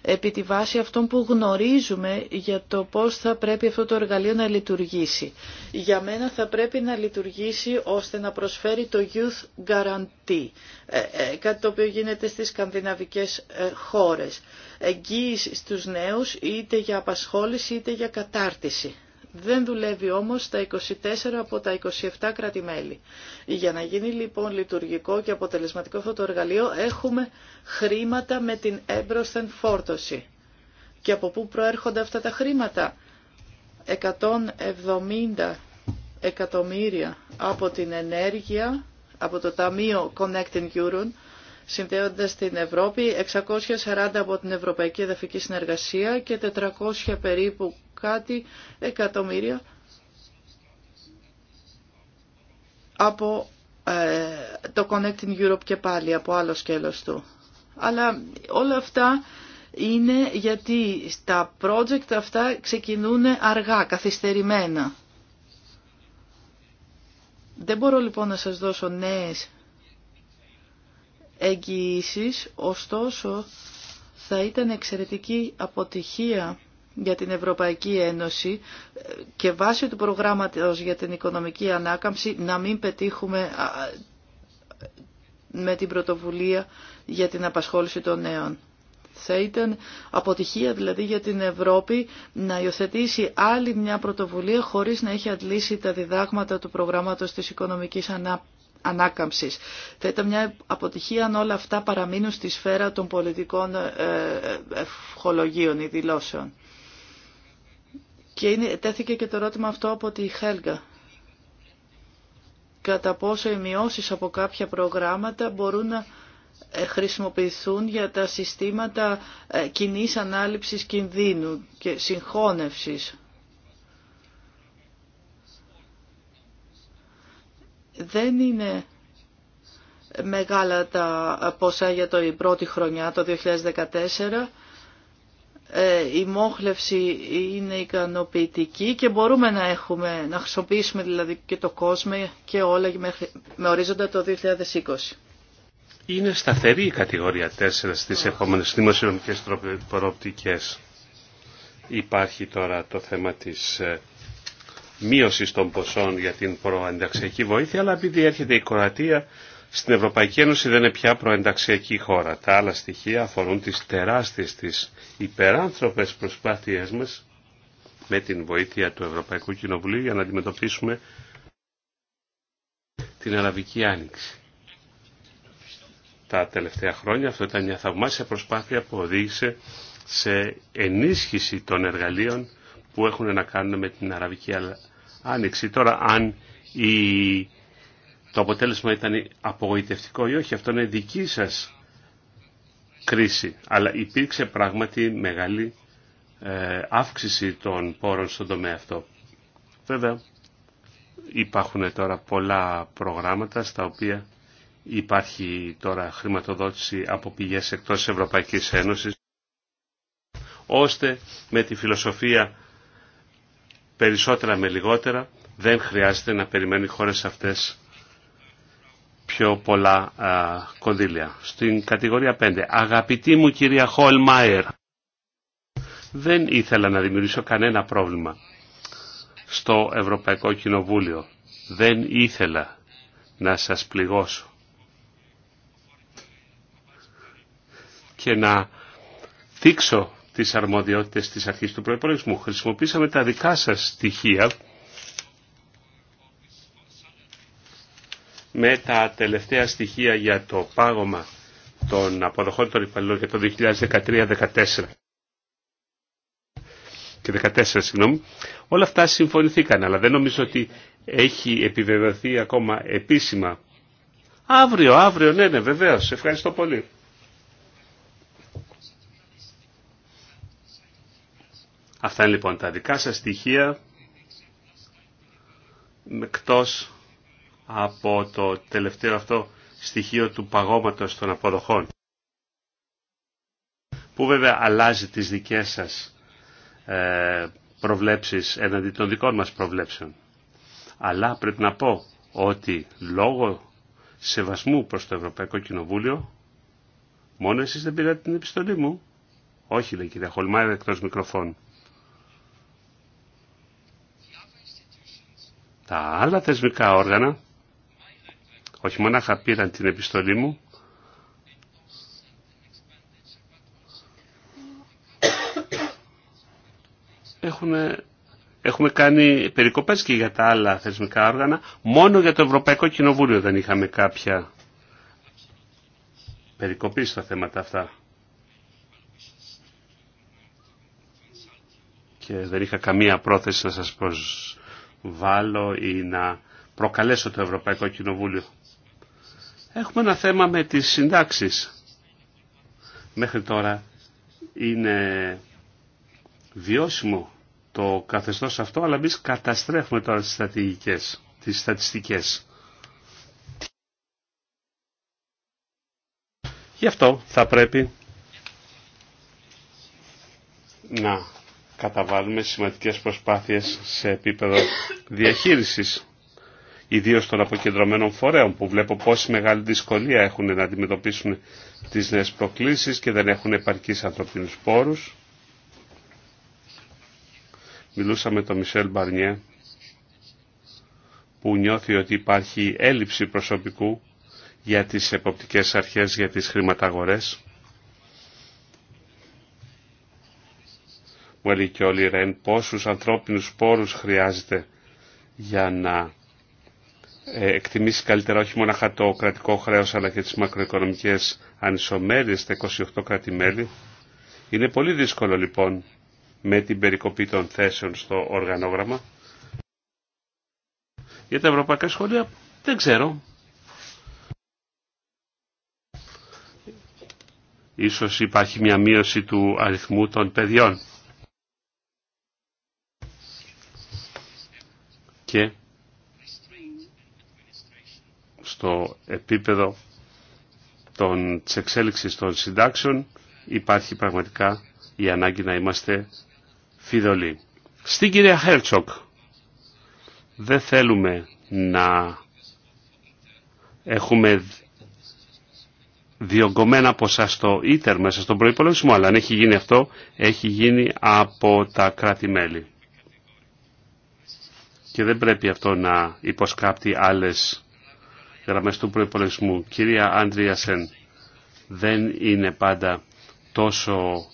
επί τη βάση αυτών που γνωρίζουμε για το πώς θα πρέπει αυτό το εργαλείο να λειτουργήσει. Για μένα θα πρέπει να λειτουργήσει ώστε να προσφέρει το Youth Guarantee, ε, ε, κάτι το οποίο γίνεται στις σκανδιναβικές ε, χώρες. Εγγύηση στους νέους είτε για απασχόληση είτε για κατάρτιση. Δεν δουλεύει όμως στα 24 από τα 27 κρατη Για να γίνει λοιπόν λειτουργικό και αποτελεσματικό αυτό το εργαλείο έχουμε χρήματα με την έμπροσθεν φόρτωση. Και από πού προέρχονται αυτά τα χρήματα. 170 εκατομμύρια από την ενέργεια, από το Ταμείο Connecting Europe, συνδέοντας την Ευρώπη, 640 από την Ευρωπαϊκή Εδαφική Συνεργασία και 400 περίπου κάτι εκατομμύρια από ε, το Connecting Europe και πάλι από άλλο σκέλος του. Αλλά όλα αυτά είναι γιατί τα project αυτά ξεκινούν αργά, καθυστερημένα. Δεν μπορώ λοιπόν να σας δώσω νέες εγγυήσεις, ωστόσο θα ήταν εξαιρετική αποτυχία για την Ευρωπαϊκή Ένωση και βάσει του προγράμματος για την οικονομική ανάκαμψη να μην πετύχουμε με την πρωτοβουλία για την απασχόληση των νέων. Θα ήταν αποτυχία δηλαδή για την Ευρώπη να υιοθετήσει άλλη μια πρωτοβουλία χωρίς να έχει αντλήσει τα διδάγματα του προγράμματος της οικονομικής ανάπτυξης ανάκαμψης. Θα ήταν μια αποτυχία αν όλα αυτά παραμείνουν στη σφαίρα των πολιτικών ε, ε, ευχολογίων ή δηλώσεων. Και είναι, τέθηκε και το ερώτημα αυτό από τη Χέλγα. Κατά πόσο οι μειώσεις από κάποια προγράμματα μπορούν να ε, χρησιμοποιηθούν για τα συστήματα κοινής ανάληψης κινδύνου και συγχώνευσης δεν είναι μεγάλα τα ποσά για το πρώτη χρονιά, το 2014. Ε, η μόχλευση είναι ικανοποιητική και μπορούμε να, έχουμε, να χρησιμοποιήσουμε δηλαδή και το κόσμο και όλα με ορίζοντα το 2020. Είναι σταθερή η κατηγορία 4 στις επόμενες δημοσιονομικές προοπτικές. Υπάρχει τώρα το θέμα της ε, μείωση των ποσών για την προενταξιακή βοήθεια, αλλά επειδή έρχεται η Κροατία στην Ευρωπαϊκή Ένωση δεν είναι πια προενταξιακή χώρα. Τα άλλα στοιχεία αφορούν τις τεράστιες, τις υπεράνθρωπες προσπάθειές μας με την βοήθεια του Ευρωπαϊκού Κοινοβουλίου για να αντιμετωπίσουμε την Αραβική Άνοιξη. Τα τελευταία χρόνια αυτό ήταν μια θαυμάσια προσπάθεια που οδήγησε σε ενίσχυση των εργαλείων που έχουν να κάνουν με την Αραβική άνοιξη. Τώρα αν το αποτέλεσμα ήταν απογοητευτικό ή όχι, αυτό είναι δική σας κρίση. Αλλά υπήρξε πράγματι μεγάλη ε, αύξηση των πόρων στον τομέα αυτό. Βέβαια υπάρχουν τώρα πολλά προγράμματα στα οποία υπάρχει τώρα χρηματοδότηση από πηγές εκτός Ευρωπαϊκής Ένωσης ώστε με τη φιλοσοφία περισσότερα με λιγότερα. Δεν χρειάζεται να περιμένει οι χώρες αυτές πιο πολλά α, κονδύλια. Στην κατηγορία 5. Αγαπητή μου κυρία Χολμάιερ. Δεν ήθελα να δημιουργήσω κανένα πρόβλημα στο Ευρωπαϊκό Κοινοβούλιο. Δεν ήθελα να σας πληγώσω. Και να δείξω τις αρμοδιότητες της αρχής του προϋπολογισμού. Χρησιμοποίησαμε τα δικά σας στοιχεία με τα τελευταία στοιχεία για το πάγωμα των αποδοχών των υπαλλήλων για το 2013-14 και 14 συγγνώμη, όλα αυτά συμφωνηθήκαν, αλλά δεν νομίζω ότι έχει επιβεβαιωθεί ακόμα επίσημα. Αύριο, αύριο, ναι, ναι, βεβαίως. Ευχαριστώ πολύ. Αυτά είναι λοιπόν τα δικά σας στοιχεία εκτός από το τελευταίο αυτό στοιχείο του παγώματος των αποδοχών που βέβαια αλλάζει τις δικές σας ε, προβλέψεις εναντί των δικών μας προβλέψεων. Αλλά πρέπει να πω ότι λόγω σεβασμού προς το Ευρωπαϊκό Κοινοβούλιο μόνο εσείς δεν πήρατε την επιστολή μου. Όχι λέει κυρία Χολμάιρα εκτός μικροφώνου. Τα άλλα θεσμικά όργανα όχι μονάχα πήραν την επιστολή μου, έχουμε, έχουμε κάνει περικοπές και για τα άλλα θεσμικά όργανα. Μόνο για το Ευρωπαϊκό Κοινοβούλιο δεν είχαμε κάποια περικοπή στα θέματα αυτά. Και δεν είχα καμία πρόθεση να σας προσ βάλω ή να προκαλέσω το Ευρωπαϊκό Κοινοβούλιο. Έχουμε ένα θέμα με τις συντάξεις. Μέχρι τώρα είναι βιώσιμο το καθεστώς αυτό, αλλά εμεί καταστρέφουμε τώρα τις, στατιστικές, τις στατιστικές. Γι' αυτό θα πρέπει να καταβάλουμε σημαντικές προσπάθειες σε επίπεδο διαχείρισης ιδίως των αποκεντρωμένων φορέων που βλέπω πόση μεγάλη δυσκολία έχουν να αντιμετωπίσουν τις νέες προκλήσεις και δεν έχουν επαρκείς ανθρωπίνους πόρους. Μιλούσα με τον Μισελ Μπαρνιέ που νιώθει ότι υπάρχει έλλειψη προσωπικού για τις εποπτικές αρχές, για τις χρηματαγορές. έλεγε και όλοι Ρεν, πόσους ανθρώπινους πόρους χρειάζεται για να ε, εκτιμήσει καλύτερα όχι μόνο το κρατικό χρέος αλλά και τις μακροοικονομικές ανισομέρειες στα 28 κρατημέλη. Είναι πολύ δύσκολο λοιπόν με την περικοπή των θέσεων στο οργανόγραμμα. Για τα ευρωπαϊκά σχολεία δεν ξέρω. Ίσως υπάρχει μια μείωση του αριθμού των παιδιών. και στο επίπεδο των, της των συντάξεων υπάρχει πραγματικά η ανάγκη να είμαστε φιδωλοί. Στην κυρία Χέρτσοκ δεν θέλουμε να έχουμε διωγγωμένα ποσά στο ίτερ μέσα στον προϋπολογισμό, αλλά αν έχει γίνει αυτό, έχει γίνει από τα κράτη-μέλη και δεν πρέπει αυτό να υποσκάπτει άλλες γραμμές του προϋπολογισμού. Κυρία Άντριασεν, δεν είναι πάντα τόσο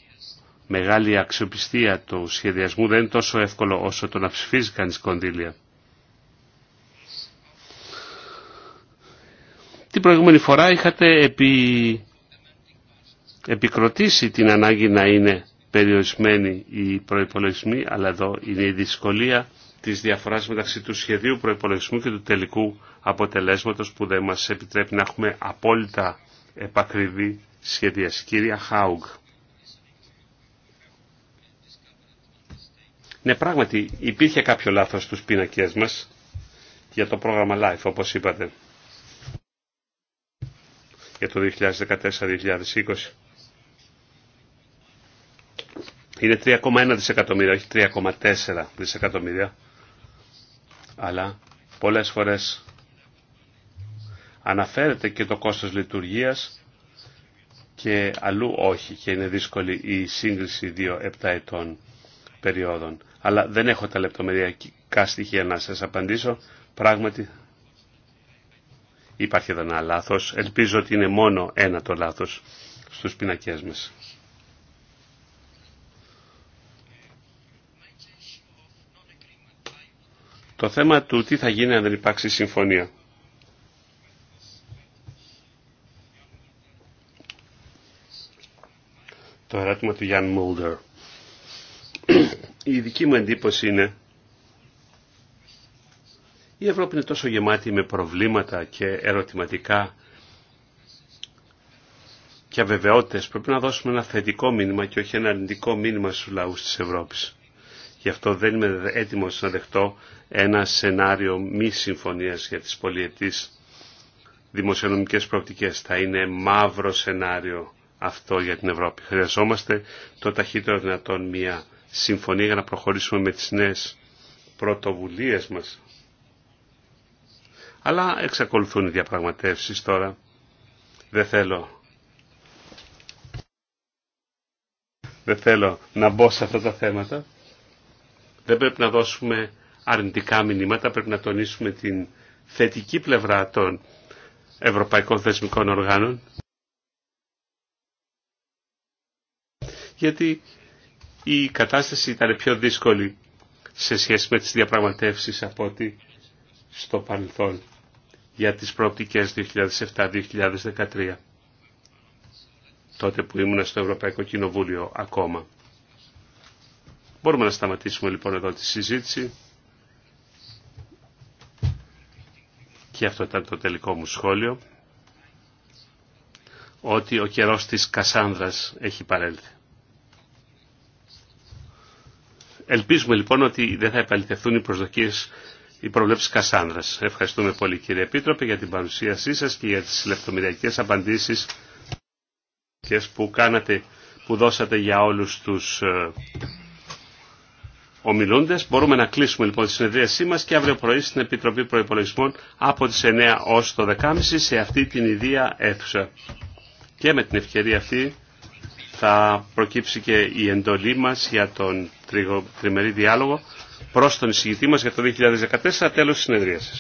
μεγάλη αξιοπιστία του σχεδιασμού, δεν είναι τόσο εύκολο όσο το να ψηφίζει κανείς κονδύλια. Την προηγούμενη φορά είχατε επί... επικροτήσει την ανάγκη να είναι περιορισμένοι η προϋπολογισμοί, αλλά εδώ είναι η δυσκολία της διαφοράς μεταξύ του σχεδίου προϋπολογισμού και του τελικού αποτελέσματος που δεν μας επιτρέπει να έχουμε απόλυτα επακριβή σχεδίαση. Κύρια Χάουγκ. Ναι, πράγματι υπήρχε κάποιο λάθος στους πίνακες μας για το πρόγραμμα LIFE, όπως είπατε, για το 2014-2020. Είναι 3,1 δισεκατομμύρια, όχι 3,4 δισεκατομμύρια αλλά πολλές φορές αναφέρεται και το κόστος λειτουργίας και αλλού όχι και είναι δύσκολη η σύγκριση δύο ετών περιόδων. Αλλά δεν έχω τα λεπτομεριακά στοιχεία να σας απαντήσω. Πράγματι υπάρχει εδώ ένα λάθος. Ελπίζω ότι είναι μόνο ένα το λάθος στους πινακές μας. Το θέμα του τι θα γίνει αν δεν υπάρξει συμφωνία. Το ερώτημα του Γιάνν Μούλτερ. Η δική μου εντύπωση είναι η Ευρώπη είναι τόσο γεμάτη με προβλήματα και ερωτηματικά και αβεβαιότητες. Πρέπει να δώσουμε ένα θετικό μήνυμα και όχι ένα αρνητικό μήνυμα στους λαούς της Ευρώπης. Γι' αυτό δεν είμαι έτοιμος να δεχτώ ένα σενάριο μη συμφωνίας για τις πολιετής δημοσιονομικές προοπτικές. Θα είναι μαύρο σενάριο αυτό για την Ευρώπη. Χρειαζόμαστε το ταχύτερο δυνατόν μια συμφωνία για να προχωρήσουμε με τις νέες πρωτοβουλίες μας. Αλλά εξακολουθούν οι διαπραγματεύσεις τώρα. Δεν θέλω. Δεν θέλω να μπω σε αυτά τα θέματα. Δεν πρέπει να δώσουμε αρνητικά μηνύματα, πρέπει να τονίσουμε την θετική πλευρά των ευρωπαϊκών θεσμικών οργάνων. Γιατί η κατάσταση ήταν πιο δύσκολη σε σχέση με τις διαπραγματεύσεις από ό,τι στο παρελθόν για τις προοπτικές 2007-2013 τότε που ήμουν στο Ευρωπαϊκό Κοινοβούλιο ακόμα. Μπορούμε να σταματήσουμε λοιπόν εδώ τη συζήτηση. Και αυτό ήταν το τελικό μου σχόλιο. Ότι ο καιρός της Κασάνδρας έχει παρέλθει. Ελπίζουμε λοιπόν ότι δεν θα επαληθευτούν οι προσδοκίες οι προβλέψεις Κασάνδρας. Ευχαριστούμε πολύ κύριε Επίτροπε για την παρουσίασή σας και για τις λεπτομεριακές απαντήσεις που κάνατε, που δώσατε για όλους τους ε, Ομιλούντε, Μπορούμε να κλείσουμε λοιπόν τη συνεδρίασή μα και αύριο πρωί στην Επιτροπή προπολογισμών από τις 9 ω το 10.30 σε αυτή την ιδία αίθουσα. Και με την ευκαιρία αυτή θα προκύψει και η εντολή μας για τον τριμερή διάλογο προς τον εισηγητή μας για το 2014 τέλος τη συνεδρίασης.